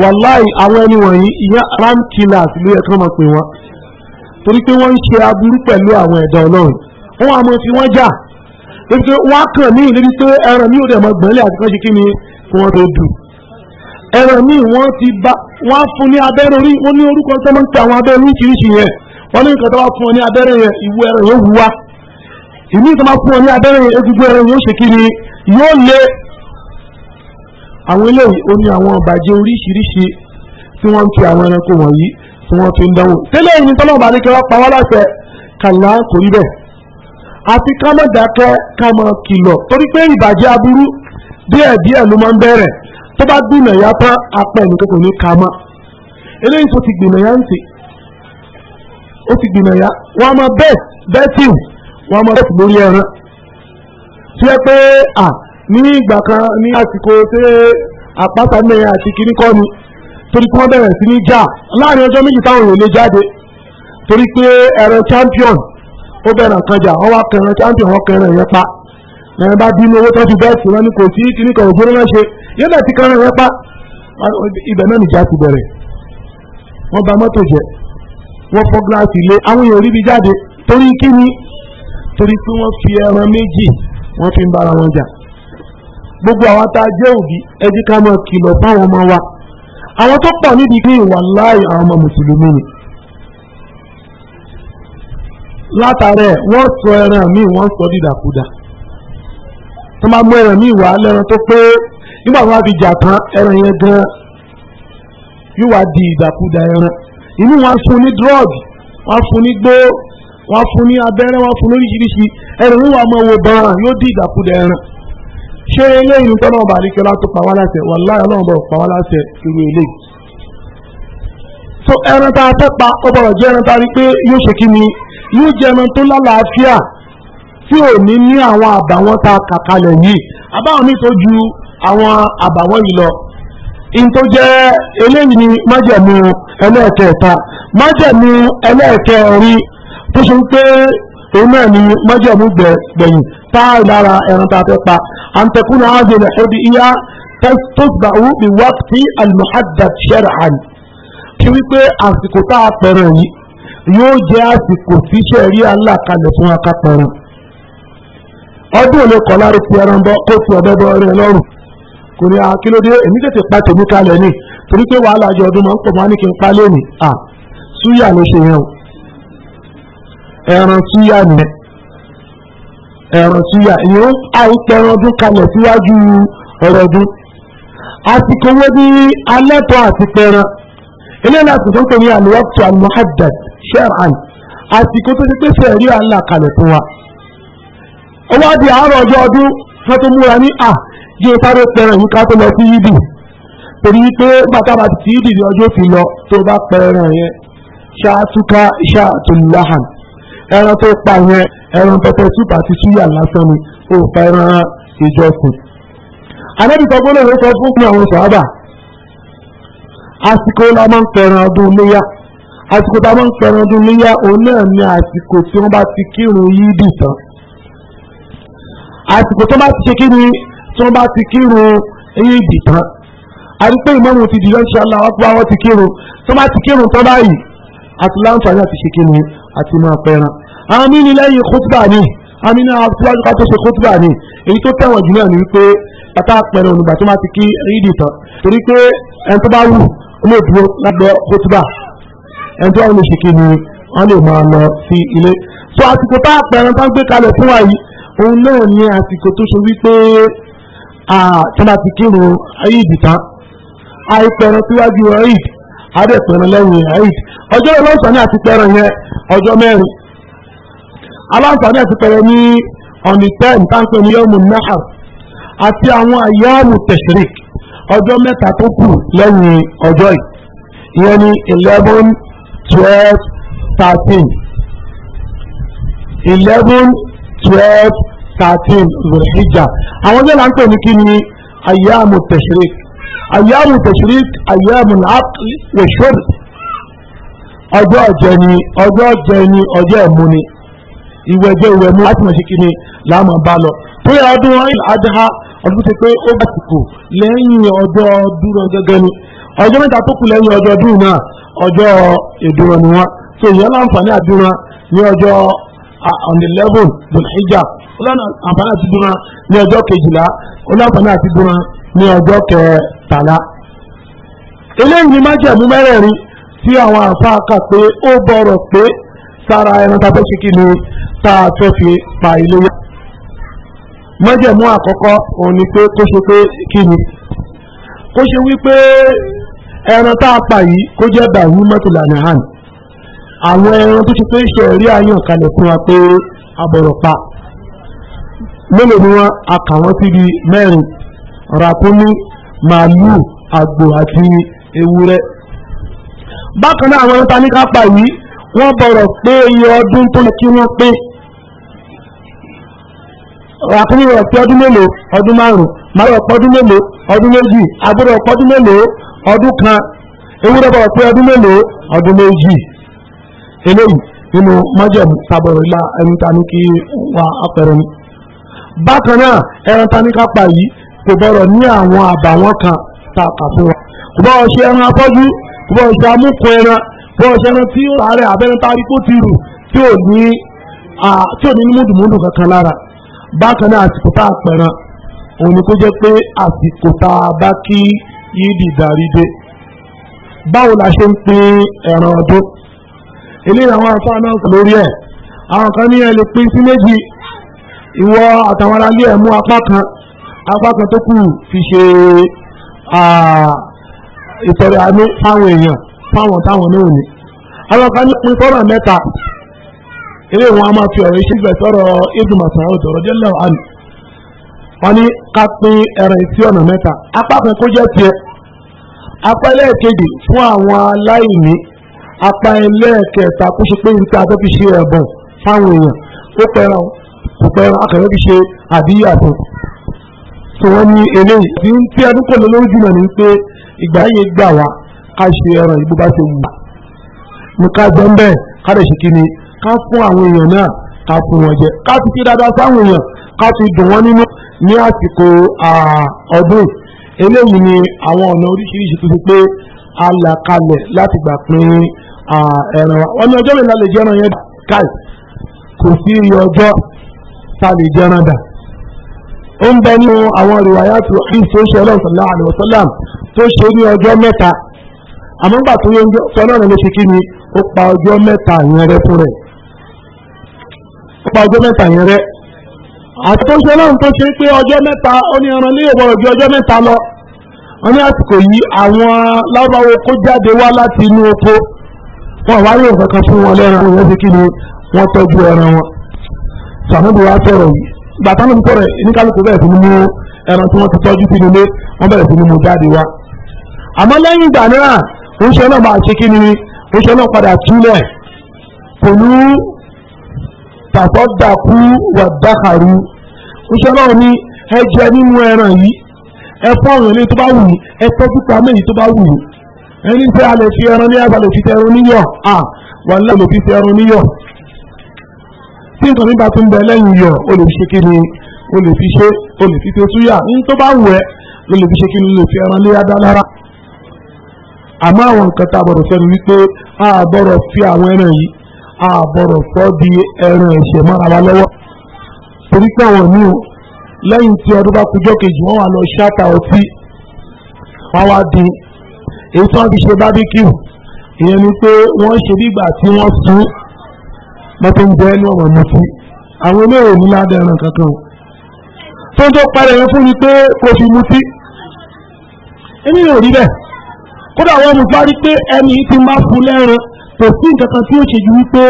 wàláì àwọn ẹni wọ̀nyí ìyá ramkilas ló yẹ kí wọ́n máa pè wọ́n torí pé wọ́n ń ṣe aburú pẹ̀lú àwọn ẹ̀dá ọlọ́run wọ́n á mọ fi wọ́n jà lórí pé wọ́n á kàn mí lórí pé ẹran mi ò dẹ̀ mọ gbẹ̀lẹ̀ àti kan ṣe kí ni kí wọ́n tó dù ẹran mi wọ́n ti bá wọ́n á fún ní abẹ́rẹ́ orí wọ́n ní orúkọ tó máa ń pe àwọn abẹ́rẹ́ oríṣiríṣi yẹn wọ́n ní nǹkan tó bá fún ọ ní abẹ́rẹ́ yẹn ìwú ẹran yóò wú wá ìmí tó fún ọ ní abẹ́rẹ́ yẹn egungun ẹran yóò ṣe kí ni yóò lé àwọn eléyìí ó ní àwọn ọ̀bàjẹ́ oríṣiríṣi tí wọ́n ń fi àwọn ẹranko wọ̀nyí tí wọ́n fi ń dánwò tẹ́lẹ̀ yìí tọ́lọ́ ọba ní kí wọ́n pa wá láṣẹ kàlá kò rí bẹ́ẹ̀ àti ká má dákẹ́ ká má kìlọ̀ torí pé ìbàjẹ́ aburú díẹ̀ díẹ̀ ló máa ń bẹ̀rẹ̀ tó bá gbìnà ya tán apẹ̀ nìkan kò ní ka mọ́ eléyìí tó ti gbìnà ya ń tì ó ti gbìnà ya wọ́n á bẹ́ẹ̀ bẹ́ẹ̀ tì wọ́n á bẹ́ẹ̀ lórí ẹran tí wọ́n pé à ní ìgbà kan ní àsìkò tí àpáta mẹ́rin àti kiri kọ́ ni torí pé wọ́n bẹ̀rẹ̀ sí ní jà láàrin ọjọ́ méjì táwọn èèyàn lè jáde torí pé ẹ̀rọ champion ó bẹ̀rẹ̀ kan jà wọ́n wá kẹrin champion wọ́n kẹrin yẹn pa ẹ̀rìn bá bínú owó tó bẹ́ẹ̀ sí wọn ni kò sí kiri kan náà ṣe yóò ti kẹrin ti bẹ̀rẹ̀ wọ́n ba mọ́tò jẹ́ wọ́n fọ́ gíláàsì lé àwọn èèyàn rí bi jáde torí wọ́n fi ẹran méjì wọ́n fi ń wọn jà gbogbo àwọn tá a jẹ́ òbí ẹ ká ọmọ wa àwọn tó pọ̀ níbi kí ìwà àwọn ọmọ mùsùlùmí ni látàrẹ wọ́n sọ ẹran mi wọ́n sọ dídàkudà tó máa mú ẹran mi wá lẹ́ran tó pé nígbà tó fi jà tán ẹran yẹn gan yóò di ìdàkudà ẹran inú wọn fún ní wọn fún ní gbó wọn fún ní abẹ́rẹ́ wọn fún lóríṣiríṣi ẹran máa di ìdàkudà ẹran. ṣé eléyìí tó náà bá rí kí ọlá tó pa wá láṣẹ wàláyà náà bọ̀ pa wá láṣẹ irú eléyìí. so ẹran tá a fẹ́ pa ó bọ̀rọ̀ jẹ́ ẹran tá a rí pé yóò ṣe kí ni yóò jẹ́ ẹran tó lálàáfíà tí ò ní ní àwọn àbàwọ́n tá kàkalẹ̀ yìí àbáwọn mi tó ju àwọn àbàwọ́n yìí lọ. in tó jẹ́ eléyìí ni májẹ̀mú ẹlẹ́ẹ̀kẹta májẹ̀mú ẹlẹ́ẹ̀kẹrin tó ṣe ń pé òun náà ni májẹ̀mú gbẹ̀yìn táà lára ẹran tá a fẹ́ pa àǹtẹ̀kùnà àgbẹ̀lẹ̀ ẹbí ìyá tọ́sibàwù bí wákìtí àlùmọ́hàdà ṣẹ́ràn kí wípé àsìkò tá a pẹ̀rẹ̀ yìí yóò jẹ́ àsìkò tí ṣẹ̀rí aláàkalẹ̀ fún akápẹ̀rẹ̀ ọdún òní kọ́ lára ti ẹran bọ́ kó fi ọ̀bẹ bọ́ rẹ lọ́rùn kò ní akílódé èmi tètè pa tèmi kalẹ̀ ni torí pé wàhálà àjọ ọdún máa ń pọ̀ máa ní kí n pa lé ní à súyà ló ṣe yẹn o ẹran súyà nìyẹn ẹran súyà ìyẹn àìpẹ́ ẹran ọdún kalẹ̀ síwájú ọ̀rọ̀ ọdún àsìkò wo ni alẹ́tọ̀ àti pẹran eléyìí láti tó ń pè ní al-waqtu al-muhaddad shar'an àsìkò tó ti pé sẹ́ẹ̀rí àlà kalẹ̀ fún wa ó wá di àárọ̀ ọjọ́ ọdún wọ́n tó múra ní à jí sáré pẹran yìí ká tó lọ sí yídì torí pé bàtà bàtì tí yídì ní ọjọ́ òfin lọ tó bá pẹran yẹn ṣáàtúkà ṣáàtúláhàn ẹran tó pa yẹn ẹran pẹpẹ súpà àti súyà lásán ni ó fa ẹran ìjọsìn. àdébí sọ pé sọ fún àwọn sàábà àsìkò la máa ń pẹran ọdún léyà àsìkò tá a máa ń pẹran ọdún léyà òun náà ni àsìkò tí wọ́n bá ti kírun yídì tán àsìkò tó bá ti ṣe kíni tí wọ́n bá ti kírun yídì tán àdúgbò ìmọ̀mù ti dìjọ́ ṣe aláwọ̀ pé wọ́n ti kírun tó bá ti kírun tán báyìí àti láǹfààní àti ṣe kíni àti máa pẹran àmì ní lẹ́yìn kútùbà ni àmì ní àtúwájú ká tó ṣe kútùbà ni èyí tó tẹ̀wọ̀n jù náà ni wípé bàtà pẹran onígbà tó máa ti kí rídì tán torí pé ẹni tó bá wù ó lè dúró lábẹ́ kútùbà ẹni tó wà lè ṣe ni wọ́n lè máa lọ sí ilé so àsìkò tá a pẹran tá ń gbé kalẹ̀ fún wa yìí òun náà ni àsìkò tó ṣe wípé tó máa ti kírun ayé ìdìtàn àìpẹran síwájú ayé adẹ́pẹ̀rẹ̀ lẹ́yìn eid ọjọ́ aláǹfààní àti pẹ̀rẹ̀ yẹn ọjọ́ mẹ́rin aláǹfààní àti pẹ̀rẹ̀ ní ọ̀nì ten táǹpẹ̀ ní yọ́mù nahar àti àwọn àyàmù tashrik ọjọ́ mẹ́ta tó kù lẹ́yìn ọjọ́ yìí ìyẹn ní eleven twelve thirteen eleven twelve thirteen zulhijja àwọn ọjọ́ là ń pè ní kí ni àyàmù tashrik àyàmù tashrik àyàmù al-aql wa shurb ọjọ́ ọ̀jẹ̀ni ọjọ́ ọ̀jẹ̀ni ọjọ́ ìmúni ìwẹ̀ jẹ́ ìwẹ̀ mú láti mọ̀ṣẹ́ kíni láàmú bá lọ tó yẹ ọdún Al-Adha ọdún ti pé ó bàtìkù lẹ́yìn ọjọ́ dúró gẹ́gẹ́ ni ọjọ́ mẹ́ta tó kù lẹ́yìn ọjọ́ dúró náà ọjọ́ ìdúró ni wọ́n tó ìyẹn láǹfààní àdúrà ní ọjọ́ on the level Dhul-Hijjah àti dúró ní ọjọ́ kejìlá ó àti dúró ní ọjọ́ kẹẹ̀ẹ́ tàlá eléyìí májẹ̀mú mẹ́rẹ̀ẹ̀rin tí àwọn àfáà kà pé ó bọ̀rọ̀ pé sára ẹran tá a fẹ́ ṣe kí ni tá a fẹ́ fi pa iléyà májẹ̀mú àkọ́kọ́ òun ni pé kó ṣe pé kí ni kó ṣe wípé ẹran tá a pa yìí kó jẹ́ dàrú mọ́tòlánì hàn àwọn ẹran tó ṣe pé ìṣẹ̀rí àyàn kalẹ̀ fún wa pé abọ̀rọ̀ pa mélòó ni wọ́n akà wọ́n sí di mẹ́rin ràkúnmí màálù àgbò àti ewúrẹ́ bákan náà àwọn ẹ̀ta ní kápá yìí wọ́n bọ̀rọ̀ pé iye ọdún tó lè kí wọ́n pé rẹ̀ pé ọdún mélòó ọdún márùn-ún màálù pé ọdún mélòó ọdún méjì pé ọdún mélòó ọdún kan ewúrẹ́ bọ̀rọ̀ pé ọdún mélòó ọdún méjì eléyìí nínú ilá ẹni kí apẹ̀rẹ̀ bákan náà kò bọ̀rọ̀ ní àwọn àbàwọ́n kan tá a kà fún wa kò bọ̀ ṣe ẹran afọ́jú kò bọ̀ ṣe amúkun ẹran kò bọ̀ ṣe ẹran tí ó rà abẹ́rẹ́ tá kó ti rù tí ò ní tí ò ní múdùmúdù kankan lára bákan náà àsìkò tá a pẹ̀ràn òun ni kó jẹ́ pé àsìkò tá a bá kí yídì darí dé báwo la ṣe ń pín ẹran ọdún eléyìí àwọn afáà náà kò lórí ẹ̀ àwọn kan ní ẹ lè pín sí méjì ìwọ àtàwọn aráalé ẹ̀ mú apá kan apá kan tó kù fi ṣe ìtọ́rẹ àánú fáwọn èèyàn fáwọn táwọn náà ní. àwọn kan ní pin sọ́rọ̀ mẹ́ta eré wọn a máa fi ọ̀rọ̀ ìṣègbè sọ̀rọ̀ ibùdó màsán ọ̀dọ̀rọ̀ jẹ́ lẹ́wọ̀n àná. wọ́n ní ká pin ẹran sí ọ̀nà mẹ́ta apá kan kó jẹ́ tiẹ̀ apá ẹlẹ́ẹ̀kejì fún àwọn aláìní apá ẹlẹ́ẹ̀kẹta kó ṣe pé níta tó fi ṣe ẹ̀bùn fáwọn èèyàn ó pẹran kò pẹran akẹ́rẹ́ fi ṣe àdíyàtọ̀ tí wọ́n ní eléyìí tí ń tí ẹnu kò lọ lórí jùlọ ní pé ìgbà yẹn gbà wá ká ṣe ẹran ìbú bá ṣe wù ní ká jẹun bẹ́ẹ̀ ká lè ṣe kí ni ká fún àwọn èèyàn náà ká fún wọn jẹ ká fi ṣe dáadáa sáwọn èèyàn ká fi dùn wọ́n nínú ní àsìkò ọdún eléyìí ni àwọn ọ̀nà oríṣiríṣi tó ti pé alàkalẹ̀ láti gbà pín ẹran wa ọ̀nà ọjọ́ mẹ́ta lè jẹ́ràn yẹn káì kò sí iye ọjọ́ tá lè jẹ́ràn dà ó ń bẹ nínú àwọn ìrìwáyà tó rí tó ṣe ọlọ́run sallallahu alaihi wasallam tó ṣe ní ọjọ́ mẹ́ta àmọ́ nígbà tó yẹ ọjọ́ ọlọ́run ló ṣe kí ni ó pa ọjọ́ mẹ́ta yẹn rẹ fún rẹ̀ ó pa ọjọ́ mẹ́ta yẹn rẹ àti tó ṣe ọlọ́run tó ṣe pé ọjọ́ mẹ́ta ó ní ẹran ní ìwọ̀rọ̀ ọjọ́ mẹ́ta lọ wọn ní àsìkò yìí àwọn lábáwo kó jáde wá láti inú oko fún wọn lẹ́ran bàtà ló ń tọrẹ oníkálukú bẹ̀rẹ̀ sí ẹran tí wọ́n ti tọ́jú sínú ilé wọ́n bẹ̀rẹ̀ sí ní jáde wá. àmọ́ lẹ́yìn ìgbà náà náà máa ṣe kí ni náà padà túlẹ̀ pẹ̀lú tàfọ́dàkú wàdákàrú oúnjẹ náà ni, ẹ jẹ nínú ẹran yìí ẹ fọ́ ilé tó bá ẹ tọ́jú pa méjì tó bá wù ẹni alẹ́ fi ẹran ní fi tẹ ẹran níyọ̀ tí nǹkan nígbà tó ń bẹ lẹ́yìn yọ o lè fi ṣe kí ni o lè fi ṣe o lè fi tètúyà ń tó bá wù ẹ́ o lè fi ṣe kí ni o lè fi ẹran léyà dá lára àmọ́ àwọn nǹkan tá a bọ̀rọ̀ sọ́ni wípé a bọ̀rọ̀ fi àwọn ẹran yìí a bọ̀rọ̀ sọ́ di ẹran ẹ̀ṣẹ̀ mọ́ra wa lọ́wọ́ torí pé àwọn míì lẹ́yìn tí ọdún bá kújọ́ kejì wọ́n wà lọ ṣáàtà ọtí wọ́n wá di èyí tí wọ́n fi ṣe bábíkì mọ́tò ń jẹ́ ní ọmọ mi sí àwọn eléyìí ní ládàá ẹran kankan tó ń tó padà yẹn fún mi pé kò fi mutí èmi ò rí bẹ́ẹ̀ kódà wọn mo bá rí pé ẹni tí máa fún lẹ́ran kò sí nǹkan kan tí ó ṣe ju wípé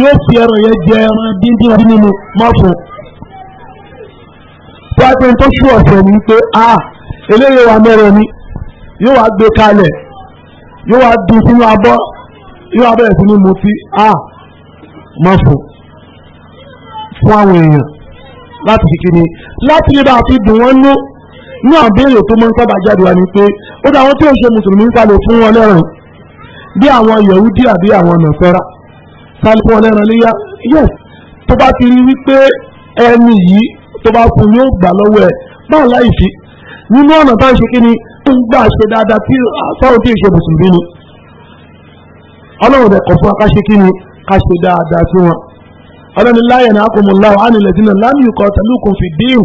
yóò fi ẹran yẹn jẹ ẹran díndín ọdún nínú máa fún tó a pé tó ṣú ọ̀sẹ̀ ni pé a eléyìí wa mẹ́rẹ̀ ni yóò wá gbé kalẹ̀ yóò wá dùn sínú abọ́ yóò wá bẹ̀rẹ̀ sínú mutí a mọ́ fún fún àwọn èèyàn láti fi kíni láti lè bá a fi dùn wọ́n nú ní àbẹ̀rẹ̀ tó mọ́ ń sábà jáde wá ni pé ó dá àwọn tí ò ṣe mùsùlùmí ń sálò fún wọn lẹ́ràn bí àwọn yahudi àbí àwọn nàfẹ́ra sálò fún wọn lẹ́ràn léyà yes tó bá ti rí wípé ẹni yìí tó bá fún yóò gbà lọ́wọ́ ẹ̀ báwo láì fi nínú ọ̀nà tá à ń ṣe kí ni tó ń gbà ṣe dáadáa tí sọ́run tí ì ṣe mùsùlùmí ni ọlọ́run rẹ̀ kọ̀ ká ṣe dáadáa sí wọn. ọlọ́ni láyẹ̀ náà kò mú láwọ̀ á nílẹ̀ dínà lámì ikọ̀ tẹ̀lúkùn fi dín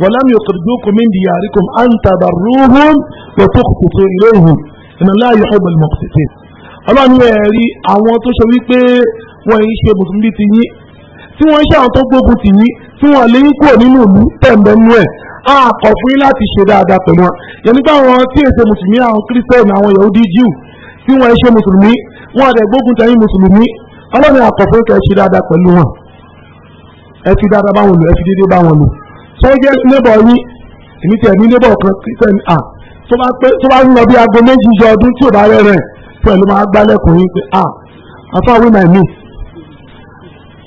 wọ́n lámì ikọ̀ dúkùn mí di yàríkùn á ń tàbà rúhùn pẹ̀tù kùtù ilé ìhùn ìnà láyé ọ̀bọ̀ ìmọ̀kùtìtì. ọlọ́ni ẹ̀rí àwọn tó ṣe wípé wọ́n yìí ṣe mùsùlùmí ti yín tí wọ́n ṣe àwọn tó gbógun tì tí wọ́n lé kúrò nínú ìlú tẹ̀m̀bẹ̀nú ẹ̀ á kọ̀ fún yín láti ṣe dáadáa pẹ̀lú wọn. yẹnni pé àwọn tí èsè mùsùlùmí àwọn kírísítẹ́nì àwọn yahudi jíù tí wọ́n ṣe mùsùlùmí wọ́n àdẹ̀ tẹ̀yìn mùsùlùmí ọlọ́run àkọ́fẹ́ kẹ́ ẹ ṣe dáadáa pẹ̀lú wọn ẹ fi dáadáa bá wọn lò ẹ fi déédéé bá wọn lò tó jẹ́ níbọ̀ yín èmi tẹ̀ ní níbọ̀ kan tẹ̀ ní à tó bá ń lọ bí aago méjì yọ ọdún tí ò bá rẹ̀ rẹ̀ pẹ̀lú máa gbálẹ̀kùn yín pé à àfa wí náà mí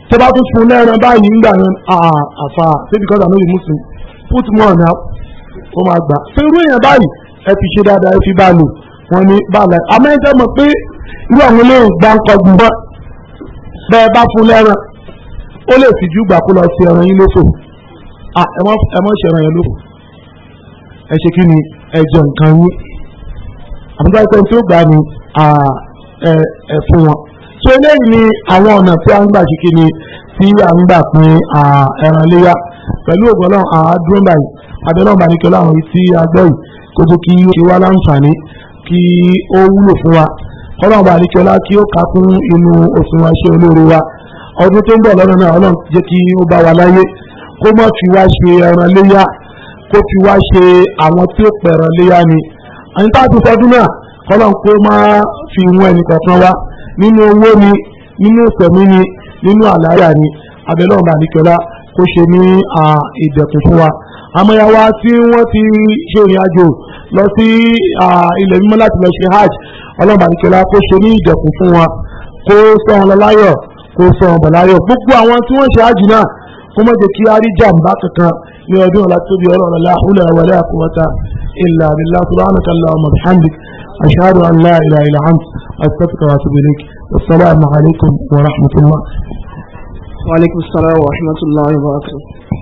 tó bá tún fún lẹ́ran báyìí ńgbà yẹn à àfa ṣé because I no be muslim put more now ó máa gbà ṣé irú èèyàn báyìí ẹ fi ṣe dáadáa ẹ fi bá lò wọn ní bá a láì àmọ́ ẹ jẹ́ mọ̀ pé irú àwọn ilé ìgbà ń bẹ́ẹ̀ bá fún lẹ́ran ó lè fi jù gbà kó lọ sí ẹran yín lófò ẹ mọ̀ ṣe ẹran yẹn lófò ẹ ṣe kí ni ẹ jẹ nǹkan yín àbúrò ẹgbẹ́ tí ó gbà ní ẹ fún wọn tó eléyìí ni àwọn ọ̀nà tí a ń gbà ṣe ni tí a ń gbà pín ẹran léyà pẹ̀lú ògbọ́n náà àádúró báyìí abẹ́rẹ́ ọ̀bà nìkẹ́ láwọn tí a gbọ́ yìí kó kí ó wá láǹfààní kí ó wúlò fún wa kọ́lọ́n bá àdìkọ́lá kí ó kà fún inú òṣùwọ̀n iṣẹ́ olóore wa ọdún tó ń bọ̀ lọ́nà náà ọlọ́run jẹ́ kí ó bá wa láyé kó má fi wá ṣe ẹran léyà kó fi wá ṣe àwọn tí ó pẹ̀ràn léyà ni àyín tá a ti sọdún náà kọ́lọ́n kó má fi wọn ẹnì kọ̀ọ̀kan wá nínú owó ni nínú ìpẹ̀mí ni nínú àlàyà ni abẹ́lẹ́ ọ̀bà àdìkọ́lá kó ṣe ní ìdẹ̀kùn fún wa amọ̀yàwá tí wọ́n ti ṣe ìrìn àjò lọ sí ilẹ̀ mímọ́ láti lọ ṣe hajj ọlọ́mọ àdìkẹ́lá kó ṣe ní ìdẹ̀kùn fún wa kó sọ wọn lọ láyọ̀ kó sọ wọn bọ̀ láyọ̀ gbogbo àwọn tí wọ́n ṣe hajj náà kó má jẹ́ kí a rí jàǹbá kankan ní ọdún ọ̀la tóbi ọlọ́run la hawla wala quwwata Wa alaikum salaam wa rahmatullahi wa barakatuh.